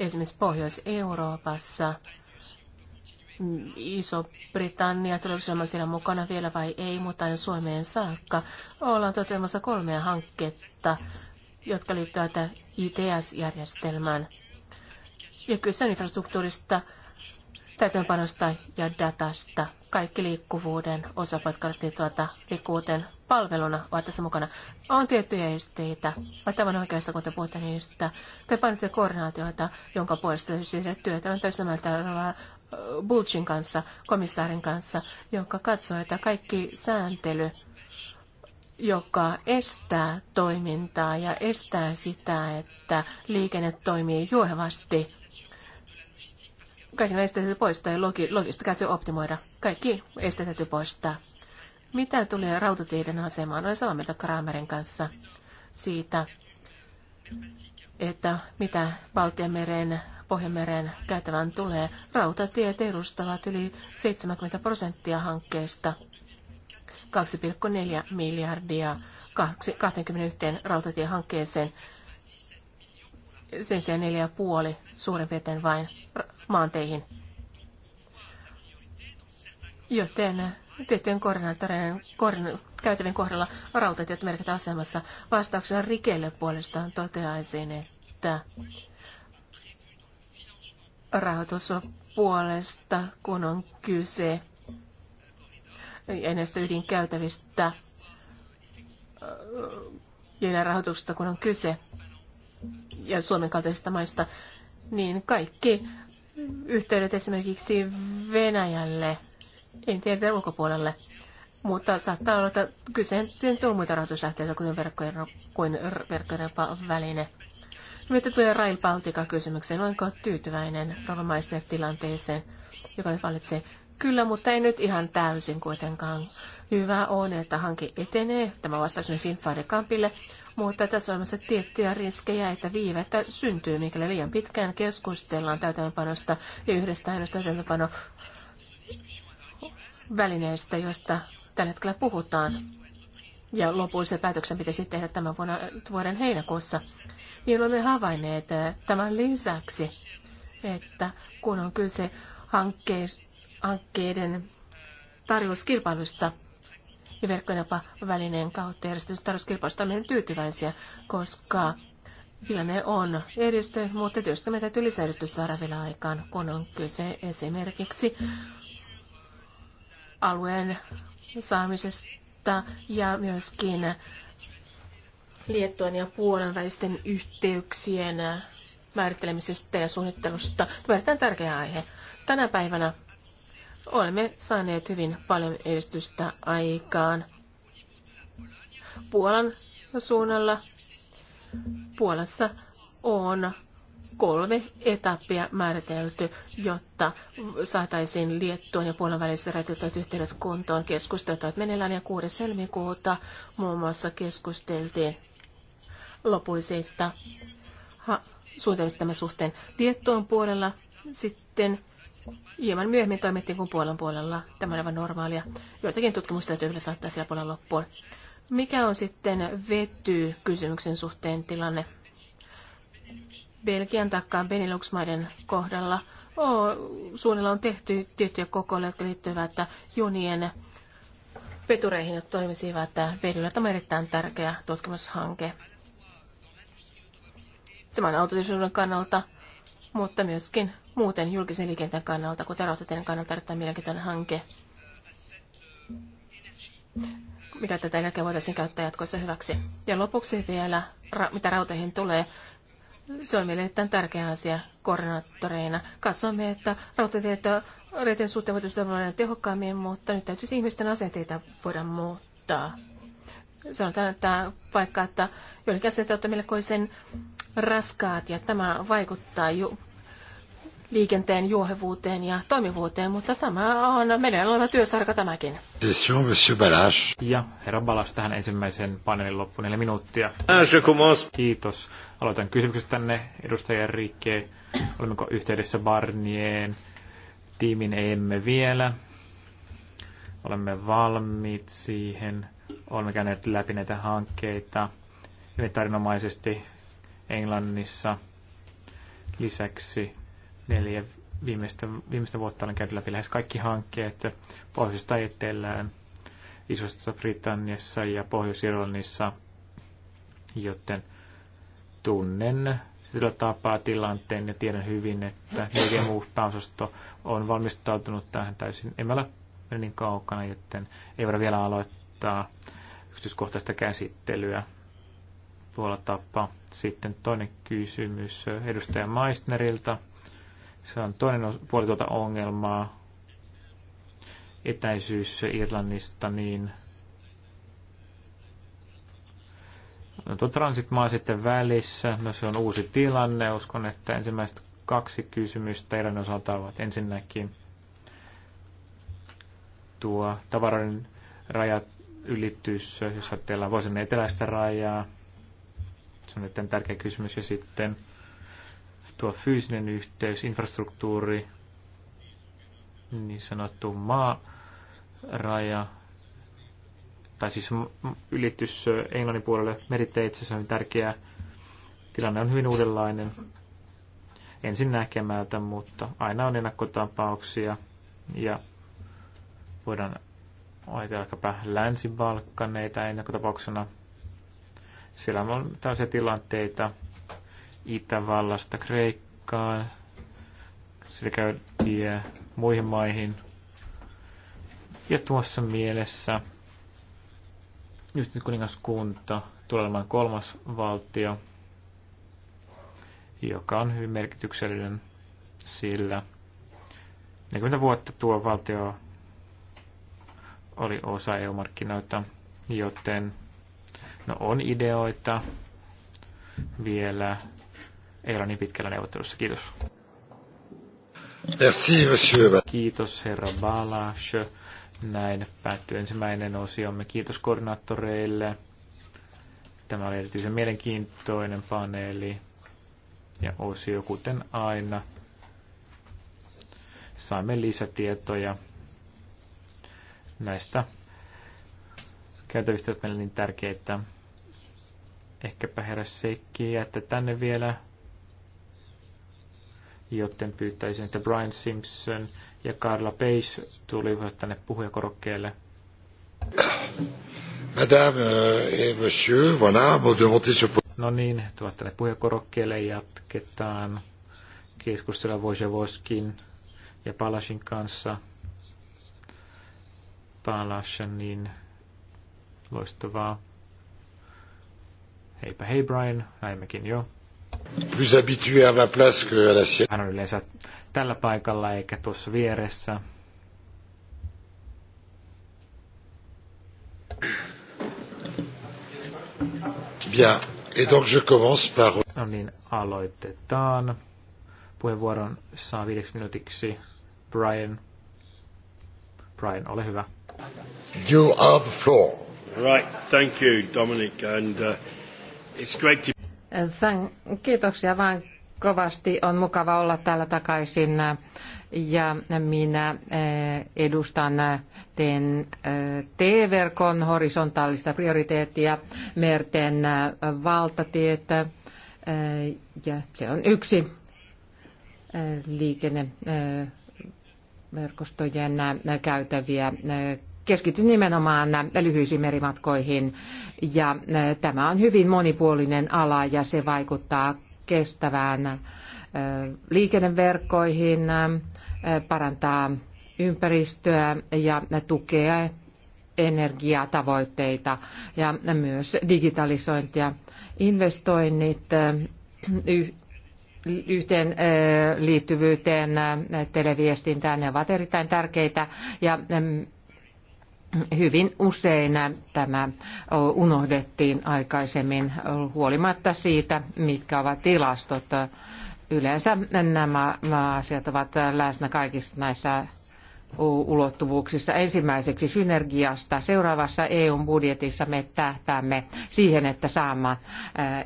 Esimerkiksi Pohjois-Euroopassa Iso-Britannia, tuleeko olemaan siinä mukana vielä vai ei, mutta aina Suomeen saakka ollaan toteamassa kolmea hanketta, jotka liittyvät ITS-järjestelmään. Ja kyse on infrastruktuurista, täytäntöpanosta ja datasta. Kaikki liikkuvuuden osapaikat tuota liikkuvuuteen palveluna ovat tässä mukana. On tiettyjä esteitä. tämä on oikeastaan, kun te puhutte niistä. Te painatte koordinaatioita, jonka puolesta tehdä siis työtä. On täysin Bulcin kanssa, komissaarin kanssa, joka katsoo, että kaikki sääntely, joka estää toimintaa ja estää sitä, että liikenne toimii juohevasti, kaikki esteet täytyy poistaa ja logista täytyy optimoida. Kaikki esteet täytyy poistaa. Mitä tulee rautateiden asemaan? Olen samaa mieltä Kramerin kanssa siitä, että mitä Baltian meren Pohjanmeren käytävän tulee. Rautatiet edustavat yli 70 prosenttia hankkeesta. 2,4 miljardia 21 rautatiehankkeeseen. Sen sijaan 4,5 suurin piirtein vain maanteihin. Joten tiettyjen koordinaattoreiden käytävien kohdalla rautatiet merkitään asemassa. Vastauksena Rikelle puolestaan toteaisin, että rahoituspuolesta, kun on kyse ja näistä ydinkäytävistä äh, ja rahoituksesta, kun on kyse ja Suomen kaltaisista maista, niin kaikki yhteydet esimerkiksi Venäjälle, en tiedä ulkopuolelle, mutta saattaa olla, että kyseen tulee muita rahoituslähteitä, kuten verkkojen, kuin verkkojen väline. Mitä tulee Rail Baltica kysymykseen, olenko tyytyväinen Rovamaister tilanteeseen, joka valitsee? Kyllä, mutta ei nyt ihan täysin kuitenkaan. Hyvä on, että hanke etenee. Tämä vastaus on Finfare Kampille, mutta tässä on myös tiettyjä riskejä, että viivettä syntyy, mikäli liian pitkään keskustellaan täytäntöpanosta ja yhdestä ainoasta täytäntöpano välineestä, josta tällä hetkellä puhutaan ja lopullisen päätöksen pitäisi tehdä tämän vuonna, vuoden heinäkuussa, niin olemme havainneet eh, tämän lisäksi, että kun on kyse hankkeiden tarjouskilpailusta ja verkkojenapa välineen kautta järjestetystä tarjouskilpailusta, olemme tyytyväisiä, koska tilanne on edistynyt, mutta tietysti me täytyy lisäedistys saada vielä aikaan, kun on kyse esimerkiksi alueen saamisesta tilannetta ja myöskin Liettuan ja Puolan välisten yhteyksien määrittelemisestä ja suunnittelusta. Tämä on tärkeä aihe. Tänä päivänä olemme saaneet hyvin paljon edistystä aikaan. Puolan suunnalla Puolassa on kolme etappia määritelty, jotta saataisiin Liettuan ja Puolan väliset räätyltäyt yhteydet kuntoon. Keskusteltavat meneillään ja 6. helmikuuta muun muassa keskusteltiin lopullisista suunnitelmista tämän suhteen Liettuan puolella. Sitten hieman myöhemmin toimittiin kuin Puolan puolella. Tämä on aivan normaalia. Joitakin tutkimusta vielä saattaa siellä puolella loppuun. Mikä on sitten vety kysymyksen suhteen tilanne? Belgian takkaan Benelux-maiden kohdalla oh, suunnilla on tehty tiettyjä kokoille, jotka liittyvät junien vetureihin, jotka toimisivat vedyllä. Tämä on erittäin tärkeä tutkimushanke. on autotisuuden kannalta, mutta myöskin muuten julkisen liikenteen kannalta, kuten rautateiden kannalta erittäin mielenkiintoinen hanke, mikä tätä energiaa voitaisiin käyttää jatkossa hyväksi. Ja lopuksi vielä, mitä rauteihin tulee, se on meille erittäin tärkeä asia koordinaattoreina. Katsomme, että rautateitä reitin suhteen voitaisiin toimia tehokkaammin, mutta nyt täytyisi ihmisten asenteita voida muuttaa. Sanotaan, että vaikka, että joidenkin asenteet ovat melkoisen raskaat ja tämä vaikuttaa ju- liikenteen juohevuuteen ja toimivuuteen, mutta tämä on meidän oleva työsarka tämäkin. Ja herra Balas tähän ensimmäisen paneelin loppuun neljä minuuttia. Ah, Kiitos. Aloitan kysymyksestä tänne edustaja Rikke. Olemmeko yhteydessä Barnien? Tiimin emme vielä. Olemme valmiit siihen. Olemme käyneet läpi näitä hankkeita Eli tarinomaisesti Englannissa. Lisäksi neljä viimeistä, viimeistä vuotta olen käynyt läpi lähes kaikki hankkeet pohjoisesta etelään, isossa Britanniassa ja Pohjois-Irlannissa, joten tunnen sillä tapaa tilanteen ja tiedän hyvin, että DG Move on valmistautunut tähän täysin. En ole niin kaukana, joten ei voida vielä aloittaa yksityiskohtaista käsittelyä tuolla tapaa. Sitten toinen kysymys edustaja Meissnerilta. Se on toinen puoli tuota ongelmaa. Etäisyys Irlannista, niin no, tuo transitmaa sitten välissä, no se on uusi tilanne. Uskon, että ensimmäiset kaksi kysymystä teidän osalta ovat ensinnäkin tuo tavaroiden rajat ylittyys, jos ajatellaan vuosien eteläistä rajaa. Se on nyt tärkeä kysymys. Ja sitten tuo fyysinen yhteys, infrastruktuuri, niin sanottu maaraja, tai siis ylitys Englannin puolelle meriteitse, se on hyvin tärkeää. Tilanne on hyvin uudenlainen ensin näkemältä, mutta aina on ennakkotapauksia ja voidaan ajatella vaikkapa länsibalkkaneita ennakkotapauksena. Siellä on tällaisia tilanteita, Itävallasta Kreikkaan, sitä käytiin muihin maihin. Ja tuossa mielessä yhdistynyt kuningaskunta tulee olemaan kolmas valtio, joka on hyvin merkityksellinen, sillä 40 vuotta tuo valtio oli osa EU-markkinoita, joten no on ideoita vielä ei ole niin pitkällä neuvottelussa. Kiitos. Merci, monsieur. Kiitos, herra Balash. Näin päättyy ensimmäinen osiomme. Kiitos koordinaattoreille. Tämä oli erityisen mielenkiintoinen paneeli ja osio, kuten aina. Saimme lisätietoja näistä käytävistä, jotka meille niin tärkeitä. Ehkäpä herra Seikki että tänne vielä joten pyytäisin, että Brian Simpson ja Carla Page tulivat tänne puhujakorokkeelle. Madame euh, et monsieur, voilà, de monter sur... No niin, tuot tänne puhujakorokkeelle jatketaan keskustella Vojavoskin ja Palashin kanssa. Palashan, niin loistavaa. Heipä hei Brian, näimmekin jo. Plus habitué à ma place que à la sienne. Hän on yleensä tällä paikalla eikä tuossa vieressä. Bien. Et donc je commence par... No niin, aloitetaan. Puheenvuoron saa viideksi minuutiksi Brian. Brian, ole hyvä. You are the floor. Right, thank you, Dominic, and uh, it's great to Kiitoksia vain kovasti. On mukava olla täällä takaisin ja minä eh, edustan eh, eh, T-verkon horisontaalista prioriteettia merten valtatietä ja se on yksi liikenneverkostojen käytäviä keskityn nimenomaan lyhyisiin merimatkoihin ja tämä on hyvin monipuolinen ala ja se vaikuttaa kestävään liikenneverkkoihin, parantaa ympäristöä ja tukee energiatavoitteita ja myös digitalisointia. Investoinnit yhteen liittyvyyteen televiestintään, ne ovat erittäin tärkeitä ja hyvin usein tämä unohdettiin aikaisemmin huolimatta siitä, mitkä ovat tilastot. Yleensä nämä asiat ovat läsnä kaikissa näissä ulottuvuuksissa. Ensimmäiseksi synergiasta. Seuraavassa eu budjetissa me tähtäämme siihen, että saamme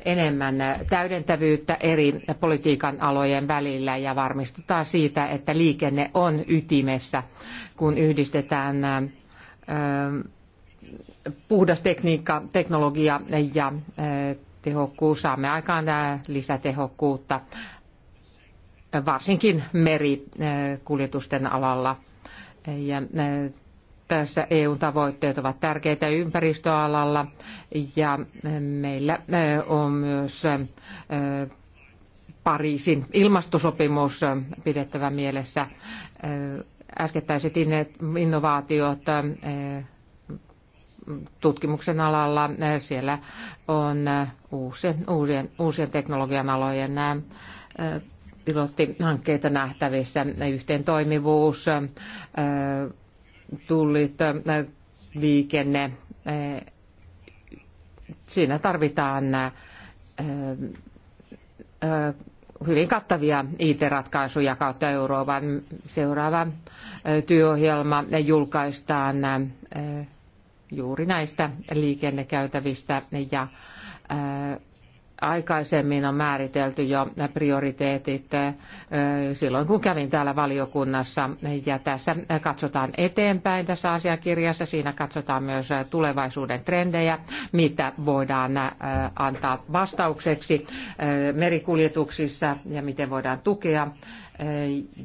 enemmän täydentävyyttä eri politiikan alojen välillä ja varmistutaan siitä, että liikenne on ytimessä, kun yhdistetään Ähm, puhdas tekniikka, teknologia ja äh, tehokkuus. Saamme aikaan äh, lisätehokkuutta äh, varsinkin merikuljetusten alalla. Ja tässä EUn tavoitteet ovat tärkeitä ympäristöalalla ja meillä on myös Pariisin ilmastosopimus pidettävä mielessä äskettäiset innovaatiot äh, tutkimuksen alalla. Äh, siellä on äh, uusien, uusien, uusien teknologian alojen pilottihankkeita nähtävissä, yhteen toimivuus, tullit, liikenne. Siinä tarvitaan hyvin kattavia IT-ratkaisuja kautta Euroopan. Seuraava työohjelma julkaistaan juuri näistä liikennekäytävistä ja aikaisemmin on määritelty jo prioriteetit silloin, kun kävin täällä valiokunnassa. Ja tässä katsotaan eteenpäin tässä asiakirjassa. Siinä katsotaan myös tulevaisuuden trendejä, mitä voidaan antaa vastaukseksi merikuljetuksissa ja miten voidaan tukea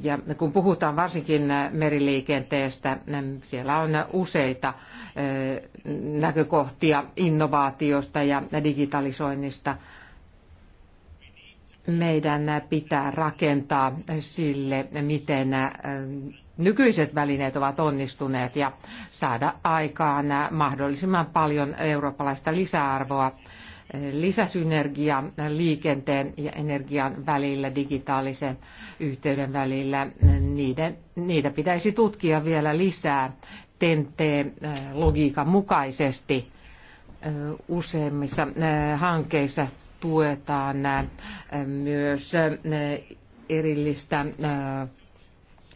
ja kun puhutaan varsinkin meriliikenteestä, niin siellä on useita näkökohtia innovaatiosta ja digitalisoinnista meidän pitää rakentaa sille, miten nykyiset välineet ovat onnistuneet ja saada aikaan mahdollisimman paljon eurooppalaista lisäarvoa, lisäsynergia liikenteen ja energian välillä, digitaalisen yhteyden välillä. Niiden, niitä pitäisi tutkia vielä lisää tenteen logiikan mukaisesti useimmissa hankkeissa tuetaan myös erillistä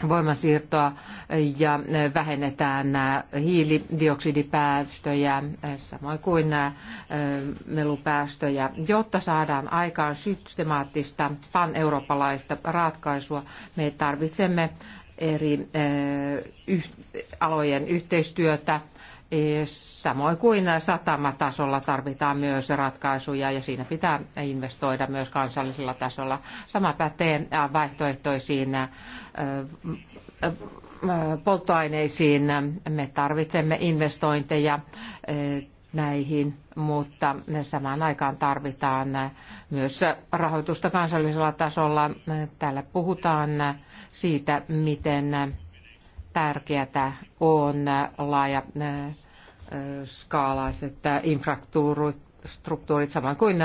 voimasiirtoa ja vähennetään hiilidioksidipäästöjä, samoin kuin melupäästöjä, jotta saadaan aikaan systemaattista pan-eurooppalaista ratkaisua. Me tarvitsemme eri alojen yhteistyötä Samoin kuin satamatasolla tarvitaan myös ratkaisuja ja siinä pitää investoida myös kansallisella tasolla. Sama pätee äh, vaihtoehtoisiin äh, äh, polttoaineisiin. Me tarvitsemme investointeja näihin, mutta samaan aikaan tarvitaan myös rahoitusta kansallisella tasolla. Täällä puhutaan siitä, miten tärkeätä on laaja skaalaiset infrastruktuurit, samoin kuin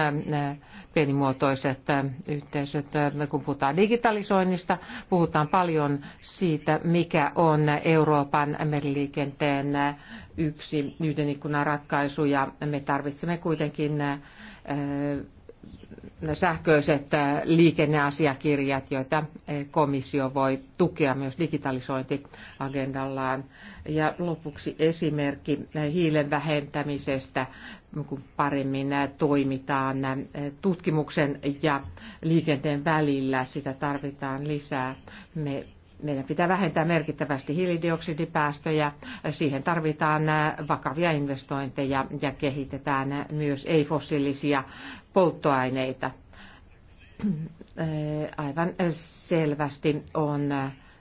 pienimuotoiset yhteisöt. Kun puhutaan digitalisoinnista, puhutaan paljon siitä, mikä on Euroopan meriliikenteen yksi yhden ikkunan ratkaisu, ja me tarvitsemme kuitenkin sähköiset liikenneasiakirjat, joita komissio voi tukea myös digitalisointiagendallaan. Ja lopuksi esimerkki hiilen vähentämisestä, kun paremmin toimitaan tutkimuksen ja liikenteen välillä. Sitä tarvitaan lisää. Me meidän pitää vähentää merkittävästi hiilidioksidipäästöjä. Siihen tarvitaan vakavia investointeja ja kehitetään myös ei-fossiilisia polttoaineita. Aivan selvästi on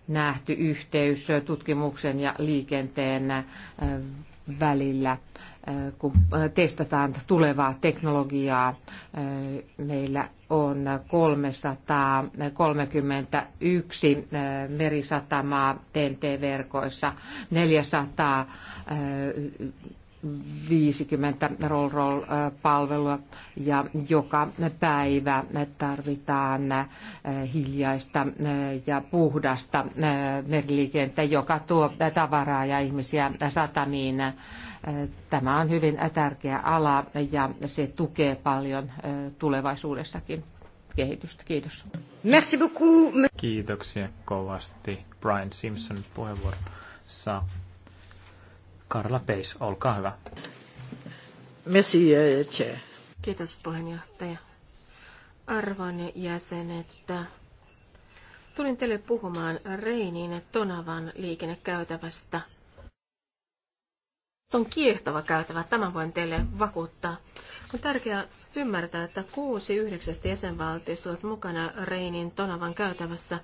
nähty yhteys tutkimuksen ja liikenteen välillä Äh, kun äh, testataan tulevaa teknologiaa. Äh, meillä on 331 merisatamaa TNT-verkoissa, 450 roll-roll-palvelua ja joka päivä tarvitaan hiljaista ja puhdasta meriliikennettä, joka tuo tavaraa ja ihmisiä satamiin Tämä on hyvin tärkeä ala ja se tukee paljon tulevaisuudessakin kehitystä. Kiitos. Merci beaucoup. Kiitoksia kovasti Brian Simpson puheenvuorossa. Karla Peis, olkaa hyvä. Merci, euh, chair. Kiitos puheenjohtaja. Arvon jäsenet, tulin teille puhumaan Reinin Tonavan liikennekäytävästä – se on kiehtova käytävä, tämän voin teille vakuuttaa. On tärkeää ymmärtää, että kuusi yhdeksästä jäsenvaltiosta ovat mukana Reinin Tonavan käytävässä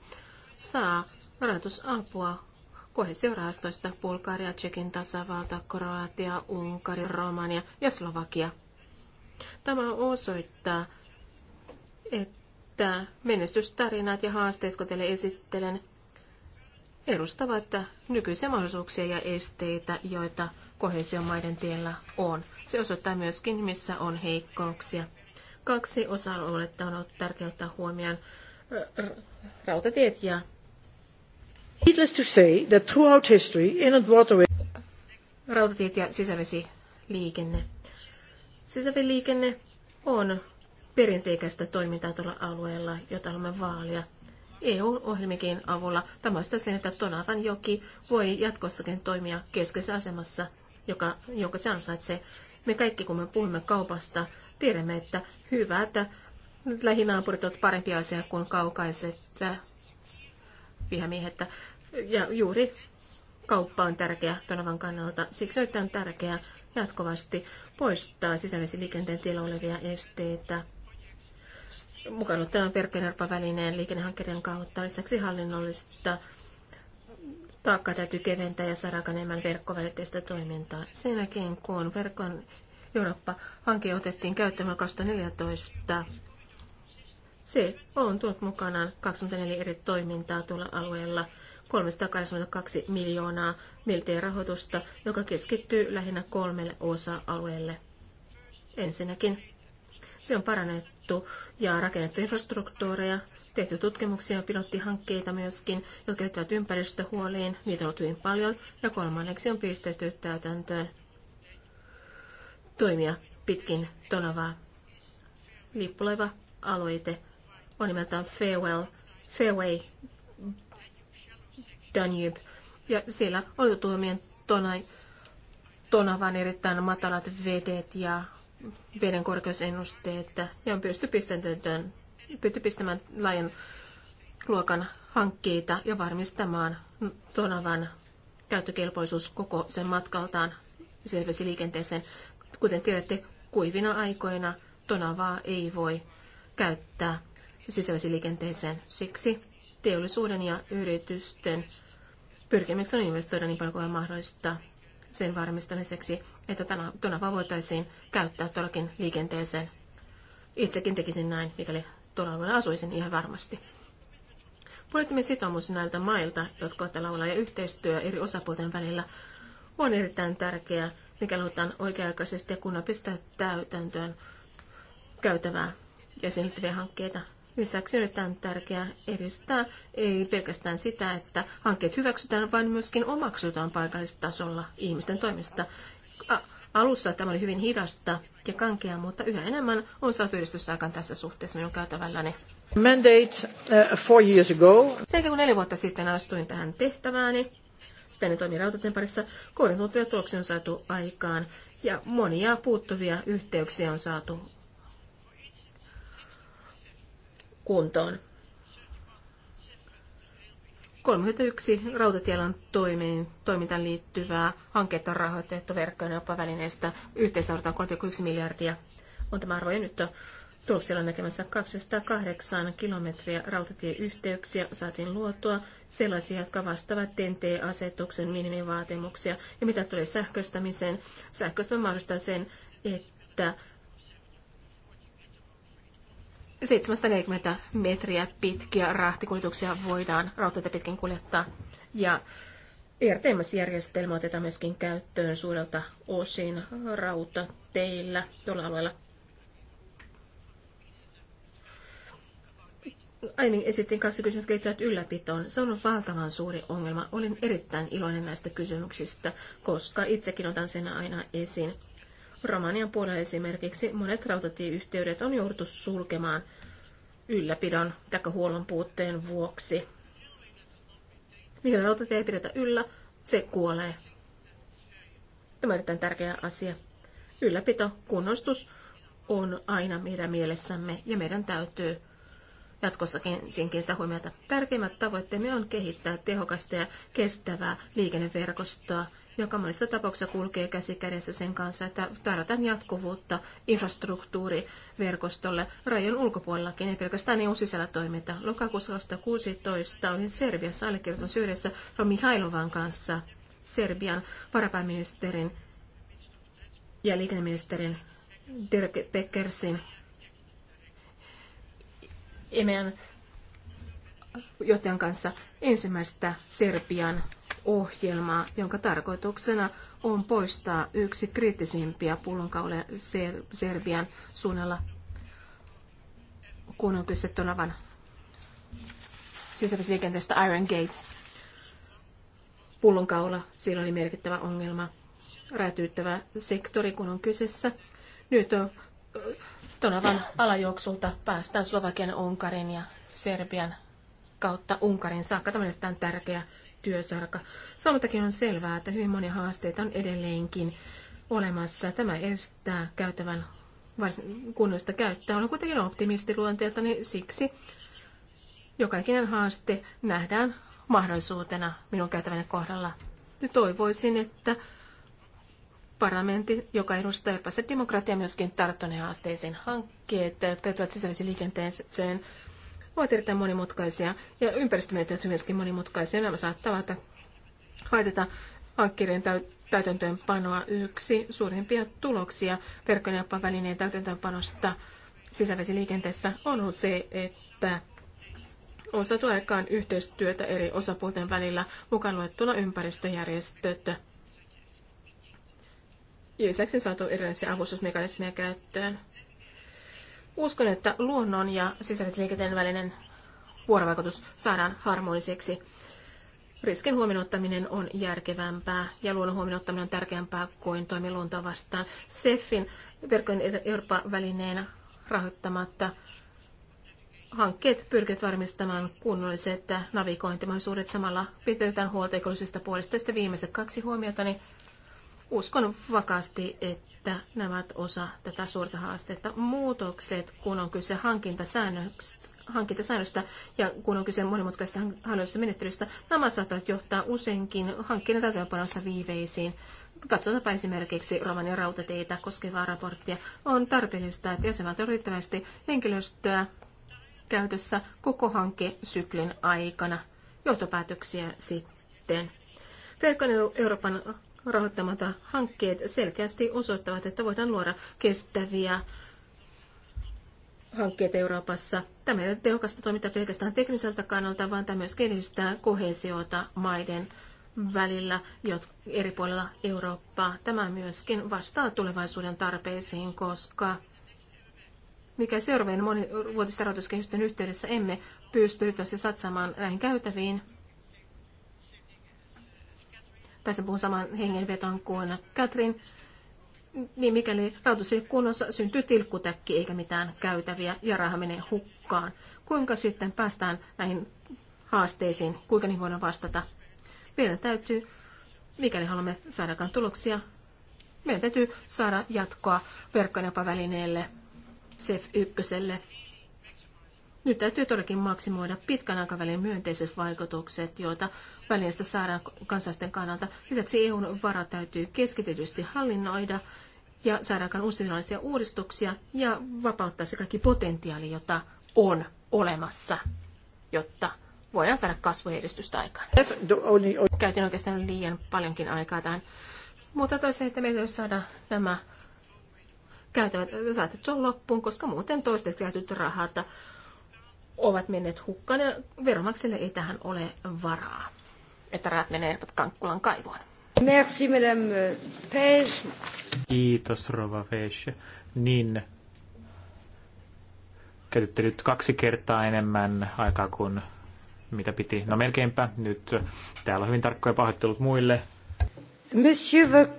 saa rahoitusapua kohesiorahastoista Bulgaria, Tsekin tasavalta, Kroatia, Unkari, Romania ja Slovakia. Tämä osoittaa, että menestystarinat ja haasteet, kun teille esittelen, edustavat nykyisiä mahdollisuuksia ja esteitä, joita kohesiomaiden tiellä on. Se osoittaa myöskin, missä on heikkouksia. Kaksi osa-aluetta on ollut tärkeää ottaa huomioon, rautatiet ja Needless to say that throughout history, inland waterway... Rautatiet ja sisävesiliikenne. Sisävesiliikenne on perinteikästä toimintaa tuolla alueella, jota haluamme vaalia. EU-ohjelmikin avulla tämä sen, että Tonavan joki voi jatkossakin toimia keskeisessä asemassa joka, jonka se ansaitsee. Me kaikki, kun me puhumme kaupasta, tiedämme, että hyvä, että lähinaapurit ovat parempi asia kuin kaukaiset äh, vihamiehet. Ja juuri kauppa on tärkeä Tonavan kannalta. Siksi on tärkeää jatkuvasti poistaa sisävesiliikenteen tiellä olevia esteitä mukaan ottaen verkkojen välineen liikennehankkeiden kautta. Lisäksi hallinnollista taakka täytyy keventää ja saada enemmän verkkovälitteistä toimintaa. Sen jälkeen, kun verkon Eurooppa-hanke otettiin käyttämään 2014, se on tuonut mukanaan 24 eri toimintaa tuolla alueella, 382 miljoonaa miltei rahoitusta, joka keskittyy lähinnä kolmelle osa-alueelle. Ensinnäkin se on parannettu ja rakennettu infrastruktuureja, tehty tutkimuksia ja pilottihankkeita myöskin, jotka liittyvät ympäristöhuoliin. Niitä on ollut hyvin paljon. Ja kolmanneksi on pistetty täytäntöön toimia pitkin tonavaa. Lippuleva aloite on nimeltään Farewell, Fairway Danube. Ja siellä on jo huomioon tonai, tonavan erittäin matalat vedet ja veden korkeusennusteet ja on pysty pistetty pystyi pistämään laajan luokan hankkeita ja varmistamaan Tonavan käyttökelpoisuus koko sen matkaltaan selvesiliikenteeseen. Kuten tiedätte, kuivina aikoina Tonavaa ei voi käyttää sisävesiliikenteeseen. Siksi teollisuuden ja yritysten pyrkimyksen on investoida niin paljon kuin mahdollista sen varmistamiseksi, että Tonava voitaisiin käyttää todellakin liikenteeseen. Itsekin tekisin näin, mikäli tuolla asuisin ihan varmasti. Poliittinen sitoumus näiltä mailta, jotka ovat tällä ja yhteistyö eri osapuolten välillä on erittäin tärkeää, mikä luotaan oikea-aikaisesti ja kunnan pistää täytäntöön käytävää ja sen liittyviä hankkeita. Lisäksi on erittäin tärkeää edistää ei pelkästään sitä, että hankkeet hyväksytään, vaan myöskin omaksutaan paikallistasolla ihmisten toimesta. Alussa tämä oli hyvin hidasta ja kankea, mutta yhä enemmän on saatu edistysaikaan tässä suhteessa minun käytävälläni. Mandate uh, four years ago. Sen kun neljä vuotta sitten astuin tähän tehtävääni, sitten toimin rautateen parissa, kohdennuttuja tuloksia on saatu aikaan ja monia puuttuvia yhteyksiä on saatu kuntoon. 31 rautatielan toimiin, toimintaan liittyvää hanketta on rahoitettu verkkojen jopa-välineestä. Yhteensä 3,1 miljardia on tämä arvo. Ja nyt Tuoksella näkemässä 208 kilometriä rautatieyhteyksiä saatiin luotua, sellaisia, jotka vastaavat TNT-asetuksen minimivaatimuksia. Ja mitä tulee sähköistämiseen, sähköistäminen mahdollistaa sen, että 740 metriä pitkiä rahtikuljetuksia voidaan rautateitä pitkin kuljettaa. Ja ERTMS-järjestelmä otetaan myöskin käyttöön suurelta osin rautateillä tuolla alueella. Aiemmin esittiin kaksi kysymystä liittyen ylläpitoon. Se on valtavan suuri ongelma. Olin erittäin iloinen näistä kysymyksistä, koska itsekin otan sen aina esiin. Romanian puolella esimerkiksi monet rautatieyhteydet on jouduttu sulkemaan ylläpidon tai huollon puutteen vuoksi. Mikäli rautatie ei pidetä yllä, se kuolee. Tämä on erittäin tärkeä asia. Ylläpito, kunnostus on aina meidän mielessämme ja meidän täytyy jatkossakin siihen kiinnittää huomiota. Tärkeimmät tavoitteemme on kehittää tehokasta ja kestävää liikenneverkostoa joka monissa tapauksissa kulkee käsi kädessä sen kanssa, että tarvitaan jatkuvuutta infrastruktuuriverkostolle rajojen ulkopuolellakin, ei pelkästään EUn sisällä toiminta. Lokakuussa 2016 olin Serbiassa allekirjoittamassa yhdessä Romi Hailovan kanssa Serbian varapääministerin ja liikenneministerin Dirk Peckersin Emean johtajan kanssa ensimmäistä Serbian ohjelmaa, jonka tarkoituksena on poistaa yksi kriittisimpiä pullonkauleja Ser- Serbian suunnalla, kun on kyse Tonavan sisävesiliikenteestä Iron Gates. Pullonkaula, siellä oli merkittävä ongelma, räätyyttävä sektori, kun on kyseessä. Nyt on Tonavan alajuoksulta päästään Slovakian, Unkarin ja Serbian kautta Unkarin saakka. Tämä on tärkeä työsarka. Samaltakin on selvää, että hyvin monia haasteita on edelleenkin olemassa. Tämä estää käytävän kunnollista käyttöä. Olen kuitenkin optimistiluonteelta, niin siksi jokainen haaste nähdään mahdollisuutena minun käytäväni kohdalla. Ja toivoisin, että parlamentti, joka edustaa epässä demokratia, myöskin tarttuneen haasteisiin hankkeet, jotka liittyvät liikenteeseen, ovat erittäin monimutkaisia ja ympäristömenetelmät myöskin monimutkaisia. Nämä saattavat haitata hankkeiden täytäntöönpanoa yksi suurimpia tuloksia verkkoneuppan välineen täytäntöönpanosta sisävesiliikenteessä on ollut se, että on saatu aikaan yhteistyötä eri osapuolten välillä, mukaan luettuna ympäristöjärjestöt. Lisäksi on saatu erilaisia avustusmekanismeja käyttöön. Uskon, että luonnon ja liikenteen välinen vuorovaikutus saadaan harmoniseksi. Riskin huomioittaminen on järkevämpää ja luonnon huomioittaminen on tärkeämpää kuin toimiluontoa vastaan. SEFin verkkojen Eurooppa-välineen rahoittamatta hankkeet pyrkivät varmistamaan kunnolliset navigointimahdollisuudet samalla pitetään huolta ekologisista puolista. Sitten viimeiset kaksi huomiota, niin Uskon vakaasti, että nämä ovat osa tätä suurta haastetta. Muutokset, kun on kyse hankintasäännöstä, hankintasäännöstä ja kun on kyse monimutkaisesta hallinnollisesta menettelystä, nämä saattavat johtaa useinkin hankkeiden täytäntöönpanossa viiveisiin. Katsotaanpa esimerkiksi Romanian rautateitä koskevaa raporttia. On tarpeellista, että jäsenvaltio on riittävästi henkilöstöä käytössä koko hankesyklin aikana. Johtopäätöksiä sitten. Verkon Euroopan rahoittamata hankkeet selkeästi osoittavat, että voidaan luoda kestäviä hankkeet Euroopassa. Tämä ei ole tehokasta toimintaa pelkästään tekniseltä kannalta, vaan tämä myös kehittää kohesiota maiden välillä eri puolilla Eurooppaa. Tämä myöskin vastaa tulevaisuuden tarpeisiin, koska mikä seuraavien monivuotisten rahoituskehysten yhteydessä emme pysty tässä satsaamaan näihin käytäviin tässä puhun saman hengenveton kuin Katrin. Niin mikäli rautus ei kunnossa, syntyy tilkkutäkki eikä mitään käytäviä ja raha menee hukkaan. Kuinka sitten päästään näihin haasteisiin, kuinka niihin voidaan vastata? Meidän täytyy, mikäli haluamme saadakaan tuloksia, meidän täytyy saada jatkoa verkkonepavälineelle, SEF1, nyt täytyy todellakin maksimoida pitkän aikavälin myönteiset vaikutukset, joita välineestä saadaan kansalaisten kannalta. Lisäksi EUn varat täytyy keskitetysti hallinnoida ja saadaan uusinlaisia uudistuksia ja vapauttaa se kaikki potentiaali, jota on olemassa, jotta voidaan saada kasvuedistystä aikaan. Käytin oikeastaan liian paljonkin aikaa tähän. Mutta toisaalta, että meidän saada nämä käytävät saatettua loppuun, koska muuten toistaiseksi käytetyt rahat ovat menneet hukkaan ja veronmaksajille ei tähän ole varaa. Että rahat menee Kankkulan kaivoon. Merci, madame Pes. Kiitos, Rova Pes. Niin, käytitte nyt kaksi kertaa enemmän aikaa kuin mitä piti. No melkeinpä. Nyt täällä on hyvin tarkkoja pahoittelut muille. Monsieur Vok...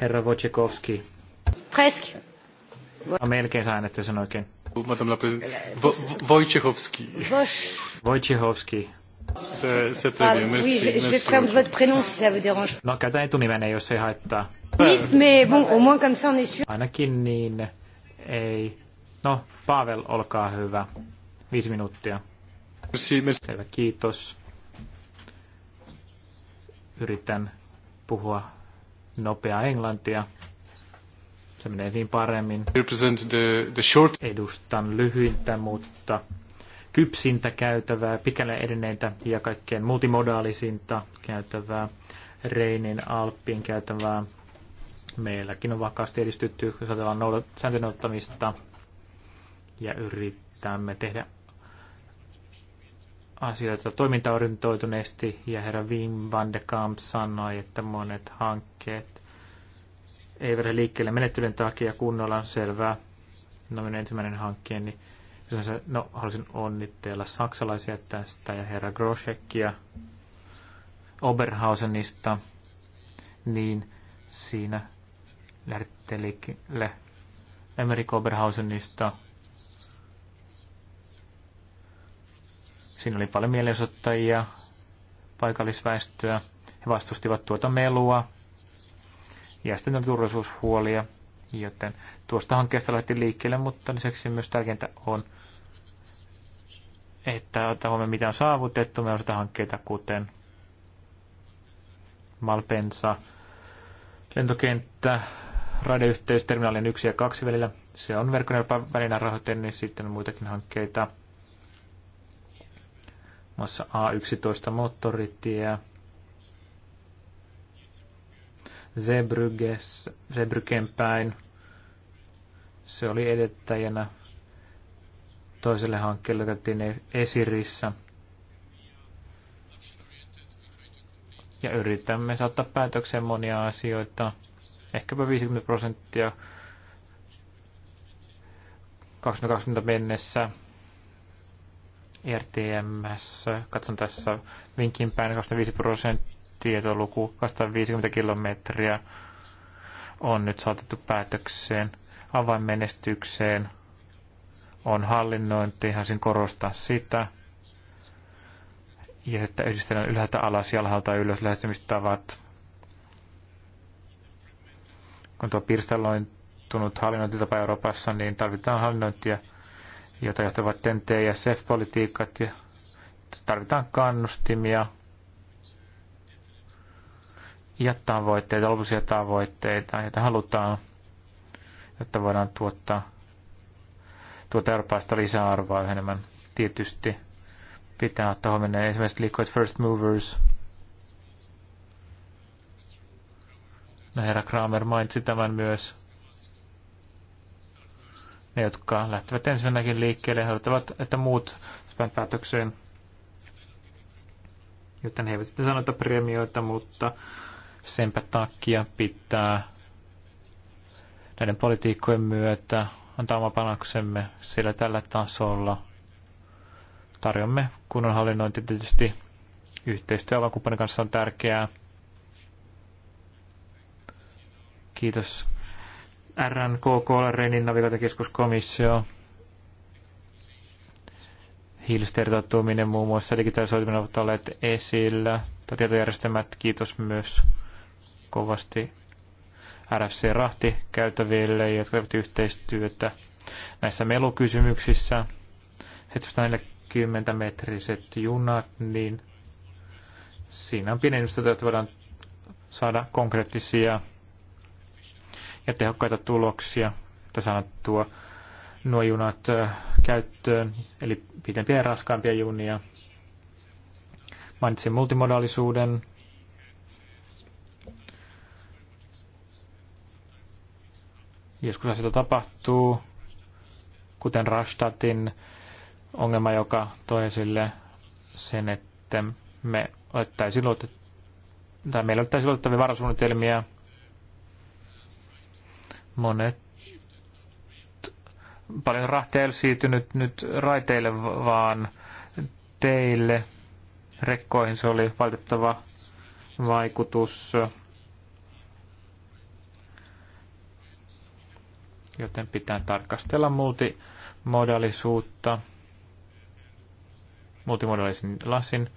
Herra Wojciechowski. Presque. No, melkein sain, että sen oikein. Madame la Wojciechowski. Wojciechowski. Se, se ah, oui, je, je vais prendre votre prénom si ça vous dérange. No, käytän etunimenne, jos ei haittaa. Mais bon, au moins comme ça on est sûr. Ainakin niin ei. No, Pavel, olkaa hyvä. Viisi minuuttia. Merci, merci. Selvä, kiitos. Yritän puhua nopeaa englantia. Se menee niin paremmin. The, the short... Edustan lyhyintä, mutta kypsintä käytävää, pitkälle edenneitä ja kaikkein multimodaalisinta käytävää, Reinin Alppiin käytävää. Meilläkin on vakaasti edistytty, jos ajatellaan sääntöjen ottamista ja yritämme tehdä asioita toimintaorientoituneesti ja herra Wim van de Kamp sanoi, että monet hankkeet ei vedä liikkeelle menettelyn takia kunnolla, on selvää. No minun ensimmäinen hankkeen, niin no, halusin onnitteella saksalaisia tästä ja herra Groschekia Oberhausenista, niin siinä lähdette liikkeelle Emerik Oberhausenista. Siinä oli paljon mielenosoittajia, paikallisväestöä. He vastustivat tuota melua, ja on turvallisuushuolia, joten tuosta hankkeesta lähti liikkeelle, mutta lisäksi myös tärkeintä on, että ottaa huomioon, mitä on saavutettu. Meillä on sitä hankkeita, kuten Malpensa, lentokenttä, raideyhteys terminaalien 1 ja 2 välillä. Se on verkkoneuvon välinä rahoitettu, niin sitten on muitakin hankkeita. Muassa A11 moottoritie, Zebrygen päin. Se oli edettäjänä toiselle hankkeelle, joka e- esirissä. Ja yritämme saattaa päätökseen monia asioita. Ehkäpä 50 prosenttia 2020 mennessä e RTMS. Katson tässä vinkin päin 25 prosenttia tietoluku 250 kilometriä on nyt saatettu päätökseen. Avainmenestykseen on hallinnointi, haluaisin korostaa sitä. Ja että yhdistellään ylhäältä alas ja alhaalta ylös lähestymistavat. Kun tuo pirstaloitunut hallinnointitapa Euroopassa, niin tarvitaan hallinnointia, jota johtavat TNT- ja SEF-politiikat ja tarvitaan kannustimia ja tavoitteita, lopullisia tavoitteita, joita halutaan, jotta voidaan tuottaa tuota Eurooppaista lisäarvoa yhä enemmän. Tietysti pitää ottaa huomioon esimerkiksi liikkuvat first movers. No herra Kramer mainitsi tämän myös. Ne, jotka lähtevät ensimmäinenkin liikkeelle ja odottavat, että muut päättävät päätökseen. Joten he eivät sitten sanota premioita, mutta Senpä takia pitää näiden politiikkojen myötä antaa oma panoksemme, sillä tällä tasolla tarjomme kunnon hallinnointi tietysti yhteistyö avakumppanin kanssa on tärkeää. Kiitos RNKK, Renin navigaatiokeskuskomissio, hiilistertautuminen muun muassa digitalisoituminen ovat olleet esillä, tietojärjestelmät, kiitos myös kovasti RFC-rahti käytäville, jotka tekevät yhteistyötä näissä melukysymyksissä. 740 metriset junat, niin siinä on pienennystä, että voidaan saada konkreettisia ja tehokkaita tuloksia, että saadaan tuo nuo junat äh, käyttöön, eli pitempiä ja raskaampia junia. Mainitsin multimodaalisuuden, Joskus asioita tapahtuu, kuten Rastatin ongelma, joka toi esille sen, että me ottaisi luotet- tai meillä olettaisiin luotettavia varasuunnitelmia. Monet paljon rahtia ei ole siirtynyt nyt raiteille, vaan teille. Rekkoihin se oli valitettava vaikutus. joten pitää tarkastella multimodaalisuutta multimodaalisen lasin.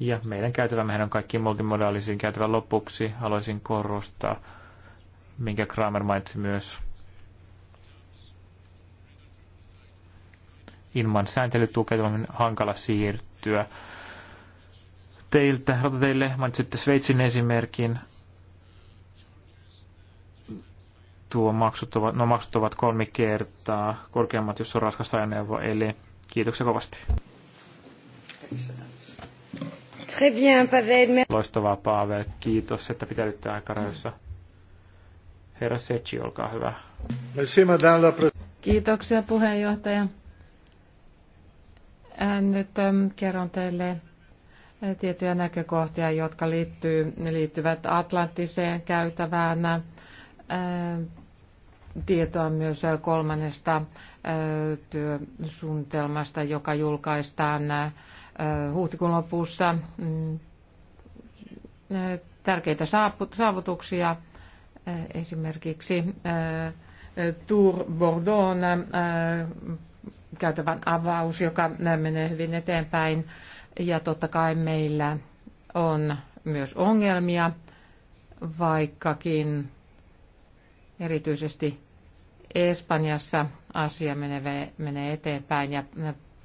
Ja meidän käytävämme on kaikki multimodaalisiin käytävän lopuksi. Haluaisin korostaa, minkä Kramer mainitsi myös. Ilman sääntelytukea on hankala siirtyä teiltä, rautateille mainitsitte Sveitsin esimerkin. tuo maksut ovat, no maksut ovat kolme kertaa korkeammat, jos on raskas ajoneuvo, eli kiitoksia kovasti. Très bien, Pavel. Loistavaa, Pavel. Kiitos, että pitäydytte aikarajoissa. Herra Sechi, olkaa hyvä. Kiitoksia, puheenjohtaja. Äh, nyt ähm, kerron teille äh, tiettyjä näkökohtia, jotka liittyy, liittyvät Atlanttiseen käytävään tietoa myös kolmannesta työsuunnitelmasta, joka julkaistaan huhtikuun lopussa. Mm, tärkeitä saavutuksia esimerkiksi Tour Bordeaux käytävän avaus, joka menee hyvin eteenpäin. Ja totta kai meillä on myös ongelmia, vaikkakin Erityisesti Espanjassa asia menee, menee eteenpäin ja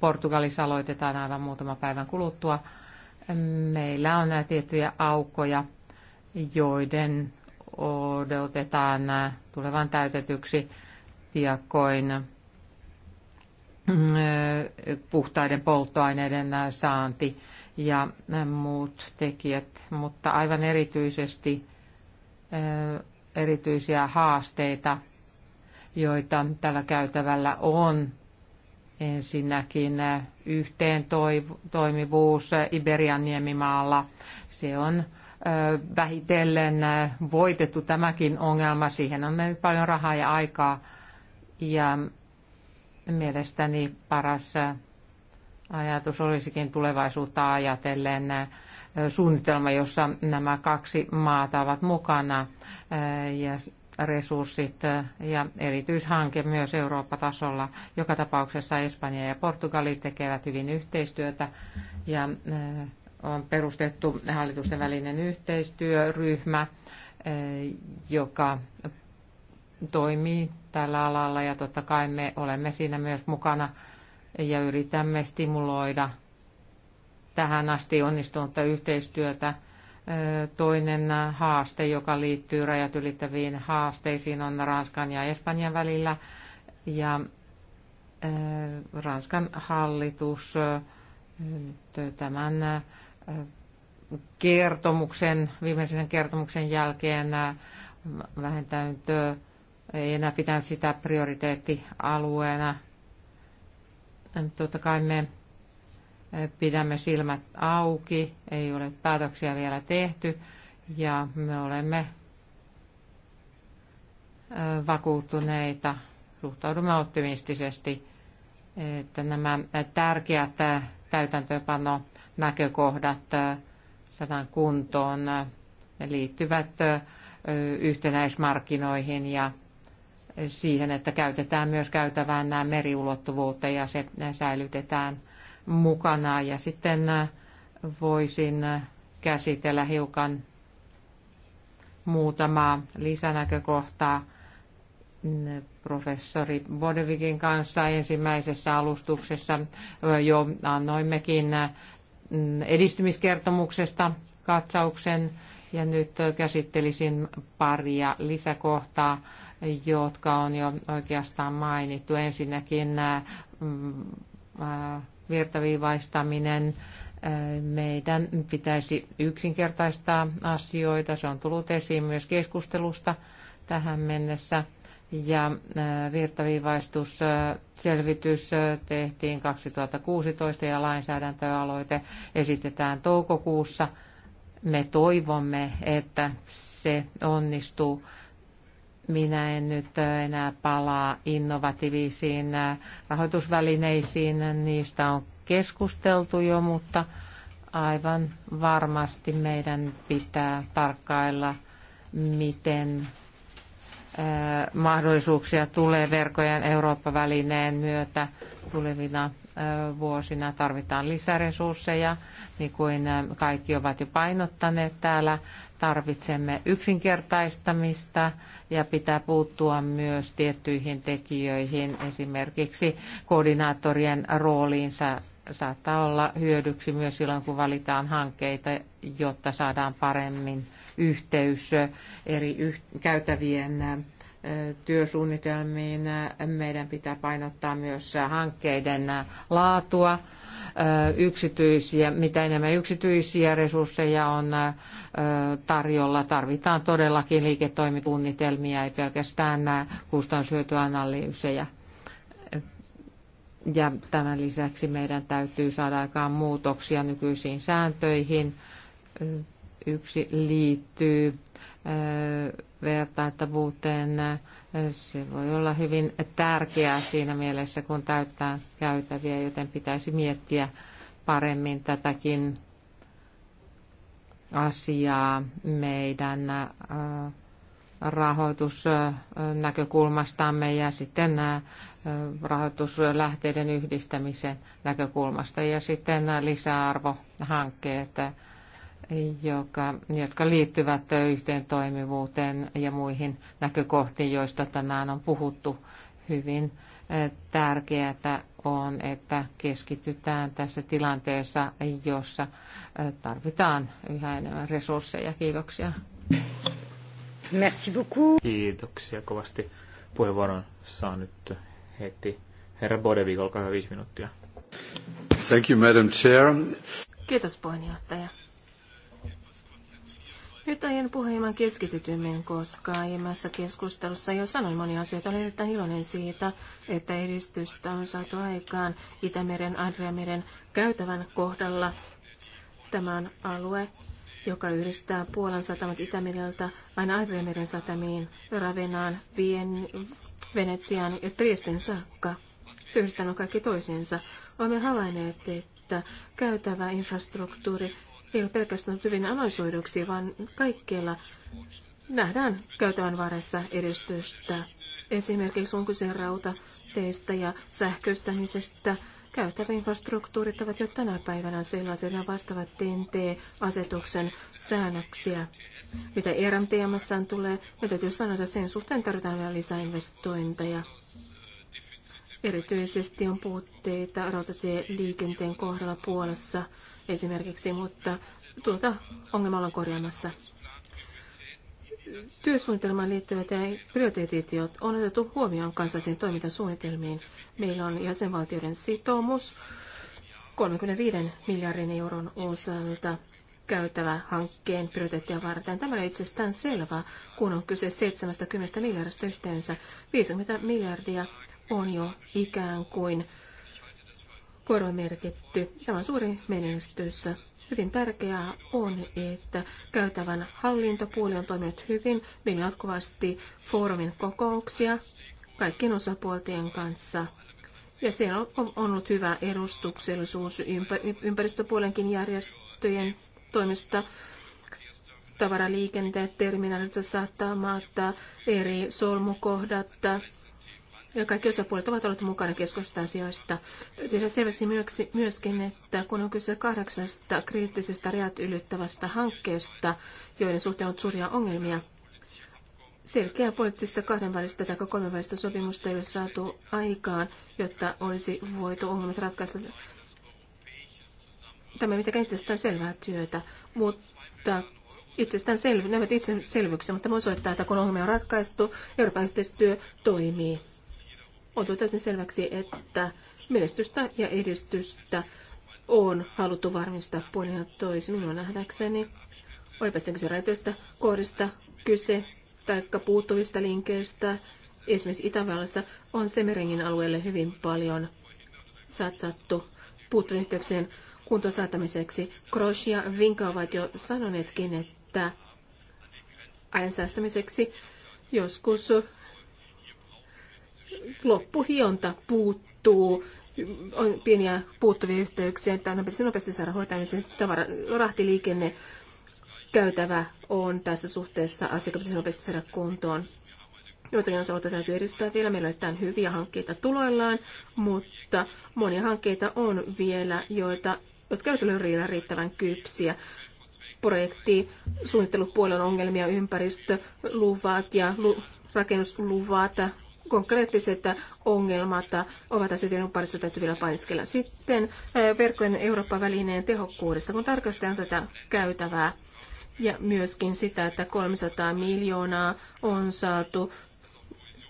Portugalissa aloitetaan aivan muutama päivän kuluttua. Meillä on nämä tiettyjä aukkoja, joiden odotetaan tulevan täytetyksi piakkoin puhtaiden polttoaineiden saanti ja muut tekijät, mutta aivan erityisesti erityisiä haasteita, joita tällä käytävällä on. Ensinnäkin yhteen toimivuus Iberian niemimaalla. Se on vähitellen voitettu tämäkin ongelma. Siihen on mennyt paljon rahaa ja aikaa. Ja mielestäni paras ajatus olisikin tulevaisuutta ajatellen suunnitelma, jossa nämä kaksi maata ovat mukana ja resurssit ja erityishanke myös Eurooppa-tasolla. Joka tapauksessa Espanja ja Portugali tekevät hyvin yhteistyötä ja on perustettu hallitusten välinen yhteistyöryhmä, joka toimii tällä alalla ja totta kai me olemme siinä myös mukana ja yritämme stimuloida tähän asti onnistunutta yhteistyötä. Toinen haaste, joka liittyy rajat ylittäviin haasteisiin, on Ranskan ja Espanjan välillä. Ja Ranskan hallitus tämän kertomuksen, viimeisen kertomuksen jälkeen vähentänyt, ei enää pitänyt sitä prioriteettialueena. Totta kai me pidämme silmät auki, ei ole päätöksiä vielä tehty ja me olemme vakuuttuneita, suhtaudumme optimistisesti, että nämä tärkeät täytäntöpano näkökohdat saadaan kuntoon liittyvät yhtenäismarkkinoihin ja siihen, että käytetään myös käytävään nämä meriulottuvuutta ja se säilytetään – mukana ja sitten äh, voisin äh, käsitellä hiukan muutamaa lisänäkökohtaa mm, professori Bodevikin kanssa ensimmäisessä alustuksessa jo annoimmekin äh, mm, edistymiskertomuksesta katsauksen ja nyt käsittelisin paria lisäkohtaa, jotka on jo oikeastaan mainittu. Ensinnäkin nämä mm, virtaviivaistaminen. Meidän pitäisi yksinkertaistaa asioita. Se on tullut esiin myös keskustelusta tähän mennessä. Ja virtaviivaistusselvitys tehtiin 2016 ja lainsäädäntöaloite esitetään toukokuussa. Me toivomme, että se onnistuu minä en nyt enää palaa innovatiivisiin rahoitusvälineisiin, niistä on keskusteltu jo, mutta aivan varmasti meidän pitää tarkkailla, miten mahdollisuuksia tulee verkojen Eurooppa-välineen myötä tulevina vuosina tarvitaan lisäresursseja, niin kuin kaikki ovat jo painottaneet täällä. Tarvitsemme yksinkertaistamista ja pitää puuttua myös tiettyihin tekijöihin, esimerkiksi koordinaattorien rooliinsa saattaa olla hyödyksi myös silloin, kun valitaan hankkeita, jotta saadaan paremmin yhteys eri yh- käytävien työsuunnitelmiin. Meidän pitää painottaa myös hankkeiden laatua, yksityisiä, mitä enemmän yksityisiä resursseja on tarjolla. Tarvitaan todellakin liiketoimisuunnitelmia, ei pelkästään nämä kustannushyötyanalyysejä. Ja tämän lisäksi meidän täytyy saada aikaan muutoksia nykyisiin sääntöihin. Yksi liittyy vertaittavuuteen. Se voi olla hyvin tärkeää siinä mielessä, kun täyttää käytäviä, joten pitäisi miettiä paremmin tätäkin asiaa meidän rahoitusnäkökulmastamme ja sitten nämä rahoituslähteiden yhdistämisen näkökulmasta ja sitten nämä lisäarvohankkeet joka, jotka liittyvät yhteen toimivuuteen ja muihin näkökohtiin, joista tänään on puhuttu hyvin. Tärkeää on, että keskitytään tässä tilanteessa, jossa tarvitaan yhä enemmän resursseja. Kiitoksia. Merci beaucoup. Kiitoksia kovasti. Puheenvuoron saa nyt heti. Herra Bodevik, olkaa hyvä viisi minuuttia. Thank you, Madam Chair. Kiitos puheenjohtaja. Nyt aion puhua hieman keskitytymmin, koska aiemmassa keskustelussa jo sanoin monia asioita. Olen erittäin iloinen siitä, että edistystä on saatu aikaan Itämeren, Adriameren käytävän kohdalla. Tämä on alue, joka yhdistää Puolan satamat Itämereltä aina Adriameren satamiin, Ravenaan, Vien, Venetsiaan ja Triesten saakka. Se yhdistää kaikki toisiinsa. Olemme havainneet, että käytävä infrastruktuuri ei ole pelkästään hyvin analysoiduksi, vaan kaikkialla nähdään käytävän varressa edistystä. Esimerkiksi on kyse rautateistä ja sähköistämisestä. infrastruktuurit ovat jo tänä päivänä sellaisia, ne vastaavat TNT-asetuksen säännöksiä. Mitä ERMTMSään tulee, me niin täytyy sanoa, että sen suhteen tarvitaan vielä lisäinvestointeja. Erityisesti on puutteita rautatieliikenteen kohdalla Puolassa – esimerkiksi, mutta tuota ongelma ollaan korjaamassa. Työsuunnitelmaan liittyvät prioriteetit on otettu huomioon kansallisiin toimintasuunnitelmiin. Meillä on jäsenvaltioiden sitoumus 35 miljardin euron osalta käytävä hankkeen prioriteettia varten. Tämä on itsestään selvää, kun on kyse 70 miljardista yhteensä. 50 miljardia on jo ikään kuin korvamerkitty. Tämä on suuri menestys. Hyvin tärkeää on, että käytävän hallintopuoli on toiminut hyvin. Meillä on jatkuvasti foorumin kokouksia kaikkien osapuolten kanssa. Ja siellä on ollut hyvä edustuksellisuus ympäristöpuolenkin järjestöjen toimista tavaraliikenteet, terminaalit, maata eri solmukohdat, ja kaikki osapuolet ovat olleet mukana keskustelusta asioista. Yhdessä selvisi myöskin, että kun on kyse kahdeksasta kriittisestä rajat ylittävästä hankkeesta, joiden suhteen on suuria ongelmia, selkeää poliittista kahdenvälistä tai kolmenvälistä sopimusta ei ole saatu aikaan, jotta olisi voitu ongelmat ratkaista. Tämä ei mitenkään itsestään selvää työtä, mutta itsestään selvä, ne ovat selvyyksiä, mutta tämä osoittaa, että kun ongelmia on ratkaistu, Euroopan yhteistyö toimii on tullut täysin selväksi, että menestystä ja edistystä on haluttu varmistaa puolin ja toisin. Minun nähdäkseni, olipa sitten kyse rajoituista kohdista, kyse tai puuttuvista linkeistä, esimerkiksi Itävallassa on Semeringin alueelle hyvin paljon satsattu puuttuyhteyksien kuntoon saattamiseksi. Krosh ja Vinka ovat jo sanoneetkin, että ajan säästämiseksi joskus loppuhionta puuttuu, on pieniä puuttuvia yhteyksiä, että on pitäisi nopeasti saada hoitamisen niin tavara, rahtiliikenne käytävä on tässä suhteessa asia, pitäisi nopeasti saada kuntoon. Joitakin osa täytyy edistää vielä. Meillä on tämän hyviä hankkeita tuloillaan, mutta monia hankkeita on vielä, joita, jotka eivät ole riittävän kypsiä projekti, suunnittelupuolen ongelmia, ympäristöluvat ja lu- rakennusluvat konkreettiset ongelmat ovat asioita, joiden parissa täytyy vielä painiskella. Sitten eh, verkkojen Eurooppa-välineen tehokkuudesta, kun tarkastellaan tätä käytävää ja myöskin sitä, että 300 miljoonaa on saatu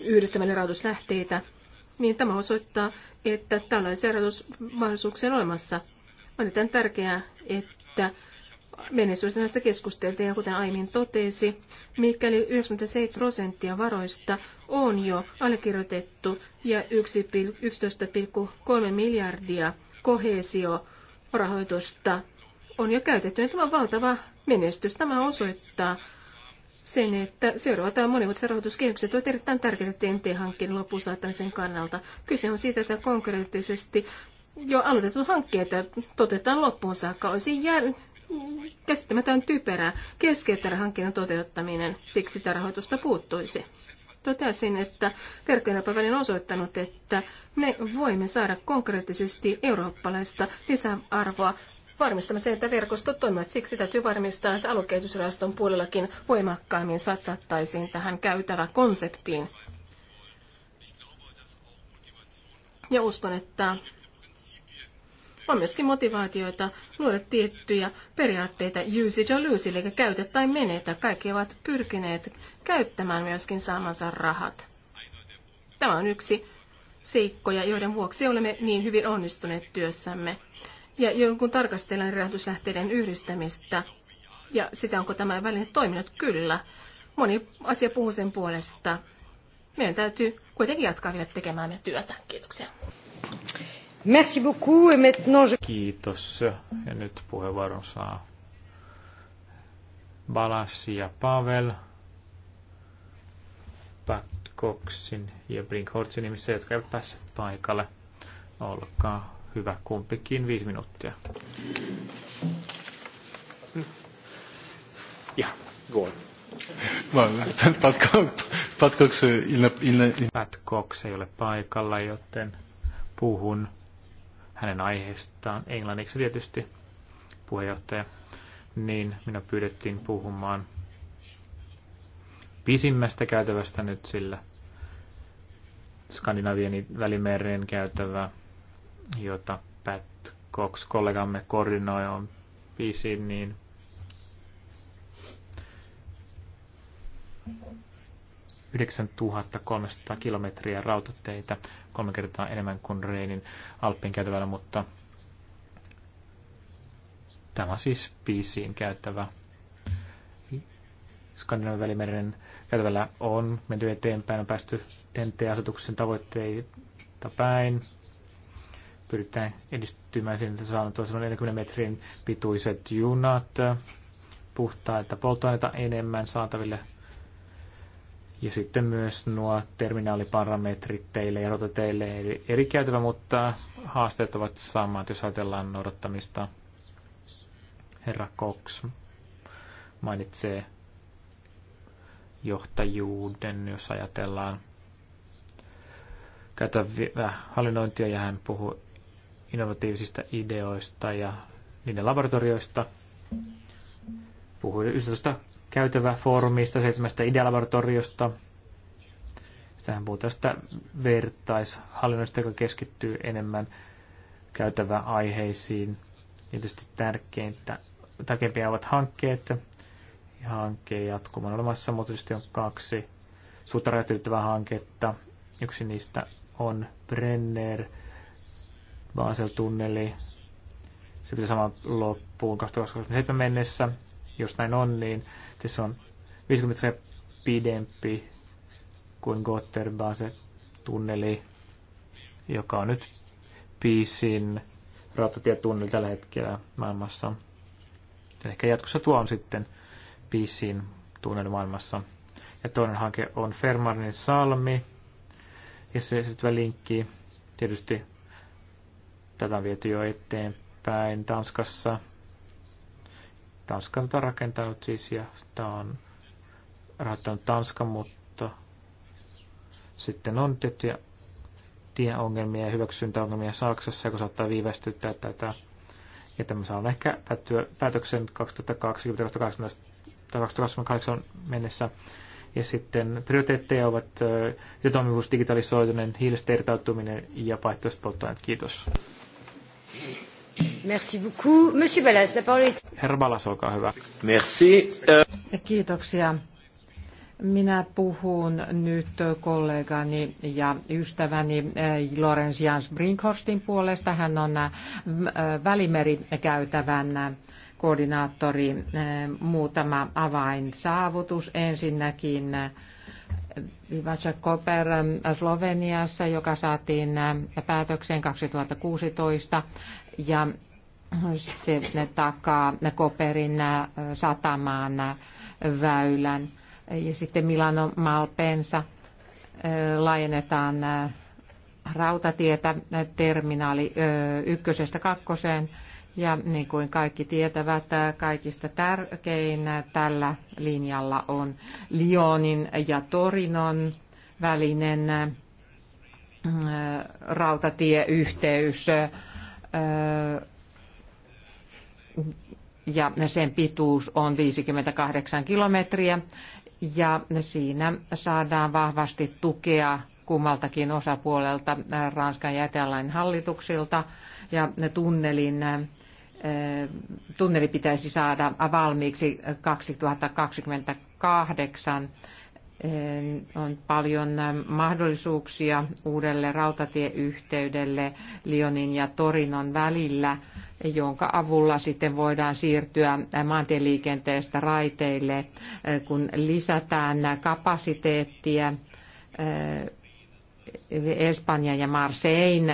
yhdistämällä rahoituslähteitä, niin tämä osoittaa, että tällaisia rahoitusmahdollisuuksia on olemassa. On erittäin tärkeää, että Venezuelassa näistä keskusteltiin ja kuten aiemmin totesi, mikäli 97 prosenttia varoista on jo allekirjoitettu ja 11,3 miljardia kohesiorahoitusta on jo käytetty, niin tämä on valtava menestys. Tämä osoittaa sen, että seuraavat monivuotiset rahoituskehykset ovat erittäin tärkeitä TNT-hankkeen loppuun kannalta. Kyse on siitä, että konkreettisesti jo aloitetut hankkeet toteutetaan loppuun saakka. Olisi jäänyt käsittämätön typerää keskeyttää hankinnan toteuttaminen, siksi sitä rahoitusta puuttuisi. Totesin, että verkkojen on osoittanut, että me voimme saada konkreettisesti eurooppalaista lisäarvoa varmistamaan se, että verkostot toimivat. Siksi täytyy varmistaa, että aluekehitysrahaston puolellakin voimakkaammin satsattaisiin tähän käytävä konseptiin. Ja uskon, että on myöskin motivaatioita luoda tiettyjä periaatteita use it or lose, eli käytä tai menetä. Kaikki ovat pyrkineet käyttämään myöskin saamansa rahat. Tämä on yksi seikkoja, joiden vuoksi olemme niin hyvin onnistuneet työssämme. Ja kun tarkastellaan rahoituslähteiden yhdistämistä ja sitä, onko tämä väline toiminut, kyllä. Moni asia puhuu sen puolesta. Meidän täytyy kuitenkin jatkaa vielä tekemään työtä. Kiitoksia. Merci beaucoup. Et maintenant je... Kiitos. Ja nyt puheenvuoron saa Balassi ja Pavel. Pat Coxin ja Brinkhortsin nimissä, jotka eivät päässeet paikalle. Olkaa hyvä kumpikin viisi minuuttia. Ja, go on. Pat Cox, Pat Cox, il, il, il... Pat Cox ei ole paikalla, joten puhun hänen aiheestaan englanniksi tietysti puheenjohtaja, niin minä pyydettiin puhumaan pisimmästä käytävästä nyt sillä Skandinavian välimeren käytävä, jota Pat Cox kollegamme koordinoi on pisin, niin tuhatta kilometriä rautateitä kolme kertaa enemmän kuin Reinin Alppin käytävällä, mutta tämä siis PCin käyttävä. Skandinavian välimeren käytävällä on menty eteenpäin, on päästy TNT-asetuksen tavoitteita päin. Pyritään edistymään siinä, että saadaan toisella 40 metrin pituiset junat, puhtaita polttoaineita enemmän saataville ja sitten myös nuo terminaaliparametrit teille ja rotateille eri käytävä, mutta haasteet ovat samat, jos ajatellaan noudattamista. Herra Cox mainitsee johtajuuden, jos ajatellaan käytävä hallinnointia ja hän puhuu innovatiivisista ideoista ja niiden laboratorioista. Puhuin 11 käytävä foorumista, seitsemästä idealaboratoriosta. Sitähän puhuu tästä vertaishallinnosta, joka keskittyy enemmän käytävään aiheisiin. Ja tietysti tärkeintä, tärkeimpiä ovat hankkeet. Hankkeen jatkuma on olemassa, mutta tietysti on kaksi suurta rajatyttävää hanketta. Yksi niistä on Brenner, Basel-tunneli. Se pitää saman loppuun 2027 mennessä jos näin on, niin siis on 50 metriä pidempi kuin Gotterbaan se tunneli, joka on nyt piisin rautatietunneli tällä hetkellä maailmassa. Ehkä jatkossa tuo on sitten piisin tunneli maailmassa. Ja toinen hanke on Fermarnin salmi, ja se vielä linkki. Tietysti tätä on viety jo eteenpäin Tanskassa. Tanskan on rakentanut siis ja sitä on rahoittanut Tanska, mutta sitten on tiettyjä tieongelmia ja hyväksyntäongelmia Saksassa, kun saattaa viivästyttää tätä. Ja tämä saa ehkä päättyä päätöksen 2020-2028 mennessä. Ja sitten prioriteetteja ovat jo toimivuus, digitalisoituminen, hiilestä irtautuminen ja vaihtoehtoiset polttoaineet. Kiitos. Merci beaucoup. Monsieur Balas, la parole est... Herra Balas, olkaa hyvä. Merci. Kiitoksia. Minä puhun nyt kollegani ja ystäväni Lorenz Jans Brinkhorstin puolesta. Hän on välimerikäytävän koordinaattori. Muutama avainsaavutus. Ensinnäkin Vivace Koper Sloveniassa, joka saatiin päätökseen 2016 ja se takaa Koperin äh, satamaan äh, väylän. Ja sitten Milano Malpensa äh, laajennetaan rautatietä terminaali ykkösestä kakkoseen. Ja niin kuin kaikki tietävät, kaikista tärkein tällä linjalla on Lyonin ja Torinon välinen rautatieyhteys ja sen pituus on 58 kilometriä ja siinä saadaan vahvasti tukea kummaltakin osapuolelta Ranskan ja Etelän hallituksilta ja tunnelin tunneli pitäisi saada valmiiksi 2028 on paljon ähm, mahdollisuuksia uudelle rautatieyhteydelle Lionin ja Torinon välillä, jonka avulla sitten voidaan siirtyä äh, maantieliikenteestä raiteille, äh, kun lisätään kapasiteettia äh, Espanjan ja Marsein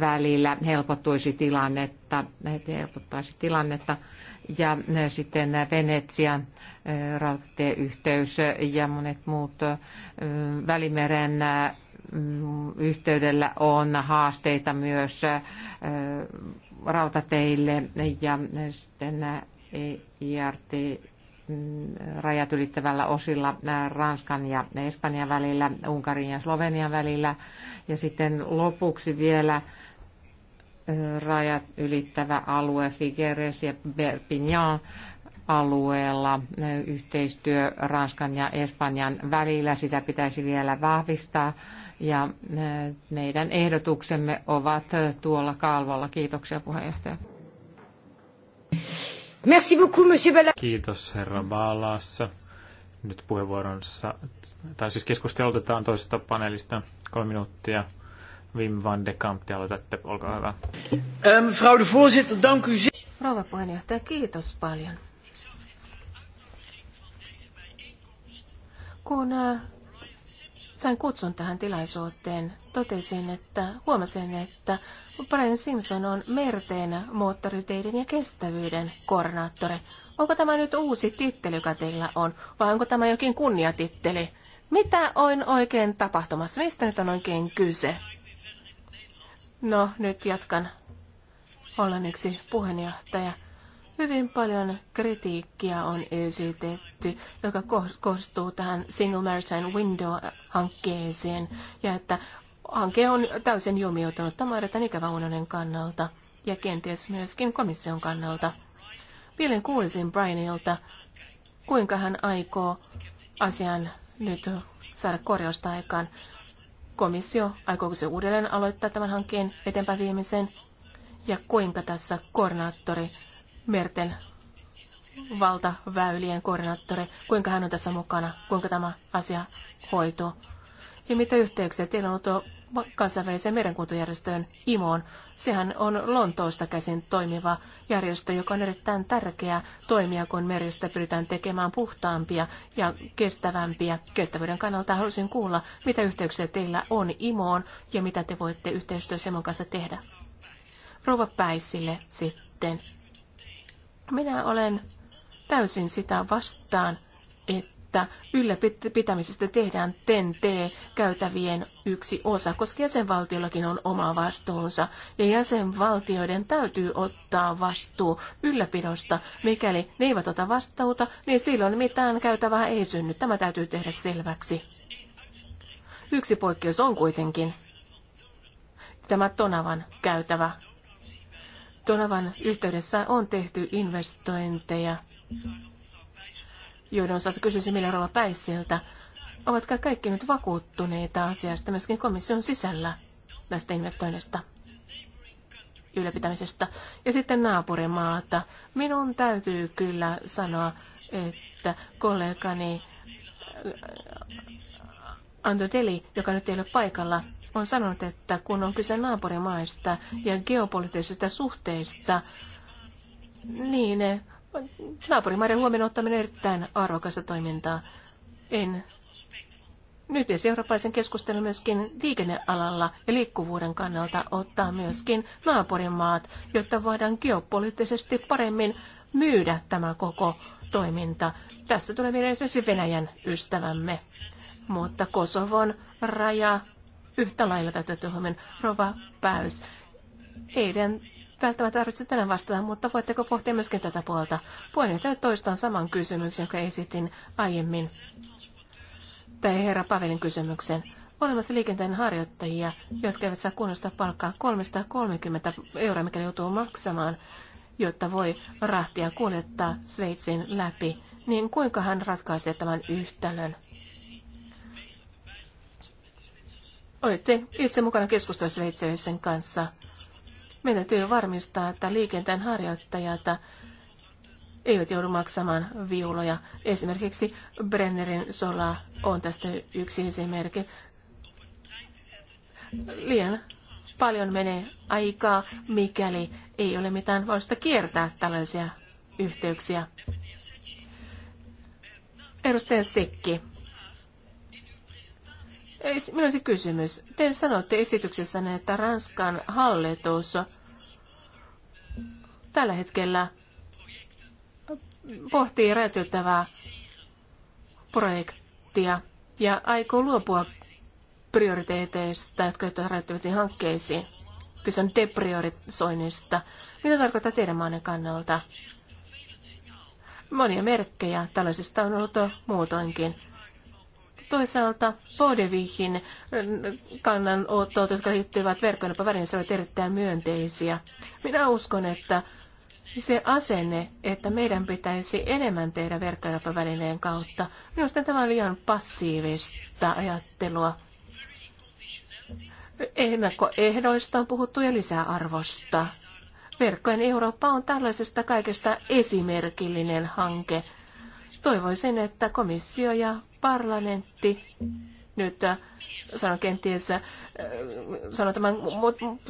välillä helpottuisi tilannetta, helpottaisi tilannetta ja sitten Venetsian rautatieyhteys ja monet muut Välimeren yhteydellä on haasteita myös rautateille ja sitten e IRT mm, rajat ylittävällä osilla Ranskan ja Espanjan välillä, Unkarin ja Slovenian välillä. Ja sitten lopuksi vielä rajat ylittävä alue Figueres ja Perpignan alueella. Yhteistyö Ranskan ja Espanjan välillä, sitä pitäisi vielä vahvistaa. Ja eh, meidän ehdotuksemme ovat tuolla kalvolla. Kiitoksia puheenjohtaja. Merci beaucoup, monsieur Bala. Kiitos herra Balassa. Nyt puheenvuoronsa, tai siis keskustelu otetaan toisesta paneelista kolme minuuttia. Wim van de Kamp, te aloitatte, olkaa hyvä. Ehm, de voorzitter, dank u Rouva puheenjohtaja, kiitos paljon. Kun äh, sain kutsun tähän tilaisuuteen, totesin, että huomasin, että Brian Simpson on merteen moottoriteiden ja kestävyyden koordinaattori. Onko tämä nyt uusi titteli, joka teillä on, vai onko tämä jokin kunniatitteli? Mitä on oikein tapahtumassa? Mistä nyt on oikein kyse? No, nyt jatkan. Olen yksi puheenjohtaja. Hyvin paljon kritiikkiä on esitetty, joka kohdistuu tähän Single Maritime Window-hankkeeseen, ja että hanke on täysin jumiutunut. Tämä on ikävä kannalta ja kenties myöskin komission kannalta. Vielä kuulisin Brianilta, kuinka hän aikoo asian nyt saada korjausta aikaan. Komissio, aikooko se uudelleen aloittaa tämän hankkeen eteenpäin viemisen? Ja kuinka tässä koordinaattori merten valtaväylien koordinaattori, kuinka hän on tässä mukana, kuinka tämä asia hoituu. Ja mitä yhteyksiä teillä on tuo kansainväliseen merenkuntojärjestöön IMOon. Sehän on Lontoosta käsin toimiva järjestö, joka on erittäin tärkeä toimija, kun meristä pyritään tekemään puhtaampia ja kestävämpiä. Kestävyyden kannalta haluaisin kuulla, mitä yhteyksiä teillä on IMOon ja mitä te voitte yhteistyössä Emon kanssa tehdä. Rouva päisille sitten. Minä olen täysin sitä vastaan, että ylläpitämisestä tehdään TEN-T-käytävien yksi osa, koska jäsenvaltiollakin on oma vastuunsa, ja jäsenvaltioiden täytyy ottaa vastuu ylläpidosta. Mikäli ne eivät ota vastuuta, niin silloin mitään käytävää ei synny. Tämä täytyy tehdä selväksi. Yksi poikkeus on kuitenkin tämä Tonavan käytävä Tonavan yhteydessä on tehty investointeja, joiden osalta kysyisin Milarova Päissiltä, ovatko kaikki nyt vakuuttuneita asiasta myöskin komission sisällä näistä investoinneista? ylläpitämisestä. Ja sitten naapurimaata. Minun täytyy kyllä sanoa, että kollegani äh, Anto Deli, joka nyt ei ole paikalla, on sanonut, että kun on kyse naapurimaista ja geopoliittisista suhteista, niin naapurimaiden huomioon ottaminen on erittäin arvokasta toimintaa. En nyt ja eurooppalaisen keskustelun myöskin liikennealalla ja liikkuvuuden kannalta ottaa myöskin naapurimaat, jotta voidaan geopoliittisesti paremmin myydä tämä koko toiminta. Tässä tulee mieleen esimerkiksi Venäjän ystävämme, mutta Kosovon raja yhtä lailla täytyy tuohon rova päys. Eiden välttämättä tarvitse tänään vastata, mutta voitteko pohtia myöskin tätä puolta? Puheenjohtaja toistan saman kysymyksen, jonka esitin aiemmin. Tai herra Pavelin kysymyksen. Olemassa liikenteen harjoittajia, jotka eivät saa kunnosta palkkaa 330 euroa, mikä joutuu maksamaan, jotta voi rahtia kuljettaa Sveitsin läpi. Niin kuinka hän ratkaisee tämän yhtälön? Olette itse mukana keskustelussa Sveitsevissen kanssa. Meidän työ varmistaa, että liikenteen harjoittajat eivät joudu maksamaan viuloja. Esimerkiksi Brennerin sola on tästä yksi esimerkki. Liian paljon menee aikaa, mikäli ei ole mitään voista kiertää tällaisia yhteyksiä. Edustaja sekki. Minulla se kysymys. Te sanotte esityksessänne, että Ranskan hallitus tällä hetkellä pohtii räätyltävää projektia ja aikoo luopua prioriteeteista, jotka ovat räätyltäviin hankkeisiin. Kyse on depriorisoinnista. Mitä tarkoittaa teidän maanne kannalta? Monia merkkejä tällaisesta on ollut muutoinkin. Toisaalta Bodevihin kannanotot, jotka liittyvät verkon välinsä, ovat erittäin myönteisiä. Minä uskon, että se asenne, että meidän pitäisi enemmän tehdä verkkorapavälineen kautta, minusta tämä on liian passiivista ajattelua. Ennakkoehdoista on puhuttu ja lisäarvosta. Verkkojen Eurooppa on tällaisesta kaikesta esimerkillinen hanke – Toivoisin, että komissio ja parlamentti nyt äh, sanon kenties, äh, sanon tämän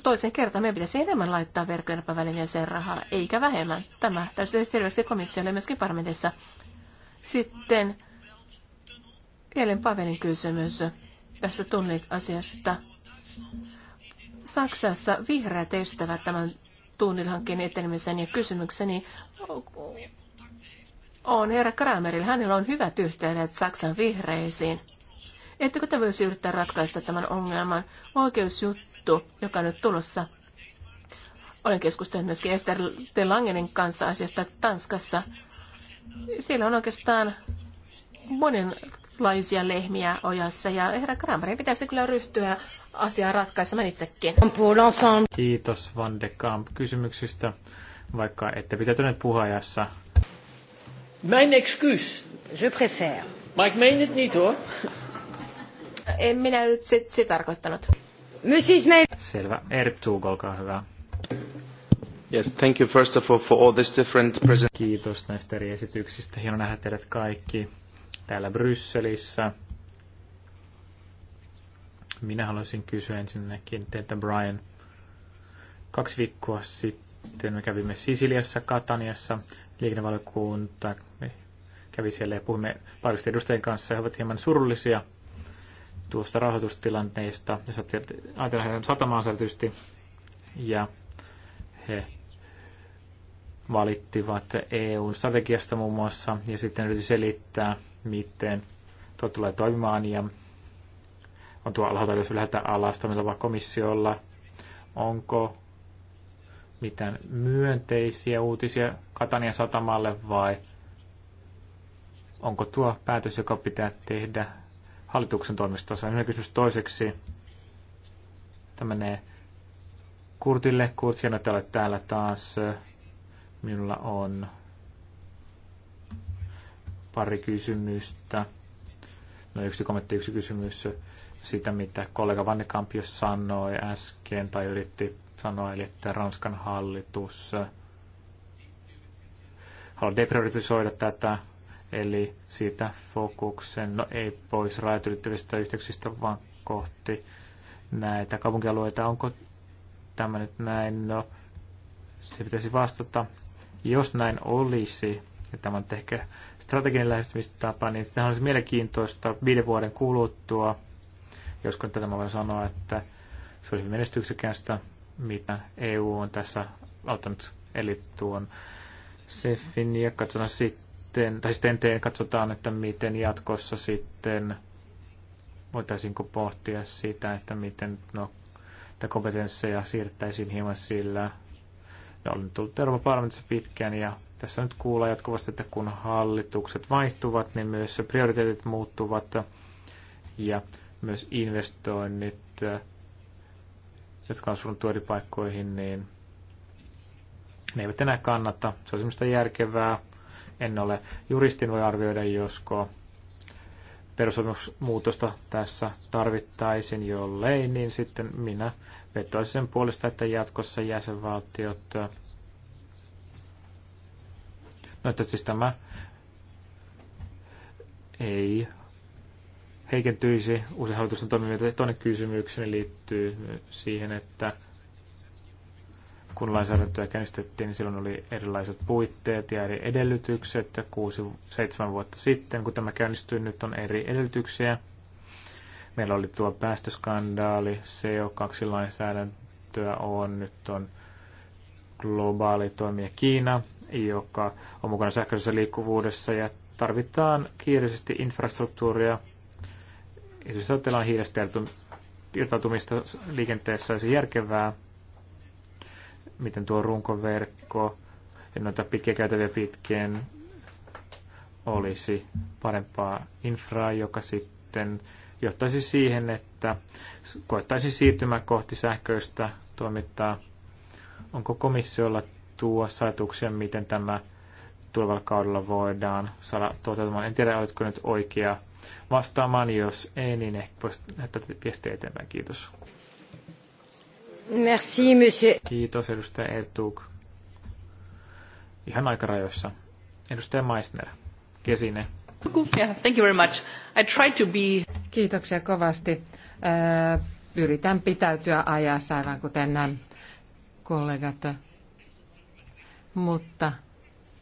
toisen kertaan, meidän pitäisi enemmän laittaa verkkojen välineeseen rahaa, eikä vähemmän. Tämä täytyy selväksi komissiolle myöskin parlamentissa. Sitten Elen Pavelin kysymys tästä asiasta. Saksassa vihreät estävät tämän tunnilhankkeen etenemisen ja kysymykseni on herra Kramerilla. Hänellä on hyvät yhteydet Saksan vihreisiin. Ettekö te voisi yrittää ratkaista tämän ongelman? Oikeusjuttu, joka on nyt tulossa. Olen keskustellut myöskin Ester de Langenin kanssa asiasta Tanskassa. Siellä on oikeastaan monenlaisia lehmiä ojassa ja herra Kramerin pitäisi kyllä ryhtyä asiaa ratkaisemaan itsekin. Kiitos Van de Kamp kysymyksistä, vaikka ette pitäytyneet puhajassa Mijn excuus. Je préfère. Maar ik meen het niet hoor. En minä nyt sit, sit tarkoittanut. Mrs. May. Selvä. Erttu, olkaa hyvä. Yes, thank you first of all for all these different present... Kiitos näistä eri esityksistä. Hieno nähdä teidät kaikki täällä Brysselissä. Minä haluaisin kysyä ensinnäkin teiltä Brian. Kaksi viikkoa sitten me kävimme Sisiliassa, Kataniassa liikennevaliokunta kävi siellä ja puhumme parista edustajien kanssa. He ovat hieman surullisia tuosta rahoitustilanteesta. Ajatellaan heidän satamaansa tietysti. Ja he valittivat EUn strategiasta muun muassa ja sitten yritin selittää, miten tuo tulee toimimaan ja on tuo alhaalta ylös ylhäältä alas vaan komissiolla. Onko mitään myönteisiä uutisia katania satamalle vai onko tuo päätös, joka pitää tehdä hallituksen toimesta? Se on kysymys toiseksi. Tämä menee Kurtille. Kurt, hieno, että olet täällä taas. Minulla on pari kysymystä. No yksi kommentti, yksi kysymys siitä, mitä kollega Vannekamp jo sanoi äsken tai yritti sanoi, eli että Ranskan hallitus äh, haluaa deprioritisoida tätä, eli siitä fokuksen, no ei pois rajat ylittävistä yhteyksistä, vaan kohti näitä kaupunkialueita. Onko tämä nyt näin? No, se pitäisi vastata. Jos näin olisi, ja tämä on ehkä strateginen lähestymistapa, niin sehän olisi mielenkiintoista viiden vuoden kuluttua, josko tätä mä voin sanoa, että se oli menestyksekästä, mitä EU on tässä auttanut, eli tuon SEFin ja katsotaan sitten, tai sitten teen, katsotaan, että miten jatkossa sitten voitaisiinko pohtia sitä, että miten no, että kompetensseja siirrettäisiin hieman sillä. Ja olen tullut Euroopan parlamentissa pitkään ja tässä nyt kuulla jatkuvasti, että kun hallitukset vaihtuvat, niin myös prioriteetit muuttuvat ja myös investoinnit jotka on suunnattu eri paikkoihin, niin ne eivät enää kannata. Se on semmoista järkevää. En ole juristin, voi arvioida, josko perusopimusmuutosta tässä tarvittaisiin, jollei, niin sitten minä vetoaisin sen puolesta, että jatkossa jäsenvaltiot, no että siis tämä ei heikentyisi usein hallitusten toimijoita. Toinen kysymykseni liittyy siihen, että kun lainsäädäntöä käynnistettiin, niin silloin oli erilaiset puitteet ja eri edellytykset. Kuusi, seitsemän vuotta sitten, kun tämä käynnistyi, nyt on eri edellytyksiä. Meillä oli tuo päästöskandaali, CO2-lainsäädäntöä on, nyt on globaali toimija Kiina, joka on mukana sähköisessä liikkuvuudessa ja tarvitaan kiireisesti infrastruktuuria, jos siis ajatellaan hiilestä irtautumista liikenteessä, olisi järkevää, miten tuo runkoverkko ja noita pitkiä käytäviä pitkien olisi parempaa infraa, joka sitten johtaisi siihen, että koettaisi siirtymä kohti sähköistä toimittaa. Onko komissiolla tuo ajatuksia, miten tämä tulevalla kaudella voidaan saada toteutumaan? En tiedä, oletko nyt oikea vastaamaan. Jos ei, niin ehkä voisit lähettää viestiä eteenpäin. Kiitos. Merci, monsieur. Kiitos, edustaja Ertug. Ihan aikarajoissa. Edustaja Meissner, Kesine. thank you very much. I try to be... Kiitoksia kovasti. Yritän pitäytyä ajassa, aivan kuten nämä kollegat. Mutta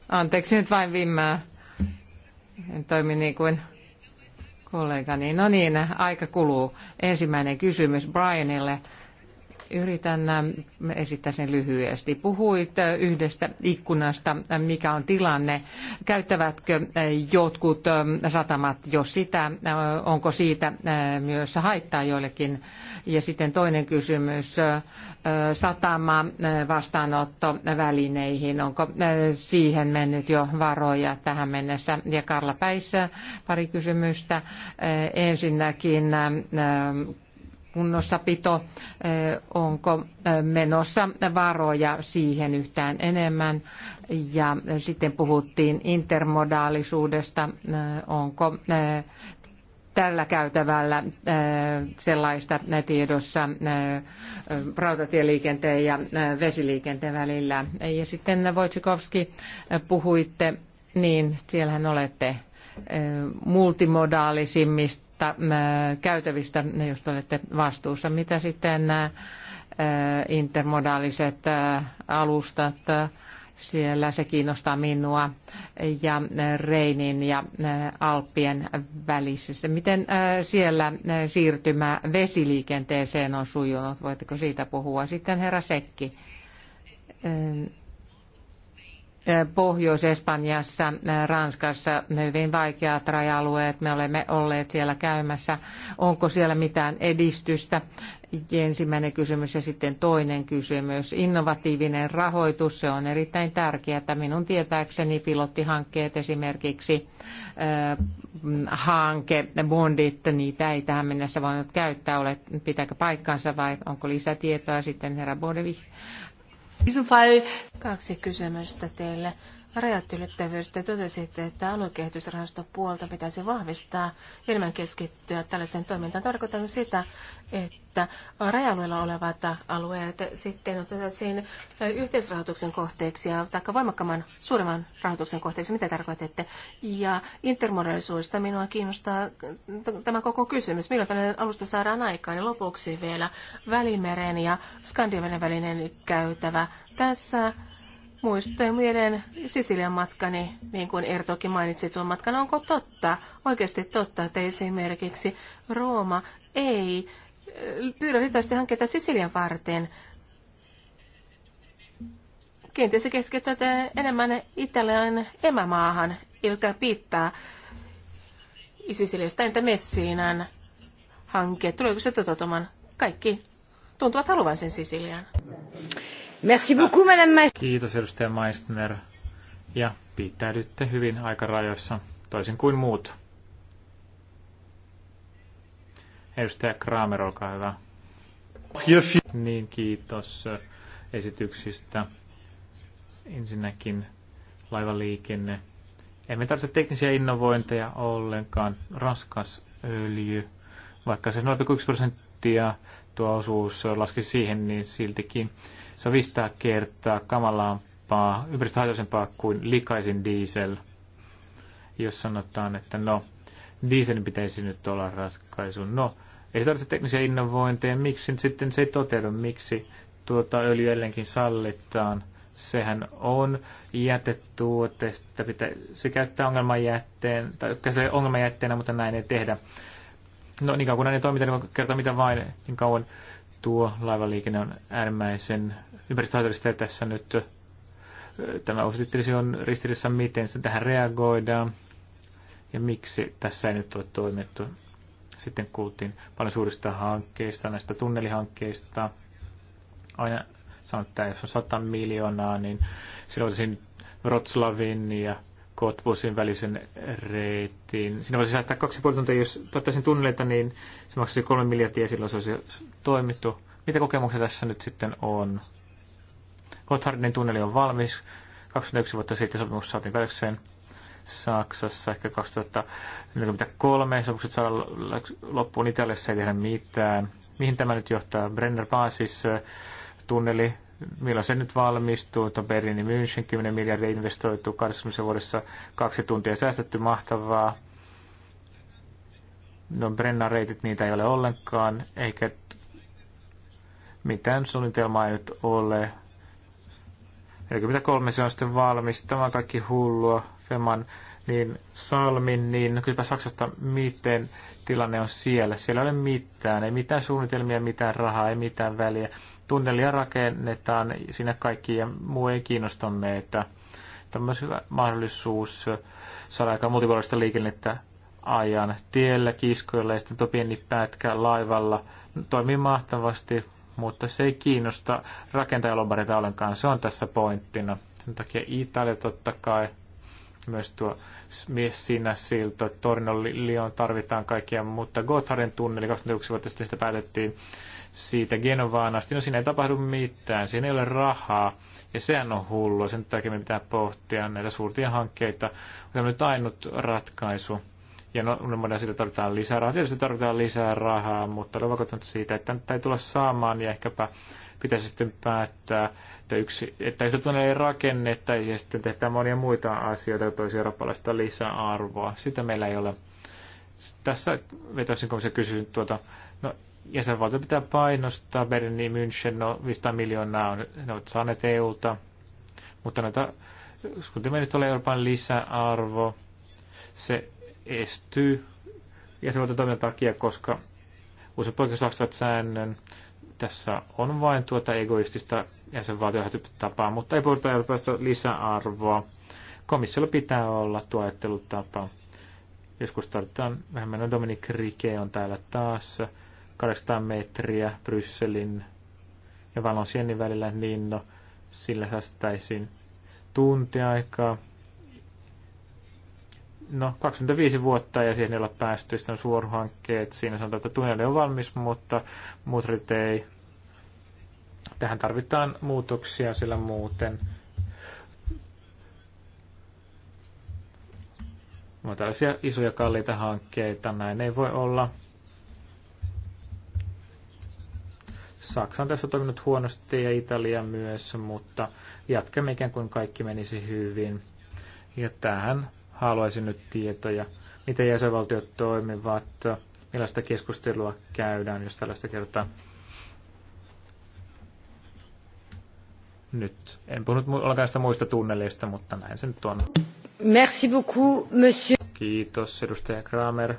anteeksi nyt vain vimmää. En toimi niin kuin kollegani. No niin, aika kuluu. Ensimmäinen kysymys Brianille. Yritän esittää sen lyhyesti. Puhuit yhdestä ikkunasta, mikä on tilanne. Käyttävätkö jotkut satamat jo sitä? Onko siitä myös haittaa joillekin? Ja sitten toinen kysymys satama välineihin Onko siihen mennyt jo varoja tähän mennessä? Ja Karla Päissä pari kysymystä. Ensinnäkin kunnossapito, onko menossa varoja siihen yhtään enemmän. Ja sitten puhuttiin intermodaalisuudesta, onko tällä käytävällä sellaista tiedossa rautatieliikenteen ja vesiliikenteen välillä. Ja sitten Wojciechowski puhuitte, niin siellähän olette multimodaalisimmista vuotta äh, käytävistä, jos olette vastuussa. Mitä sitten nämä äh, intermodaaliset äh, alustat, siellä se kiinnostaa minua, ja Reinin ja Alppien välisessä. Miten siellä siirtymä vesiliikenteeseen on sujunut? Voitteko siitä puhua? Sitten herra Sekki ähm, Pohjois-Espanjassa, Ranskassa hyvin vaikeat raja-alueet. Me olemme olleet siellä käymässä. Onko siellä mitään edistystä? Ensimmäinen kysymys ja sitten toinen kysymys. Innovatiivinen rahoitus, se on erittäin tärkeää. Minun tietääkseni pilottihankkeet esimerkiksi äh, hanke, bondit, niitä ei tähän mennessä voinut käyttää. Ole, pitääkö paikkansa vai onko lisätietoa sitten herra Bodevich? Kaksi kysymystä teille rajat ylittävyydestä totesitte, että aluekehitysrahaston puolta pitäisi vahvistaa enemmän keskittyä tällaiseen toimintaan. Tarkoitan sitä, että raja olevat alueet sitten otettaisiin yhteisrahoituksen kohteeksi ja taikka voimakkaamman suuremman rahoituksen kohteeksi, mitä tarkoitatte. Ja intermodellisuudesta minua kiinnostaa tämä koko kysymys, milloin tällainen alusta saadaan aikaan. Ja lopuksi vielä Välimeren ja Skandinavian välinen käytävä. Tässä muistoi mieleen Sisilian matkani, niin kuin Ertokin mainitsi tuon matkan. Onko totta, oikeasti totta, että esimerkiksi Rooma ei eh, pyydä riittävästi hankkeita Sisilian varten? Kenties se keskittyvät eh, enemmän Italian emämaahan, ilta piittaa Sisiliasta entä Messiinan hankkeet, Tuleeko se toteutumaan? Kaikki tuntuvat haluavan sen Sisilian. Merci beaucoup, Madame Kiitos, edustaja Meissner. Ja pitäydytte hyvin aikarajoissa, toisin kuin muut. Edustaja Kramer, olkaa hyvä. Niin, kiitos esityksistä. Ensinnäkin laivaliikenne. Emme tarvitse teknisiä innovointeja ollenkaan. Raskas öljy, vaikka se 0,1 prosenttia tuo osuus laski siihen, niin siltikin se on 500 kertaa kamalaampaa, ympäristöhaitallisempaa kuin likaisin diesel, jos sanotaan, että no, dieselin pitäisi nyt olla ratkaisu. No, ei tarvitse teknisiä innovointeja, miksi nyt sitten se ei toteudu, miksi tuota öljy edelleenkin sallitaan. Sehän on jätetuote, sitä pitää, se käyttää ongelmanjätteen, tai käsittelee ongelmanjätteenä, mutta näin ei tehdä. No niin kauan kun näin ei toimita, niin kertoa mitä vain, niin kauan tuo laivaliikenne on äärimmäisen ympäristöhaitallista ja tässä nyt tämä uusi on ristiriidassa, miten se tähän reagoidaan ja miksi tässä ei nyt ole toimittu. Sitten kuultiin paljon suurista hankkeista, näistä tunnelihankkeista. Aina sanotaan, että jos on 100 miljoonaa, niin silloin olisi Wroclawin ja Kotbusin välisen reitin. Siinä voisi säästää kaksi puoli tuntia, jos tuottaisiin tunneleita, niin se maksaisi kolme miljardia silloin se olisi toimittu. Mitä kokemuksia tässä nyt sitten on? Gotthardin tunneli on valmis. 21 vuotta sitten sopimus saatiin päätökseen Saksassa, ehkä 2043. Sopimukset saadaan loppuun Italiassa, ei tehdä mitään. Mihin tämä nyt johtaa? Brenner Basis äh, tunneli, milloin se nyt valmistuu? Berliini München, 10 miljardia investoitu 20 vuodessa, kaksi tuntia säästetty, mahtavaa. No brennareitit niitä ei ole ollenkaan, eikä mitään suunnitelmaa ei nyt ole. 43 se on sitten valmis, tämä on kaikki hullua. Feman niin Salmin, niin no, kylläpä Saksasta miten tilanne on siellä. Siellä ei ole mitään, ei mitään suunnitelmia, mitään rahaa, ei mitään väliä. Tunnelia rakennetaan, sinne kaikki ja muu ei kiinnosta meitä. Tämä on hyvä mahdollisuus saada aika multivuorista liikennettä ajan tiellä, kiskoilla ja sitten tuo pieni pätkä laivalla toimii mahtavasti, mutta se ei kiinnosta rakentajalobareita ollenkaan. Se on tässä pointtina. Sen takia Italia totta kai, myös tuo mies siinä silta, Torino Lion tarvitaan kaikkia, mutta Gotharin tunneli 21 vuotta sitten sitä päätettiin siitä Genovaan asti. No siinä ei tapahdu mitään, siinä ei ole rahaa ja sehän on hullua. Sen takia me pitää pohtia näitä suurtia hankkeita. Tämä on nyt ainut ratkaisu ja no, no siitä tarvitaan lisää rahaa. Tietysti tarvitaan lisää rahaa, mutta olen vakuuttunut siitä, että tämä ei tule saamaan, ja ehkäpä pitäisi sitten päättää, että, yksi, että sitä tuonne ei rakenneta, ja sitten tehdään monia muita asioita, toisia eurooppalaista lisäarvoa. Sitä meillä ei ole. Tässä vetoisin komissio kysyn tuota, no, jäsenvaltio pitää painostaa, Berliini, München, no 500 miljoonaa on, ne ovat saaneet EUta, mutta noita, kun me nyt ole Euroopan lisäarvo, se estyy jäsenvaltion toiminnan takia, koska usein poikkeuslaksivat säännön. Tässä on vain tuota egoistista jäsenvaltio tapaa, mutta ei puhuta Euroopassa lisäarvoa. Komissiolla pitää olla tuo ajattelutapa. Joskus tarvitaan vähemmän. No, Dominic Rike on täällä taas 800 metriä Brysselin ja Valonsienin välillä, niin no, sillä säästäisiin tuntiaikaa no 25 vuotta ja siihen ei ole päästy, sitten on suoruhankkeet, siinä sanotaan, että tunneli on valmis, mutta mutrit ei. Tähän tarvitaan muutoksia, sillä muuten on tällaisia isoja kalliita hankkeita, näin ei voi olla. Saksa on tässä toiminut huonosti ja Italia myös, mutta jatkamme ikään kuin kaikki menisi hyvin. Ja tähän haluaisin nyt tietoja, miten jäsenvaltiot toimivat, millaista keskustelua käydään, jos tällaista kertaa. Nyt en puhunut ollenkaan sitä muista tunneleista, mutta näin se nyt on. Merci beaucoup, monsieur. Kiitos, edustaja Kramer.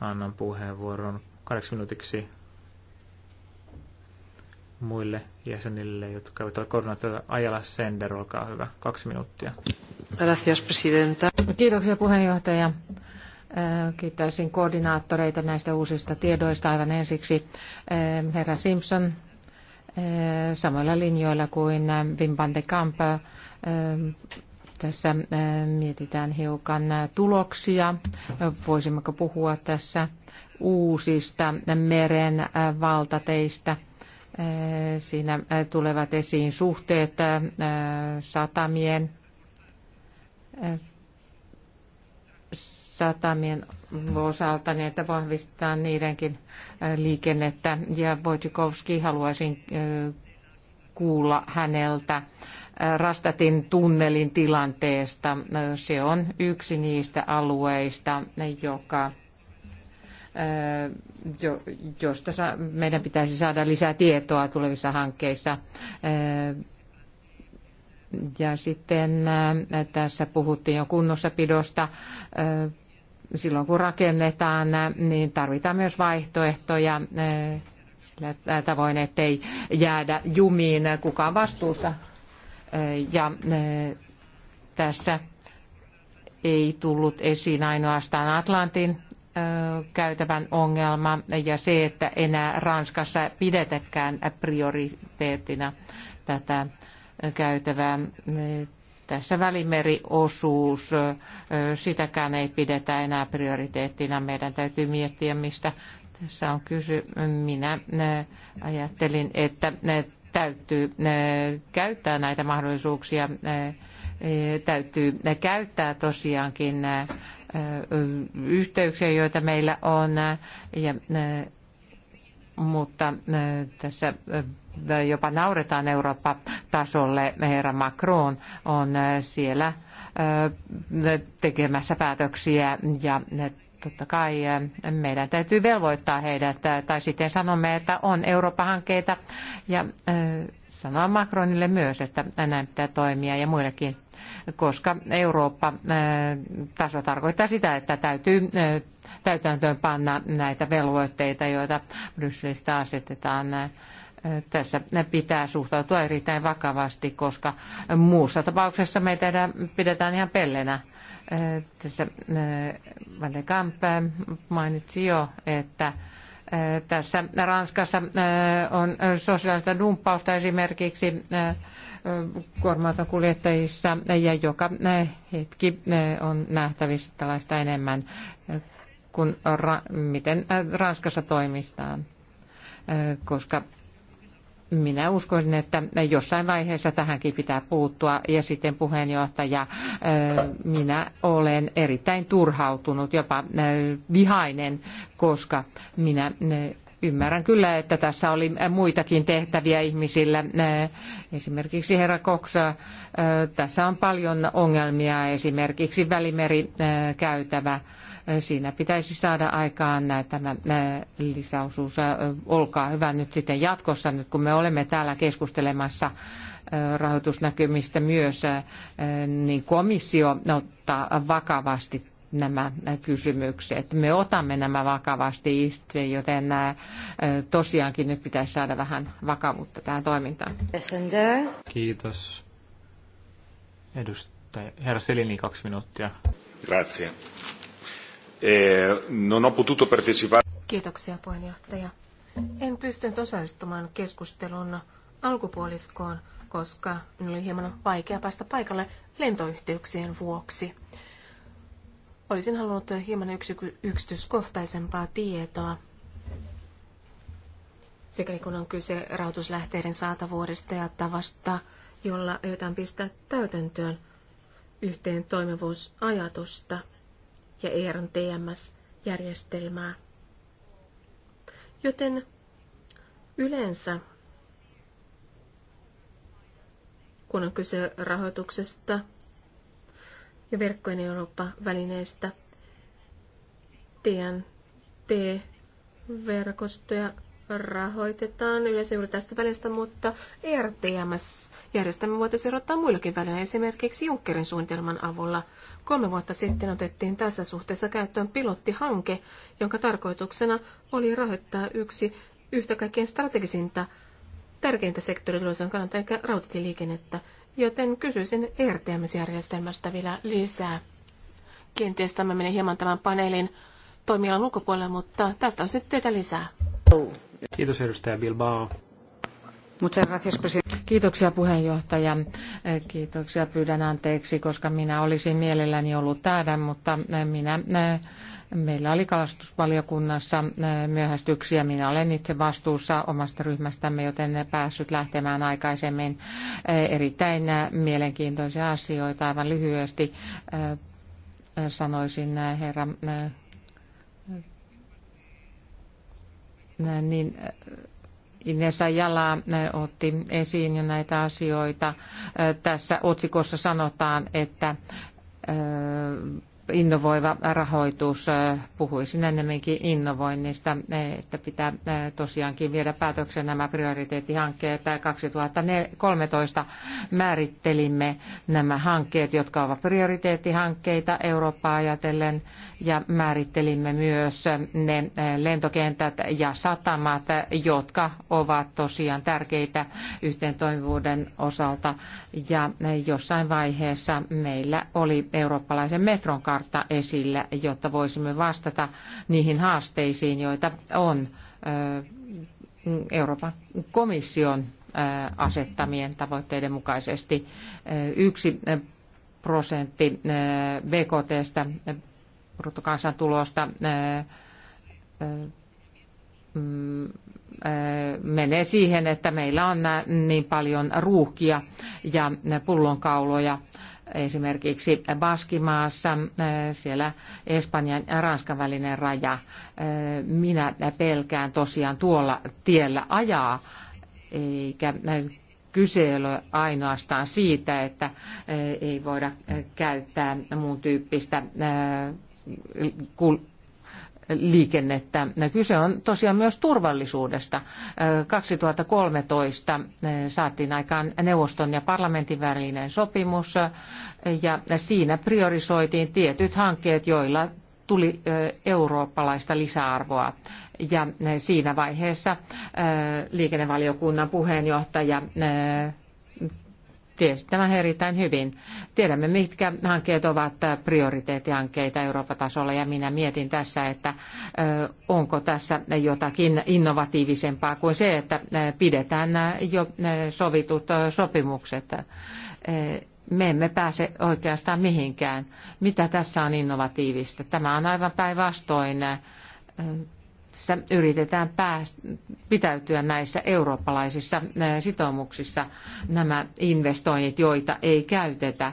Annan puheenvuoron kahdeksi minuutiksi muille jäsenille, jotka ole koordinaatioita. Ajala Sender, olkaa hyvä. Kaksi minuuttia. Gracias, presidenta. Kiitoksia puheenjohtaja. Äh, kiittäisin koordinaattoreita näistä uusista tiedoista aivan ensiksi. Äh, herra Simpson, äh, samoilla linjoilla kuin Wim van de Kamp. Tässä mietitään hiukan tuloksia. Voisimmeko puhua tässä uusista meren valtateistä – Äh, siinä äh, tulevat esiin suhteet äh, satamien, satamien osalta, niin että vahvistetaan niidenkin liikennettä. Ja Wojciechowski haluaisin kuulla häneltä Rastatin tunnelin tilanteesta. Se on yksi niistä alueista, joka josta meidän pitäisi saada lisää tietoa tulevissa hankkeissa. Ja sitten tässä puhuttiin jo kunnossapidosta. Silloin kun rakennetaan, niin tarvitaan myös vaihtoehtoja sillä tavoin, ettei jäädä jumiin kukaan vastuussa. Ja tässä ei tullut esiin ainoastaan Atlantin käytävän ongelma ja se, että enää Ranskassa pidetäkään prioriteettina tätä käytävää. Tässä välimeriosuus, sitäkään ei pidetä enää prioriteettina. Meidän täytyy miettiä, mistä tässä on kysy. Minä ajattelin, että täytyy käyttää näitä mahdollisuuksia, täytyy käyttää tosiaankin yhteyksiä, joita meillä on, ja, mutta tässä jopa nauretaan Eurooppa-tasolle. Herra Macron on siellä tekemässä päätöksiä ja totta kai meidän täytyy velvoittaa heidät, tai sitten sanomme, että on Eurooppa-hankkeita, ja sanoa Macronille myös, että näin pitää toimia, ja muillekin koska Eurooppa-taso tarkoittaa sitä, että täytyy täytäntöön panna näitä velvoitteita, joita Brysselistä asetetaan tässä pitää suhtautua erittäin vakavasti, koska muussa tapauksessa meitä pidetään ihan pellenä. Tässä Van Kamp mainitsi jo, että tässä Ranskassa on sosiaalista dumppausta esimerkiksi kuorma kuljettajissa ja joka hetki on nähtävissä tällaista enemmän kuin ra- miten Ranskassa toimistaan, koska minä uskoisin, että jossain vaiheessa tähänkin pitää puuttua. Ja sitten puheenjohtaja, minä olen erittäin turhautunut, jopa vihainen, koska minä Ymmärrän kyllä, että tässä oli muitakin tehtäviä ihmisillä. Esimerkiksi herra Koksa, äh, tässä on paljon ongelmia, esimerkiksi välimerikäytävä. Äh, Siinä pitäisi saada aikaan tämä äh, lisäosuus. Olkaa hyvä nyt sitten jatkossa, nyt kun me olemme täällä keskustelemassa rahoitusnäkymistä myös, niin komissio ottaa vakavasti nämä kysymykset. Me otamme nämä vakavasti itse, joten tosiaankin nyt pitäisi saada vähän vakavuutta tähän toimintaan. Kiitos. Edustaja, herra Selini, kaksi minuuttia. Grazie. Eh, non ho potuto partecipare. Kiitoksia puheenjohtaja. En pystynyt osallistumaan keskustelun alkupuoliskoon, koska minulla oli hieman vaikea päästä paikalle lentoyhteyksien vuoksi. Olisin halunnut hieman yksityiskohtaisempaa tietoa, sekä kun on kyse rahoituslähteiden saatavuudesta ja tavasta, jolla aiotaan pistää täytäntöön yhteen toimivuusajatusta ja ERN TMS-järjestelmää. Joten yleensä, kun on kyse rahoituksesta ja verkkojen Eurooppa-välineestä. TNT-verkostoja rahoitetaan yleensä juuri tästä välistä, mutta ERTMS-järjestelmä voitaisiin erottaa muillakin välillä, esimerkiksi Junckerin suunnitelman avulla. Kolme vuotta sitten otettiin tässä suhteessa käyttöön pilottihanke, jonka tarkoituksena oli rahoittaa yksi yhtä kaikkein strategisinta tärkeintä sektoriluosan kannalta, eli rautatieliikennettä. Joten kysyisin ERTMS-järjestelmästä vielä lisää. Kenties tämä menee hieman tämän paneelin toimialan ulkopuolelle, mutta tästä on sitten teitä lisää. Kiitos edustaja Bilbao. Kiitoksia puheenjohtaja. Kiitoksia pyydän anteeksi, koska minä olisin mielelläni ollut täällä, mutta minä Meillä oli kalastusvaliokunnassa myöhästyksiä. Minä olen itse vastuussa omasta ryhmästämme, joten en päässyt lähtemään aikaisemmin. Erittäin mielenkiintoisia asioita. Aivan lyhyesti sanoisin herra niin Inessa Jala otti esiin jo näitä asioita. Tässä otsikossa sanotaan, että innovoiva rahoitus. Puhuisin ennemminkin innovoinnista, e, että pitää e, tosiaankin viedä päätöksen nämä prioriteettihankkeet. 2013 määrittelimme nämä hankkeet, jotka ovat prioriteettihankkeita Eurooppaa ajatellen, ja määrittelimme myös ne e, lentokentät ja satamat, jotka ovat tosiaan tärkeitä yhteentoimivuuden osalta. Ja jossain vaiheessa meillä oli eurooppalaisen metron kartta kartta esillä, jotta voisimme vastata niihin haasteisiin, joita on Euroopan komission asettamien tavoitteiden mukaisesti. Yksi prosentti BKTstä, bruttokansantulosta, mm, menee siihen, että meillä on niin paljon ruuhkia ja pullonkauloja esimerkiksi Baskimaassa, äh, siellä Espanjan ja Ranskan välinen raja. Äh, minä pelkään tosiaan tuolla tiellä ajaa, eikä äh, kyse ei ole ainoastaan siitä, että ei voida käyttää muun tyyppistä liikennettä. Kyse on tosiaan myös turvallisuudesta. 2013 saatiin aikaan neuvoston ja parlamentin välinen sopimus ja siinä priorisoitiin tietyt hankkeet, joilla tuli eurooppalaista lisäarvoa. Ja siinä vaiheessa liikennevaliokunnan puheenjohtaja tiesi tämän erittäin hyvin. Tiedämme, mitkä hankkeet ovat prioriteettihankkeita Euroopan tasolla ja minä mietin tässä, että onko tässä jotakin innovatiivisempaa kuin se, että pidetään jo sovitut sopimukset. Me emme pääse oikeastaan mihinkään. Mitä tässä on innovatiivista? Tämä on aivan päinvastoin tässä yritetään pitäytyä näissä eurooppalaisissa sitoumuksissa nämä investoinnit, joita ei käytetä.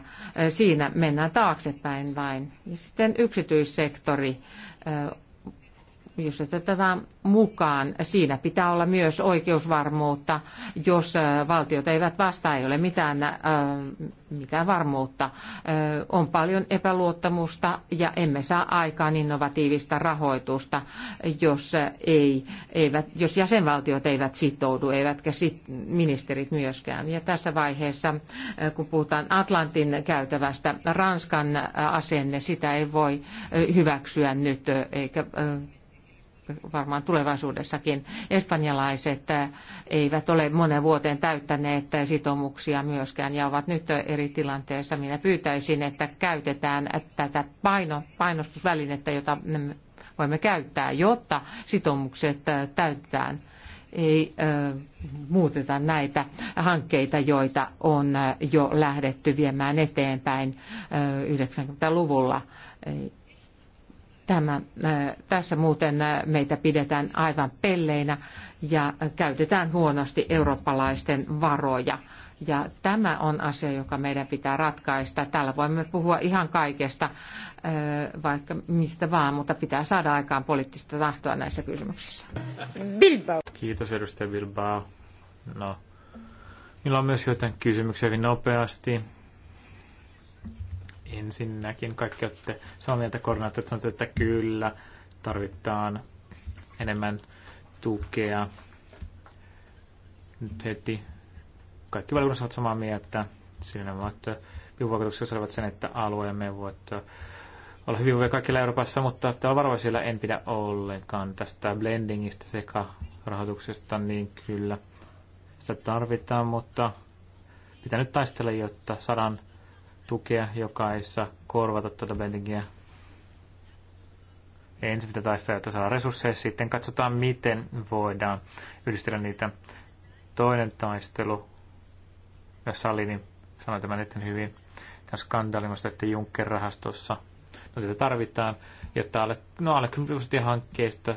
Siinä mennään taaksepäin vain. Ja sitten yksityissektori jos otetaan mukaan, siinä pitää olla myös oikeusvarmuutta. Jos äh, valtiot eivät vastaa, ei ole mitään, äh, mitään varmuutta. Äh, on paljon epäluottamusta ja emme saa aikaan innovatiivista rahoitusta, jos, ei, eivät, jos jäsenvaltiot eivät sitoudu, eivätkä sit, ministerit myöskään. Ja tässä vaiheessa, kun puhutaan Atlantin käytävästä, Ranskan asenne, sitä ei voi hyväksyä nyt, eikä varmaan tulevaisuudessakin. Espanjalaiset eh, eivät ole monen vuoteen täyttäneet sitoumuksia myöskään ja ovat nyt eri tilanteessa. Minä pyytäisin, että käytetään tätä paino, painostusvälinettä, jota voimme käyttää, jotta sitoumukset eh, täytetään ei ö, eh, muuteta näitä hankkeita, joita on jo lähdetty viemään eteenpäin ö, 90-luvulla. Tämä, tässä muuten meitä pidetään aivan pelleinä ja käytetään huonosti eurooppalaisten varoja. Ja tämä on asia, joka meidän pitää ratkaista. Täällä voimme puhua ihan kaikesta, vaikka mistä vaan, mutta pitää saada aikaan poliittista tahtoa näissä kysymyksissä. Bilbao. Kiitos edustaja Bilbao. No, Minulla on myös joitain kysymyksiä hyvin nopeasti. Ensinnäkin kaikki olette samaa mieltä koordinaattorit sanoivat, että kyllä, tarvitaan enemmän tukea. Nyt heti kaikki valiokunnassa ovat samaa mieltä. Siinä ovat vivuvaikutuksia olivat sen, että alueemme voivat olla hyvinvoivia kaikilla Euroopassa, mutta täällä varovaisilla en pidä ollenkaan tästä blendingistä sekä rahoituksesta, niin kyllä sitä tarvitaan, mutta pitää nyt taistella, jotta saadaan tukea, joka ei saa korvata tuota bendingiä. Ensin pitää taistaa, jotta saa resursseja, sitten katsotaan, miten voidaan yhdistellä niitä. Toinen taistelu, jos Salini niin sanoi tämän eteen hyvin, tämä skandaalimasta, että Junker-rahastossa, no sitä tarvitaan, jotta alle, no alle 10 prosenttia hankkeista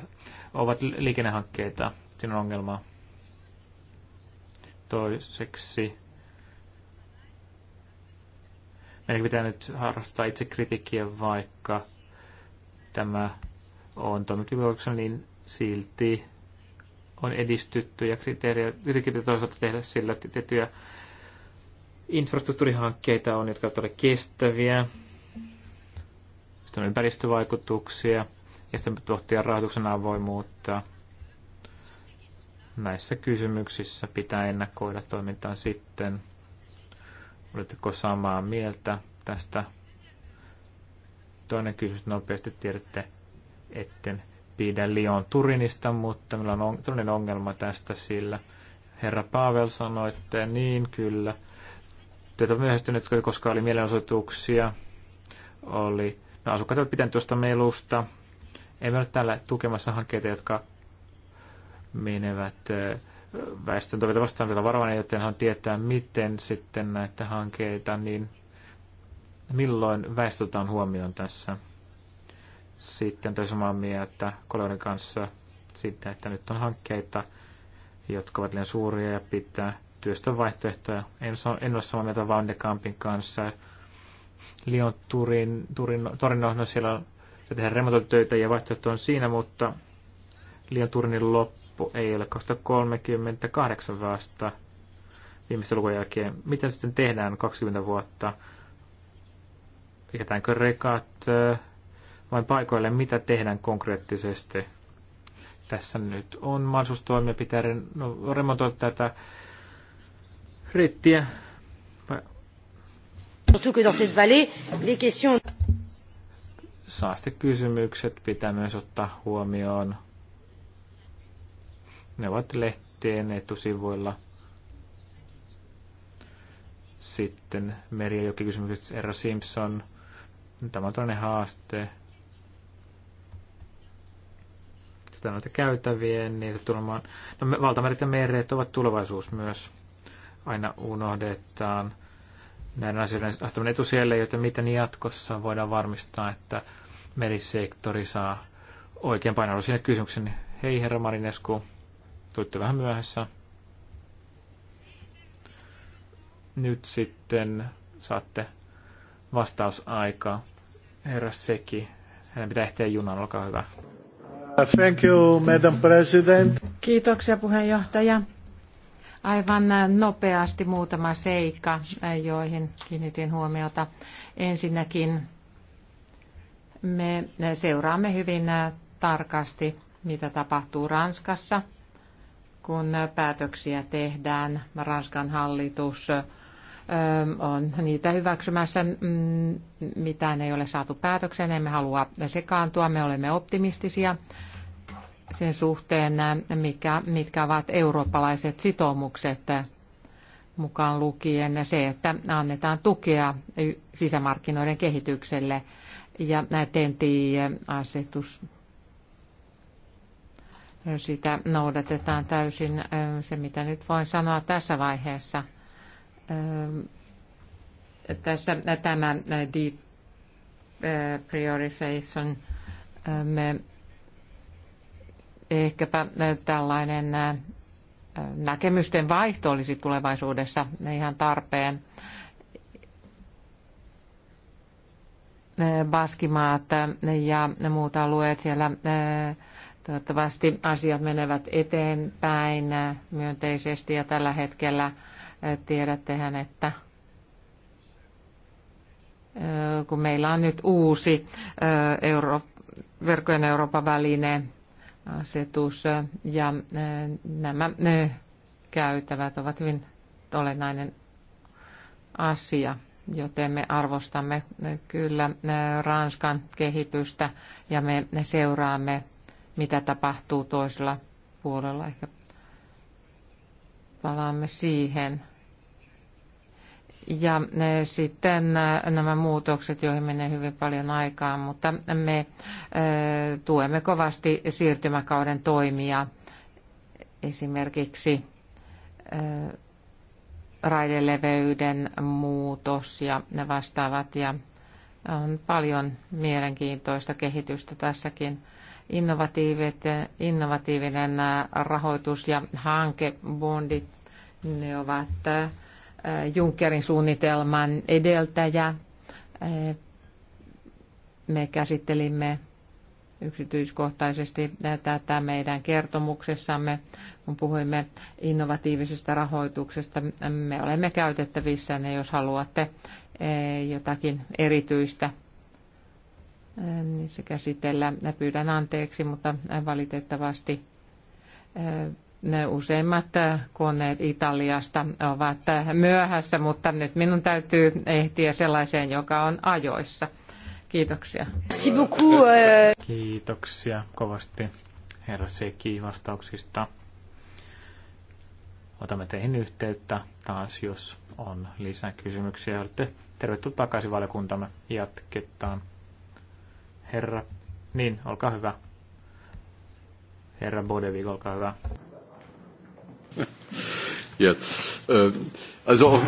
ovat liikennehankkeita, siinä on ongelmaa. Toiseksi Eli pitää nyt harrastaa itse kritiikkiä, vaikka tämä on toimintakykykokemuksena, niin silti on edistytty ja kriteeriä jotenkin pitää toisaalta tehdä sillä, että tiettyjä infrastruktuurihankkeita on, jotka ovat todella kestäviä, sitten on ympäristövaikutuksia ja sitten tuottia rahoituksen avoimuutta. Näissä kysymyksissä pitää ennakoida toimintaan sitten. Oletteko samaa mieltä tästä? Toinen kysymys nopeasti. Tiedätte, etten pidä Lyon Turinista, mutta meillä on toinen ongelma tästä, sillä herra Pavel sanoi, että niin kyllä. Teitä on myöhästynyt, koska oli mielenosoituksia. Oli, no asukkaat ovat pitäneet tuosta melusta. Emme ole täällä tukemassa hankkeita, jotka menevät eh, väestön toiveita vastaan vielä varovainen, joten hän tietää, miten sitten näitä hankkeita, niin milloin väestötään huomioon tässä. Sitten olen samaa mieltä kollegoiden kanssa siitä, että nyt on hankkeita, jotka ovat liian suuria ja pitää työstä vaihtoehtoja. En, en ole samaa mieltä Van de Kampin kanssa. Lion Turin, Turin, Torino, no siellä tehdään remontoitöitä ja vaihtoehto on siinä, mutta Lion Turinin loppu ei ole 2038 vasta viimeisen luvun jälkeen. Mitä sitten tehdään 20 vuotta? Jätäänkö rekat eh, vai paikoille? Mitä tehdään konkreettisesti? Tässä nyt on mahdollisuus toimia, pitää no, remontoida tätä reittiä. Saaste kysymykset pitää myös ottaa huomioon ne ovat lehteen etusivuilla. Sitten meri- ja kysymykset, Erra Simpson. Tämä on toinen haaste. Tätä noita käytävien, niitä tulemaan. No, valtamerit ja meret ovat tulevaisuus myös. Aina unohdetaan näiden asioiden astuminen etusijalle, joten miten jatkossa voidaan varmistaa, että merisektori saa oikein painoarvon sinne kysymyksen. Hei herra Marinesku, Tuitte vähän myöhässä. Nyt sitten saatte vastausaika. Herra Seki, hänen pitää ehtiä junan, olkaa hyvä. Uh, thank you, Madam President. Kiitoksia puheenjohtaja. Aivan äh, nopeasti muutama seikka, äh, joihin kiinnitin huomiota. Ensinnäkin me äh, seuraamme hyvin tarkasti, mitä tapahtuu Ranskassa kun päätöksiä tehdään, Ranskan hallitus on niitä hyväksymässä. Mm, mitään ei ole saatu päätökseen, emme halua sekaantua, me olemme optimistisia sen suhteen, mikä, mitkä ovat eurooppalaiset sitoumukset mukaan lukien se, että annetaan tukea sisämarkkinoiden kehitykselle ja TENTI-asetus sitä noudatetaan täysin. Se, mitä nyt voin sanoa tässä vaiheessa, tässä tämä deep priorization, me ehkäpä tällainen näkemysten vaihto olisi tulevaisuudessa ihan tarpeen. Baskimaat ja muut alueet siellä Toivottavasti asiat menevät eteenpäin myönteisesti ja tällä hetkellä eh, tiedättehän, että eh, kun meillä on nyt uusi eh, Euro- verkkojen Euroopan väline asetus ja nämä käytävät ovat hyvin olennainen asia, joten me arvostamme kyllä Ranskan kehitystä ja me seuraamme mitä tapahtuu toisella puolella. Ehkä palaamme siihen. Ja e, sitten e, nämä muutokset, joihin menee hyvin paljon aikaa, mutta me e, tuemme kovasti siirtymäkauden toimia. Esimerkiksi raideleveyden muutos ja ne vastaavat. Ja on paljon mielenkiintoista kehitystä tässäkin innovatiivit, innovatiivinen rahoitus ja hankebondit, ne ovat äh, Junckerin suunnitelman edeltäjä. Äh, me käsittelimme yksityiskohtaisesti äh, tätä meidän kertomuksessamme, kun puhuimme innovatiivisesta rahoituksesta. Me olemme käytettävissä, ne jos haluatte jotakin erityistä niin se käsitellä. Pyydän anteeksi, mutta valitettavasti ne useimmat koneet Italiasta ovat myöhässä, mutta nyt minun täytyy ehtiä sellaiseen, joka on ajoissa. Kiitoksia. Kiitoksia kovasti herra Seki vastauksista. Otamme teihin yhteyttä taas, jos on lisäkysymyksiä. Olette tervetuloa takaisin valiokuntamme. Jatketaan herra. Niin, olkaa hyvä. Herra Bodevik, olkaa hyvä. Ja, uh, also, äh...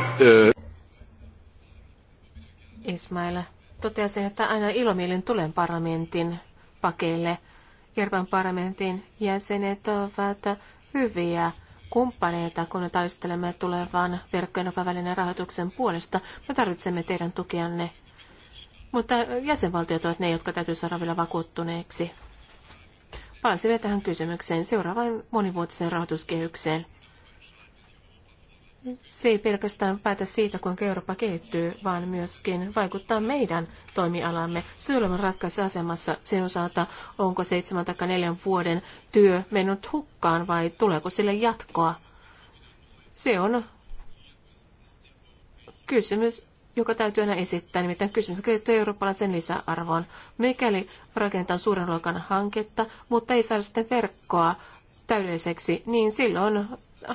Ismail, toteasin, että aina ilomielin tulen parlamentin pakeille. Kerran parlamentin jäsenet ovat hyviä kumppaneita, kun taistelemme tulevan verkkojen välinen rahoituksen puolesta. Me tarvitsemme teidän tukianne mutta jäsenvaltiot ovat ne, jotka täytyy saada vielä vakuuttuneeksi. Palaan sille tähän kysymykseen seuraavaan monivuotiseen rahoituskehykseen. Se ei pelkästään päätä siitä, kuinka Eurooppa kehittyy, vaan myöskin vaikuttaa meidän toimialamme. Silloin on asemassa sen osalta, onko seitsemän tai neljän vuoden työ mennyt hukkaan vai tuleeko sille jatkoa. Se on kysymys joka täytyy aina esittää, nimittäin kysymys liittyy eurooppalaisen lisäarvoon. Mikäli rakentaa suuren luokan hanketta, mutta ei saada sitten verkkoa täydelliseksi, niin silloin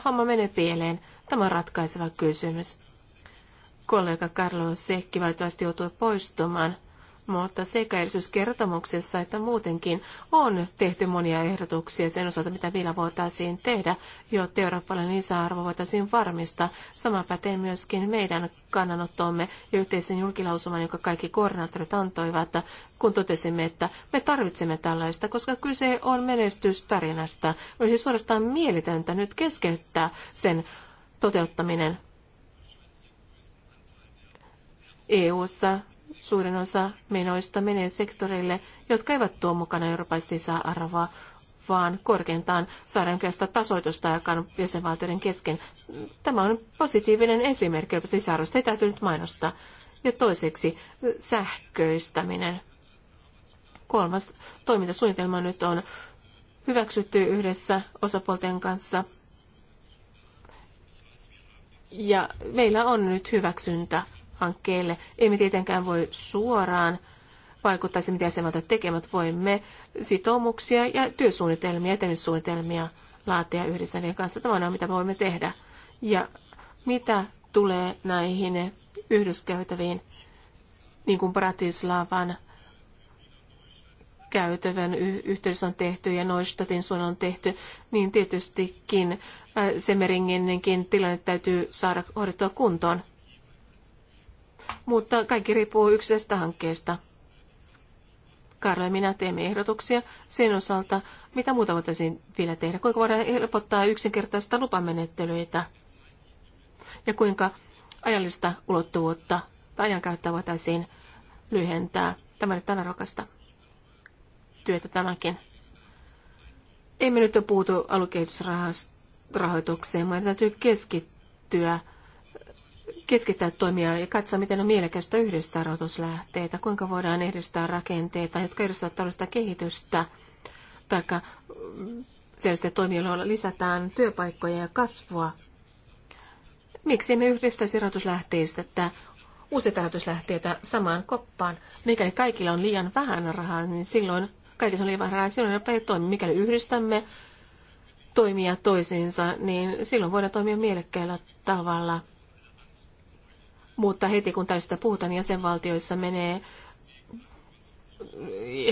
homma menee pieleen. Tämä on ratkaiseva kysymys. Kollega Carlo Sekki valitettavasti joutui poistumaan mutta sekä erityiskertomuksessa että muutenkin on tehty monia ehdotuksia sen osalta, mitä vielä voitaisiin tehdä, jotta eurooppalainen lisäarvo voitaisiin varmistaa. Sama pätee myöskin meidän kannanottomme ja yhteisen julkilausuman, jonka kaikki koordinaattorit antoivat, kun totesimme, että me tarvitsemme tällaista, koska kyse on menestystarinasta. Olisi suorastaan mielitöntä nyt keskeyttää sen toteuttaminen. EU:ssa suurin osa menoista menee sektoreille, jotka eivät tuo mukana eurooppaisesti saa arvoa, vaan korkeintaan saadaan kyllä tasoitusta aikaan jäsenvaltioiden kesken. Tämä on positiivinen esimerkki lisäarvosta, ei täytyy nyt mainostaa. Ja toiseksi sähköistäminen. Kolmas toimintasuunnitelma nyt on hyväksytty yhdessä osapuolten kanssa. Ja meillä on nyt hyväksyntä hankkeelle. Emme tietenkään voi suoraan vaikuttaa siihen, mitä jäsenvaltiot tekevät. Voimme sitoumuksia ja työsuunnitelmia, etenemissuunnitelmia laatia yhdessä niiden kanssa. Tämä on mitä voimme tehdä. Ja mitä tulee näihin yhdyskäytäviin, niin kuin Bratislavan käytävän yhteydessä on tehty ja Neustädtin suunnalla on tehty, niin tietystikin äh, Semeringinkin tilanne täytyy saada hoidettua kuntoon mutta kaikki riippuu yksilöstä hankkeesta. Karla ja minä teemme ehdotuksia sen osalta, mitä muuta voitaisiin vielä tehdä, kuinka voidaan helpottaa yksinkertaista lupamenettelyitä ja kuinka ajallista ulottuvuutta tai ajankäyttöä voitaisiin lyhentää. Tämä nyt on arvokasta työtä tämäkin. Emme nyt ole puutu alukehitysrahoitukseen, meidän täytyy keskittyä keskittää toimia ja katsoa, miten on mielekästä yhdistää rahoituslähteitä, kuinka voidaan edistää rakenteita, jotka edistävät taloudellista kehitystä, tai mm, sellaisia toimia, joilla lisätään työpaikkoja ja kasvua. Miksi emme yhdistäisi rahoituslähteistä että useita rahoituslähteitä samaan koppaan? Mikäli kaikilla on liian vähän rahaa, niin silloin kaikilla on liian vähän rahaa, silloin ei toimi. Mikäli yhdistämme toimia toisiinsa, niin silloin voidaan toimia mielekkäällä tavalla – mutta heti kun tästä puhutaan, jäsenvaltioissa menee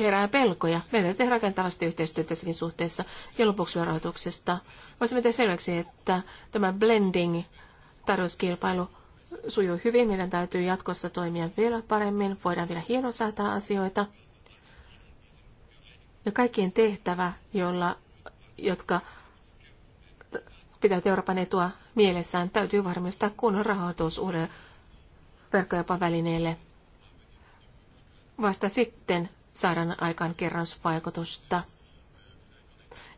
herää pelkoja. Meidän täytyy rakentavasti yhteistyötä tässäkin suhteessa ja lopuksi rahoituksesta. Voisimme tehdä selväksi, että tämä blending tarjouskilpailu sujuu hyvin. Meidän täytyy jatkossa toimia vielä paremmin. Voidaan vielä hienosäätää asioita. Ja kaikkien tehtävä, jolla, jotka pitävät Euroopan etua mielessään, täytyy varmistaa kunnon rahoitus uudelle verkkokaupan välineille. Vasta sitten saadaan aikaan kerransvaikutusta.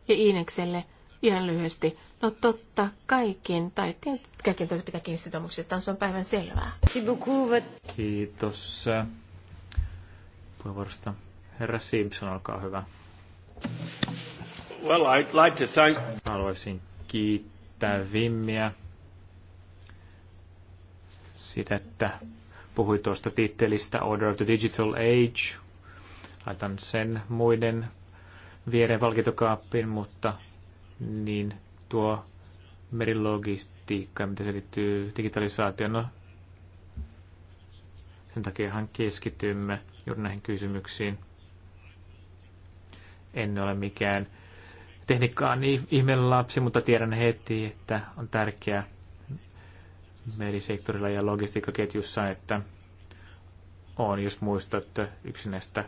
Ja Iinekselle ihan lyhyesti. No totta, kaikin taiteen, kaikin täytyy pitää kiinni se on päivän selvää. Kiitos äh, puheenvuorosta. Herra Simpson, olkaa hyvä. Well, I'd like to thank... Haluaisin kiittää Vimmiä sitä, että puhui tuosta tittelistä Order of the Digital Age. Laitan sen muiden viereen palkintokaappiin, mutta niin tuo merilogistiikka, mitä se liittyy digitalisaatioon, no sen takia keskitymme juuri näihin kysymyksiin. En ole mikään tekniikkaan ihmeen lapsi, mutta tiedän heti, että on tärkeää merisektorilla ja logistiikkaketjussa, että on, jos muistat yksi näistä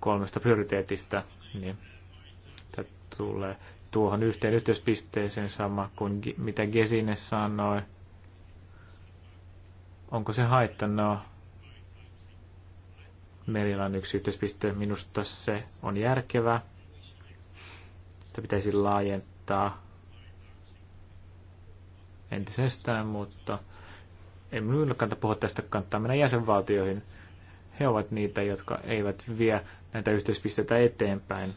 kolmesta prioriteetista, niin tulee tuohon yhteen yhteyspisteeseen sama kuin mitä Gesine sanoi. Onko se haittanut? No, merillä on yksi yhteyspiste. Minusta se on järkevä. Sitä pitäisi laajentaa entisestään, mutta ei minulla kannata puhua tästä, kannattaa mennä jäsenvaltioihin. He ovat niitä, jotka eivät vie näitä yhteispisteitä eteenpäin.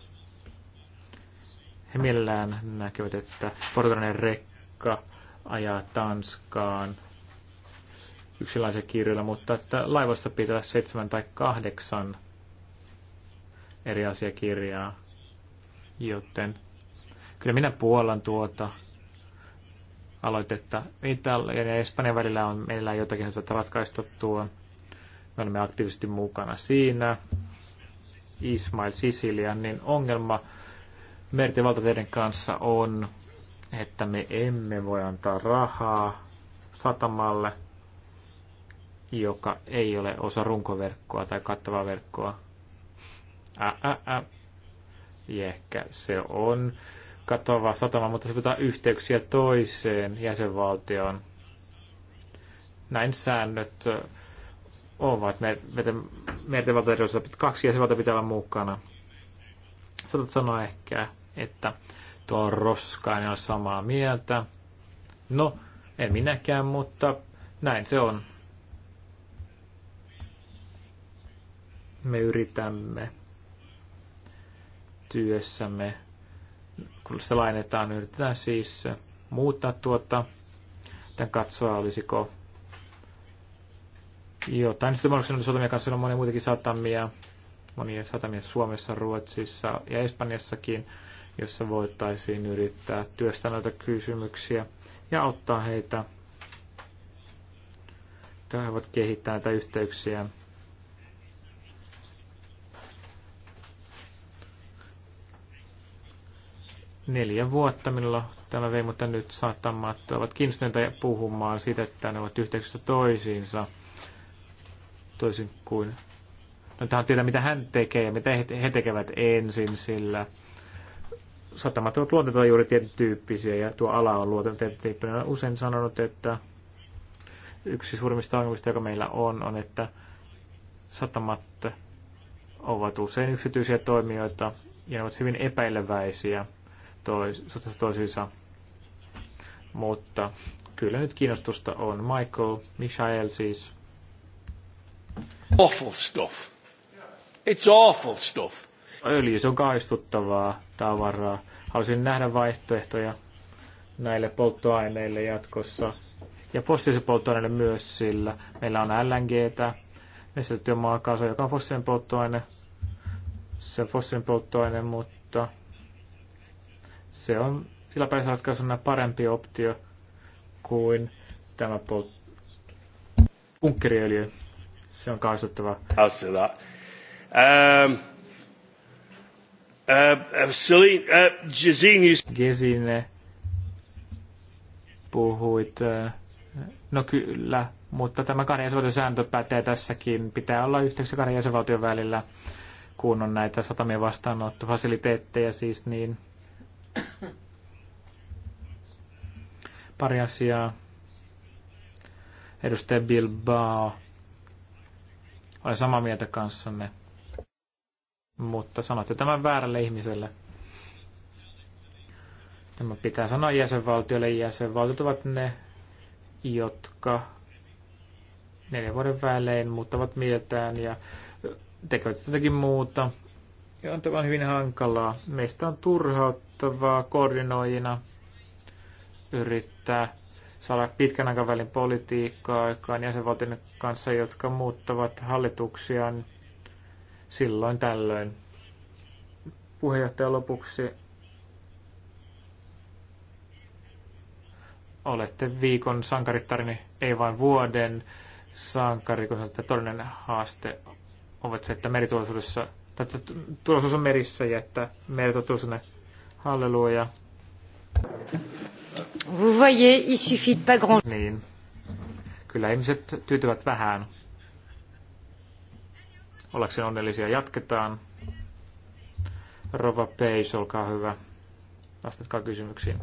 He mielellään näkevät, että portugalainen rekka ajaa Tanskaan yksilaisen kirjoilla, mutta että laivassa pitää seitsemän tai kahdeksan eri asiakirjaa, joten kyllä minä puolan tuota aloitetta Italian ja Espanjan välillä on meillä jotakin tätä ratkaista tuo. Me olemme aktiivisesti mukana siinä. Ismail Sisilian, niin ongelma merten valtateiden kanssa on, että me emme voi antaa rahaa satamalle, joka ei ole osa runkoverkkoa tai kattavaa verkkoa. Ä, ä, ä. Ja ehkä se on katoava satama, mutta se pitää yhteyksiä toiseen jäsenvaltioon. Näin säännöt ovat. Merten pitää kaksi jäsenvalta pitää olla mukana. Saatat sanoa ehkä, että tuo Roskainen on samaa mieltä. No, en minäkään, mutta näin se on. Me yritämme työssämme kun se lainetaan, niin yritetään siis muuttaa tuota, Tän katsoa olisiko jotain. Sitten mahdollisesti satamia kanssa on monia muitakin satamia, monia satamia Suomessa, Ruotsissa ja Espanjassakin, jossa voitaisiin yrittää työstää näitä kysymyksiä ja auttaa heitä. He voivat kehittää näitä yhteyksiä neljä vuotta minulla tämä vei, mutta nyt satamat ovat kiinnostuneita puhumaan siitä, että ne ovat yhteyksissä toisiinsa. Toisin kuin... No tähän tiedä mitä hän tekee ja mitä he tekevät ensin, sillä satamat ovat luonteita juuri tietyn tyyppisiä ja tuo ala on luonteita tietyn tyyppinen. Olen usein sanonut, että yksi suurimmista ongelmista, joka meillä on, on, että satamat ovat usein yksityisiä toimijoita ja ne ovat hyvin epäileväisiä – tois, toisiinsa. Mutta kyllä nyt kiinnostusta on. Michael, Michael siis. Awful stuff. It's awful stuff. Öljy, se on kaistuttavaa tavaraa. Haluaisin nähdä vaihtoehtoja näille polttoaineille jatkossa. Ja fossiilisen polttoaineille myös sillä. Meillä on LNGtä, nestetettyä maakaasua, joka on fossiilinen polttoaine. Se on fossiilinen polttoaine, mutta se on sillä ratkaisuna parempi optio kuin tämä pol- Se on kaasuttava. Hassilla. Um, uh, Celine, uh, Gesine, uh, Gesine, puhuit. Uh, no kyllä, mutta tämä kahden jäsenvaltion pätee tässäkin. Pitää olla yhteyksiä kahden jäsenvaltion välillä, kun on näitä satamien vastaanottofasiliteetteja siis, niin [COUGHS] Pari asiaa. Edustaja Bilbao. Olen samaa mieltä kanssanne. Mutta sanotte tämän väärälle ihmiselle. Tämä pitää sanoa jäsenvaltiolle. Jäsenvaltiot ovat ne, jotka neljän vuoden välein muuttavat mieltään ja tekevät jotakin muuta. Ja on tämä hyvin hankalaa. Meistä on turhaa kiinnostavaa koordinoijina yrittää saada pitkän aikavälin politiikkaa aikaan jäsenvaltioiden kanssa, jotka muuttavat hallituksiaan silloin tällöin. Puheenjohtaja lopuksi olette viikon sankarittarini ei vain vuoden sankari, kun sanotte, todellinen haaste ovat se, että meriturvallisuudessa, että on merissä ja että on Halleluja. Vous voyez, il suffit de pas grand... Niin. Kyllä ihmiset tyytyvät vähän. Ollakseen onnellisia jatketaan. Rova Peis, olkaa hyvä. Vastatkaa kysymyksiin.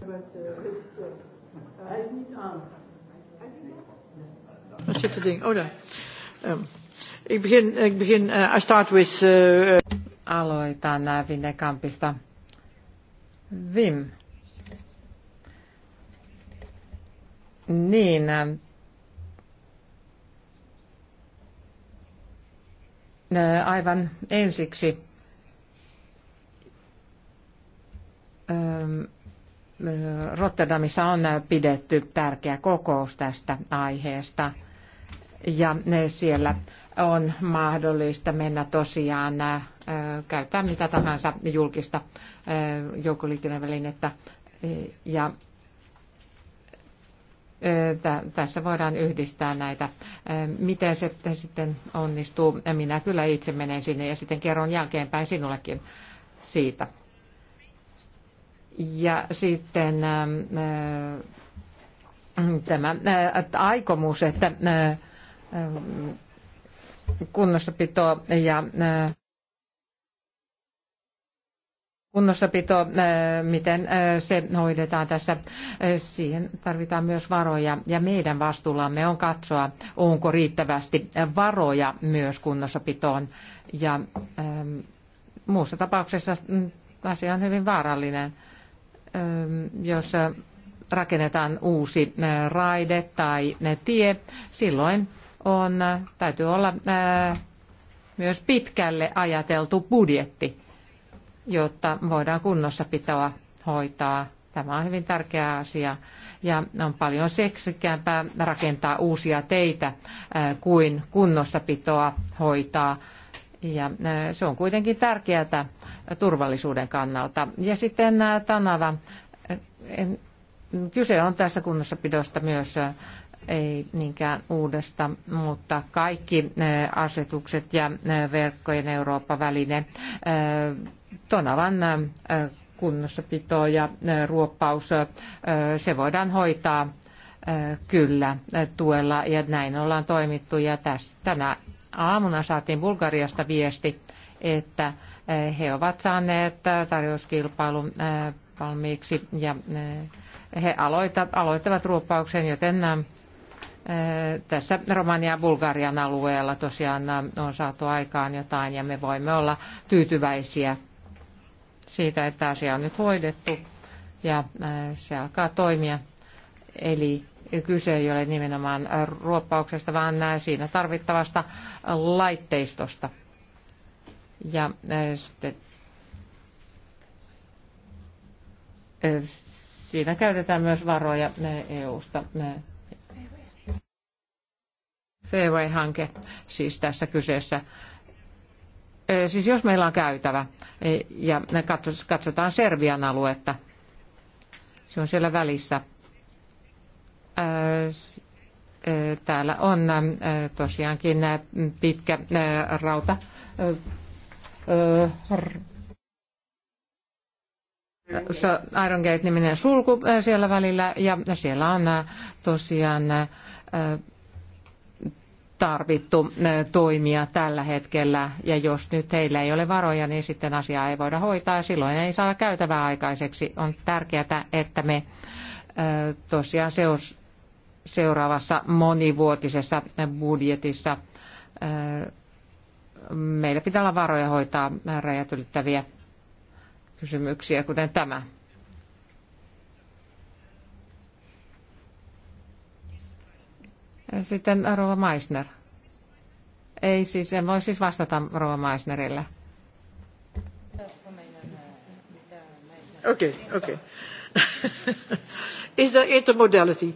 Zit het ding. Oh, daar. Ehm, ik begin, ik begin, uh, I start with... Uh, Aloitan Vinne Kampista. Vim. Niin. Äh, äh, aivan ensiksi ähm, äh, Rotterdamissa on pidetty tärkeä kokous tästä aiheesta. Ja siellä on mahdollista mennä tosiaan käyttää mitä tahansa julkista joukkoliikennevälinettä. Ja tässä voidaan yhdistää näitä. Miten se sitten onnistuu? Minä kyllä itse menen sinne ja sitten kerron jälkeenpäin sinullekin siitä. Ja sitten tämä aikomus, että kunnossapito ja kunnossapito, äh, miten äh, se hoidetaan tässä, äh, siihen tarvitaan myös varoja ja meidän vastuullamme on katsoa, onko riittävästi varoja myös kunnossapitoon ja ähm, muussa tapauksessa mm, asia on hyvin vaarallinen, ähm, jos rakennetaan uusi raide tai tie, silloin on, täytyy olla myös pitkälle ajateltu budjetti jotta voidaan kunnossapitoa hoitaa. Tämä on hyvin tärkeä asia ja on paljon seksikäämpää rakentaa uusia teitä kuin kunnossapitoa hoitaa. Ja se on kuitenkin tärkeää turvallisuuden kannalta. Ja sitten Tanava, kyse on tässä kunnossapidosta myös ei niinkään uudesta, mutta kaikki asetukset ja verkkojen Eurooppa-väline tonavan äh, kunnossapito ja äh, ruoppaus, äh, se voidaan hoitaa kyllä tuella ja näin ollaan toimittu ja tässä, tänä aamuna saatiin Bulgariasta viesti, että he ovat saaneet tarjouskilpailun valmiiksi ja he aloittavat ruoppauksen, joten tässä Romania ja Bulgarian alueella tosiaan on saatu aikaan jotain ja me voimme olla tyytyväisiä siitä, että asia on nyt hoidettu ja äh, se alkaa toimia. Eli kyse ei ole nimenomaan ruoppauksesta, vaan äh, siinä tarvittavasta laitteistosta. Ja äh, sitten siinä käytetään myös varoja EU-sta. Fairway-hanke siis tässä kyseessä siis jos meillä on käytävä e, ja katsotaan Serbian aluetta, se on siellä välissä. Täällä on tosiaankin pitkä rauta Iron Gate-niminen sulku siellä välillä ja siellä on tosiaan tarvittu toimia tällä hetkellä. Ja jos nyt heillä ei ole varoja, niin sitten asiaa ei voida hoitaa ja silloin ei saada käytävää aikaiseksi. On tärkeää, että me tosiaan seuraavassa monivuotisessa budjetissa meillä pitää olla varoja hoitaa rajat ylittäviä kysymyksiä, kuten tämä. Sitten Rova Meissner. Ei siis, en voi siis vastata Rova Meissnerille. Okei, okay, okei. Okay. Is the intermodality?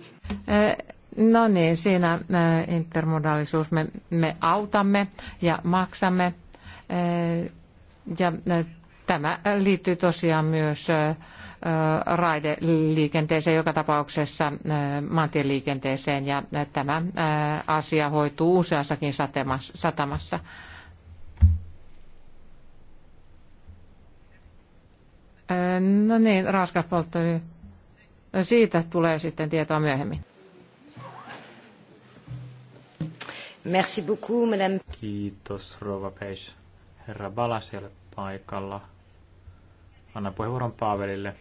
Eh, no niin, siinä eh, intermodaalisuus me, me autamme ja maksamme. Eh, ja tämä liittyy tosiaan myös raideliikenteeseen, joka tapauksessa maantieliikenteeseen ja tämä asia hoituu useassakin satamassa. No niin, raskas polttoöljy. Siitä tulee sitten tietoa myöhemmin. Merci beaucoup, madame. Kiitos, rouva Peis, Herra Balas paikalla. Anna puheenvuoron Paavelille.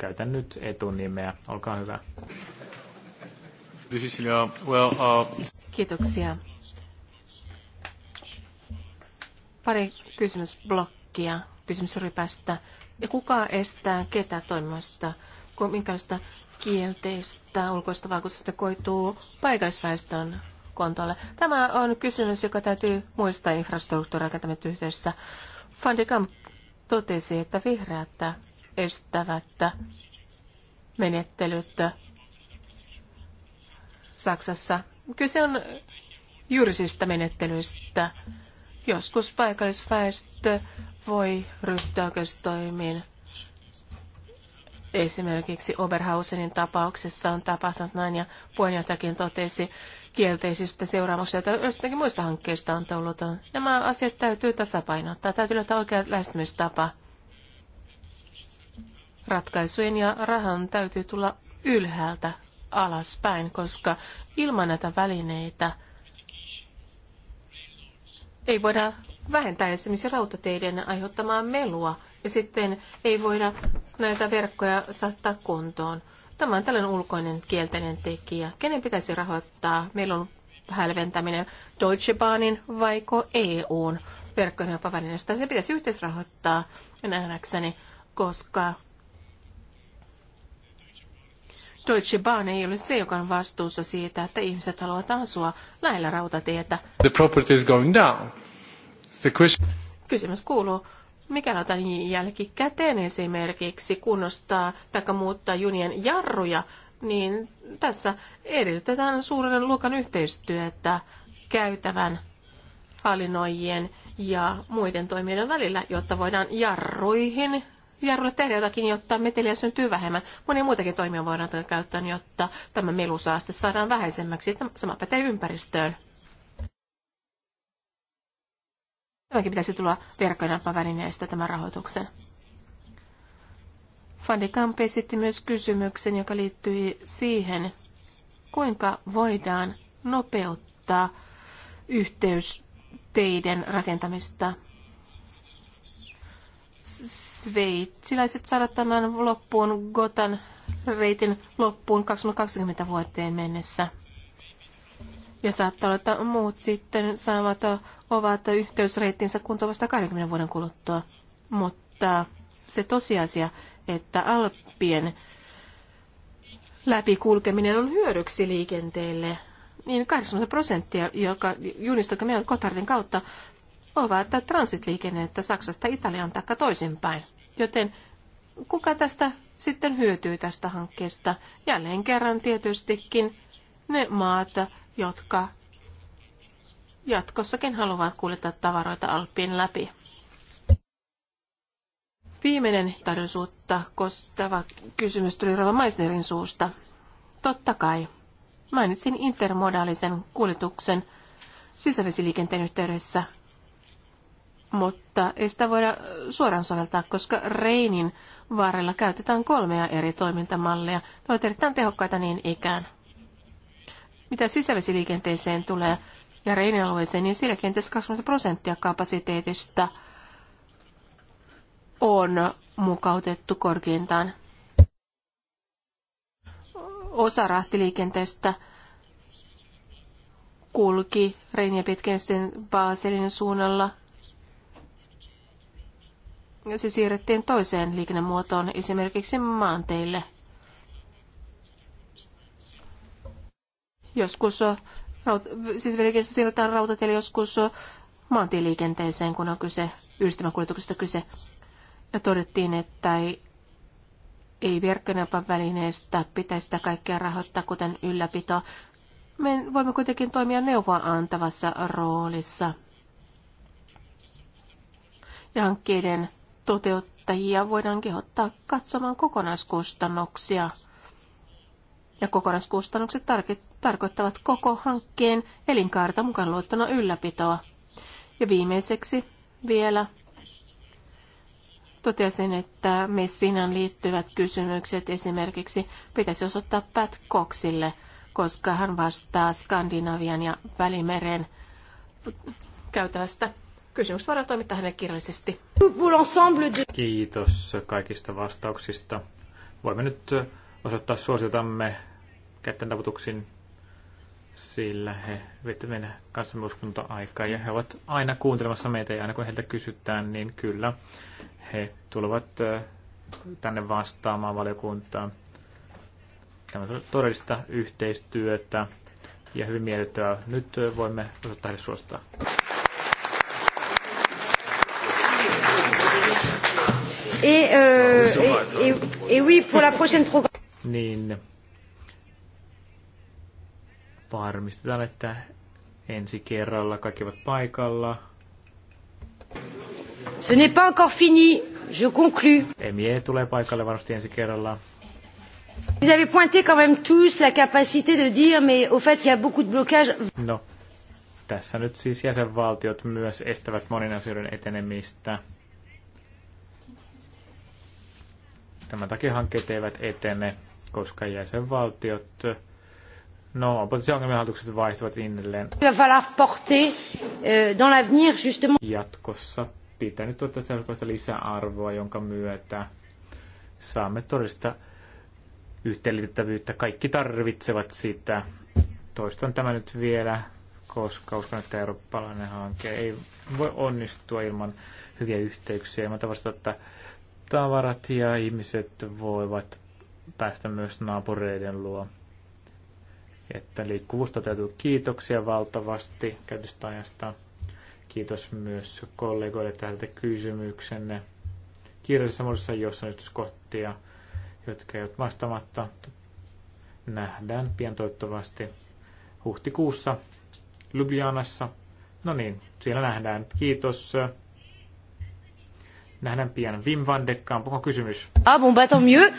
Käytän nyt etunimeä. Olkaa hyvä. Uh, uh, Kiitoksia. Pari kysymysblokkia, Kysymys kysymysrypästä. Ja kuka estää ketä toimimasta? Minkälaista kielteistä ulkoista vaikutusta koituu paikallisväestön kontolle? Tämä on kysymys, joka täytyy muistaa infrastruktuurin rakentamisen yhteydessä. Fandikam totesi, että vihreät estävättä menettelyttä Saksassa. Kyse on juridisista menettelyistä. Joskus paikallisväestö voi ryhtyä oikeustoimiin. Esimerkiksi Oberhausenin tapauksessa on tapahtunut näin, ja puheenjohtajakin totesi kielteisistä seuraamuksista, joita jostakin muista hankkeista on tullut. Nämä asiat täytyy tasapainottaa, täytyy löytää oikea lähestymistapa ratkaisujen ja rahan täytyy tulla ylhäältä alaspäin, koska ilman näitä välineitä ei voida vähentää esimerkiksi rautateiden aiheuttamaa melua ja sitten ei voida näitä verkkoja saattaa kuntoon. Tämä on tällainen ulkoinen kielteinen tekijä. Kenen pitäisi rahoittaa? Meillä on hälventäminen Deutsche Bahnin vaiko EUn verkkojen jopa välineestä. Se pitäisi yhteisrahoittaa nähdäkseni, koska Deutsche Bahn ei ole se, joka on vastuussa siitä, että ihmiset haluavat asua lähellä rautatietä. The property is going down. It's the question. Kysymys kuuluu, mikä otan jälkikäteen esimerkiksi kunnostaa tai muuttaa junien jarruja, niin tässä edellytetään suuren luokan yhteistyötä käytävän hallinnoijien ja muiden toimijoiden välillä, jotta voidaan jarruihin jarrulle tehdä jotakin, jotta meteliä syntyy vähemmän. Monia muitakin toimia voidaan käyttää, jotta tämä melusaaste saadaan vähäisemmäksi. Tämä sama pätee ympäristöön. Tämäkin pitäisi tulla verkkonappavälineestä tämän rahoituksen. Fandikamp esitti myös kysymyksen, joka liittyi siihen, kuinka voidaan nopeuttaa yhteysteiden rakentamista sveitsiläiset saada tämän loppuun Gotan reitin loppuun 2020 vuoteen mennessä. Ja saattaa olla, että muut sitten saavat ovat yhteysreittinsä kuntoon vasta 20 vuoden kuluttua. Mutta se tosiasia, että Alppien läpikulkeminen on hyödyksi liikenteelle, niin 80 prosenttia, joka junista, jotka menevät Kotardin kautta, ovat transitliikennettä Saksasta Italian taikka toisinpäin. Joten kuka tästä sitten hyötyy tästä hankkeesta? Jälleen kerran tietystikin ne maat, jotka jatkossakin haluavat kuljettaa tavaroita Alppiin läpi. Viimeinen tarjousuutta koskeva kysymys tuli Rova Meissnerin suusta. Totta kai. Mainitsin intermodaalisen kuljetuksen sisävesiliikenteen yhteydessä mutta ei sitä voida suoraan soveltaa, koska Reinin varrella käytetään kolmea eri toimintamallia. Ne ovat erittäin tehokkaita niin ikään. Mitä sisävesiliikenteeseen tulee ja Reinin alueeseen, niin sillä kenties 20 prosenttia kapasiteetista on mukautettu korkeintaan. Osa rahtiliikenteestä kulki Reiniä pitkin sitten Baselin suunnalla se siirrettiin toiseen liikennemuotoon, esimerkiksi maanteille. Joskus, siis siirrytään rautatielle joskus maantieliikenteeseen, kun on kyse yhdistelmäkuljetuksesta kyse. Ja todettiin, että ei, ei verkkoneupan välineestä pitäisi sitä kaikkea rahoittaa, kuten ylläpito. Me voimme kuitenkin toimia neuvoa antavassa roolissa. Ja hankkeiden toteuttajia voidaan kehottaa katsomaan kokonaiskustannuksia. Ja kokonaiskustannukset tar- tarkoittavat koko hankkeen elinkaarta mukaan luettuna ylläpitoa. Ja viimeiseksi vielä totesin, että Messinan liittyvät kysymykset esimerkiksi pitäisi osoittaa Pat Coxille, koska hän vastaa Skandinavian ja Välimeren käytävästä Kysymys voidaan toimittaa hänelle kirjallisesti. Kiitos kaikista vastauksista. Voimme nyt osoittaa suosiotamme kätten taputuksin, sillä he viettävät meidän kanssamme uskonto-aikaa ja he ovat aina kuuntelemassa meitä ja aina kun heiltä kysytään, niin kyllä he tulevat tänne vastaamaan valiokuntaan. Tämä on todellista yhteistyötä ja hyvin miellyttävää. Nyt voimme osoittaa heille suostaa. Et, euh, et, et, oui, pour la prochaine programme. Niin. Varmistetaan, että ensi kerralla kaikki ovat paikalla. Ce n'est pas encore fini. Je conclus. Emie tulee paikalle varmasti ensi kerralla. Vous avez pointé quand même tous la capacité de dire, mais au fait, il y a beaucoup de blocages. No, tässä nyt siis jäsenvaltiot myös estävät monin asioiden etenemistä. Tämän takia hankkeet eivät etene, koska jäsenvaltiot No, oppositiongelmien hallitukset vaihtuvat edelleen. Euh, Jatkossa pitää nyt ottaa sellaista lisäarvoa, jonka myötä saamme todellista yhteenliitettävyyttä. Kaikki tarvitsevat sitä. Toistan tämä nyt vielä, koska uskon, että eurooppalainen hanke ei voi onnistua ilman hyviä yhteyksiä. Ilman tavasta, että tavarat ja ihmiset voivat päästä myös naapureiden luo. Että liikkuvusta täytyy kiitoksia valtavasti käytöstä ajasta. Kiitos myös kollegoille täältä kysymyksenne. Kirjallisessa muodossa, jossa on yrityskohtia, jotka eivät vastaamatta, nähdään pian toivottavasti huhtikuussa Ljubljanassa. No niin, siellä nähdään. Kiitos. Nähdään pian. Wim van de Kamp, onko kysymys? Ah, bon, bah, mieux.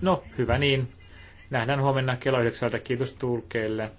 no, hyvä niin. Nähdään huomenna kello yhdeksältä. Kiitos tulkeille.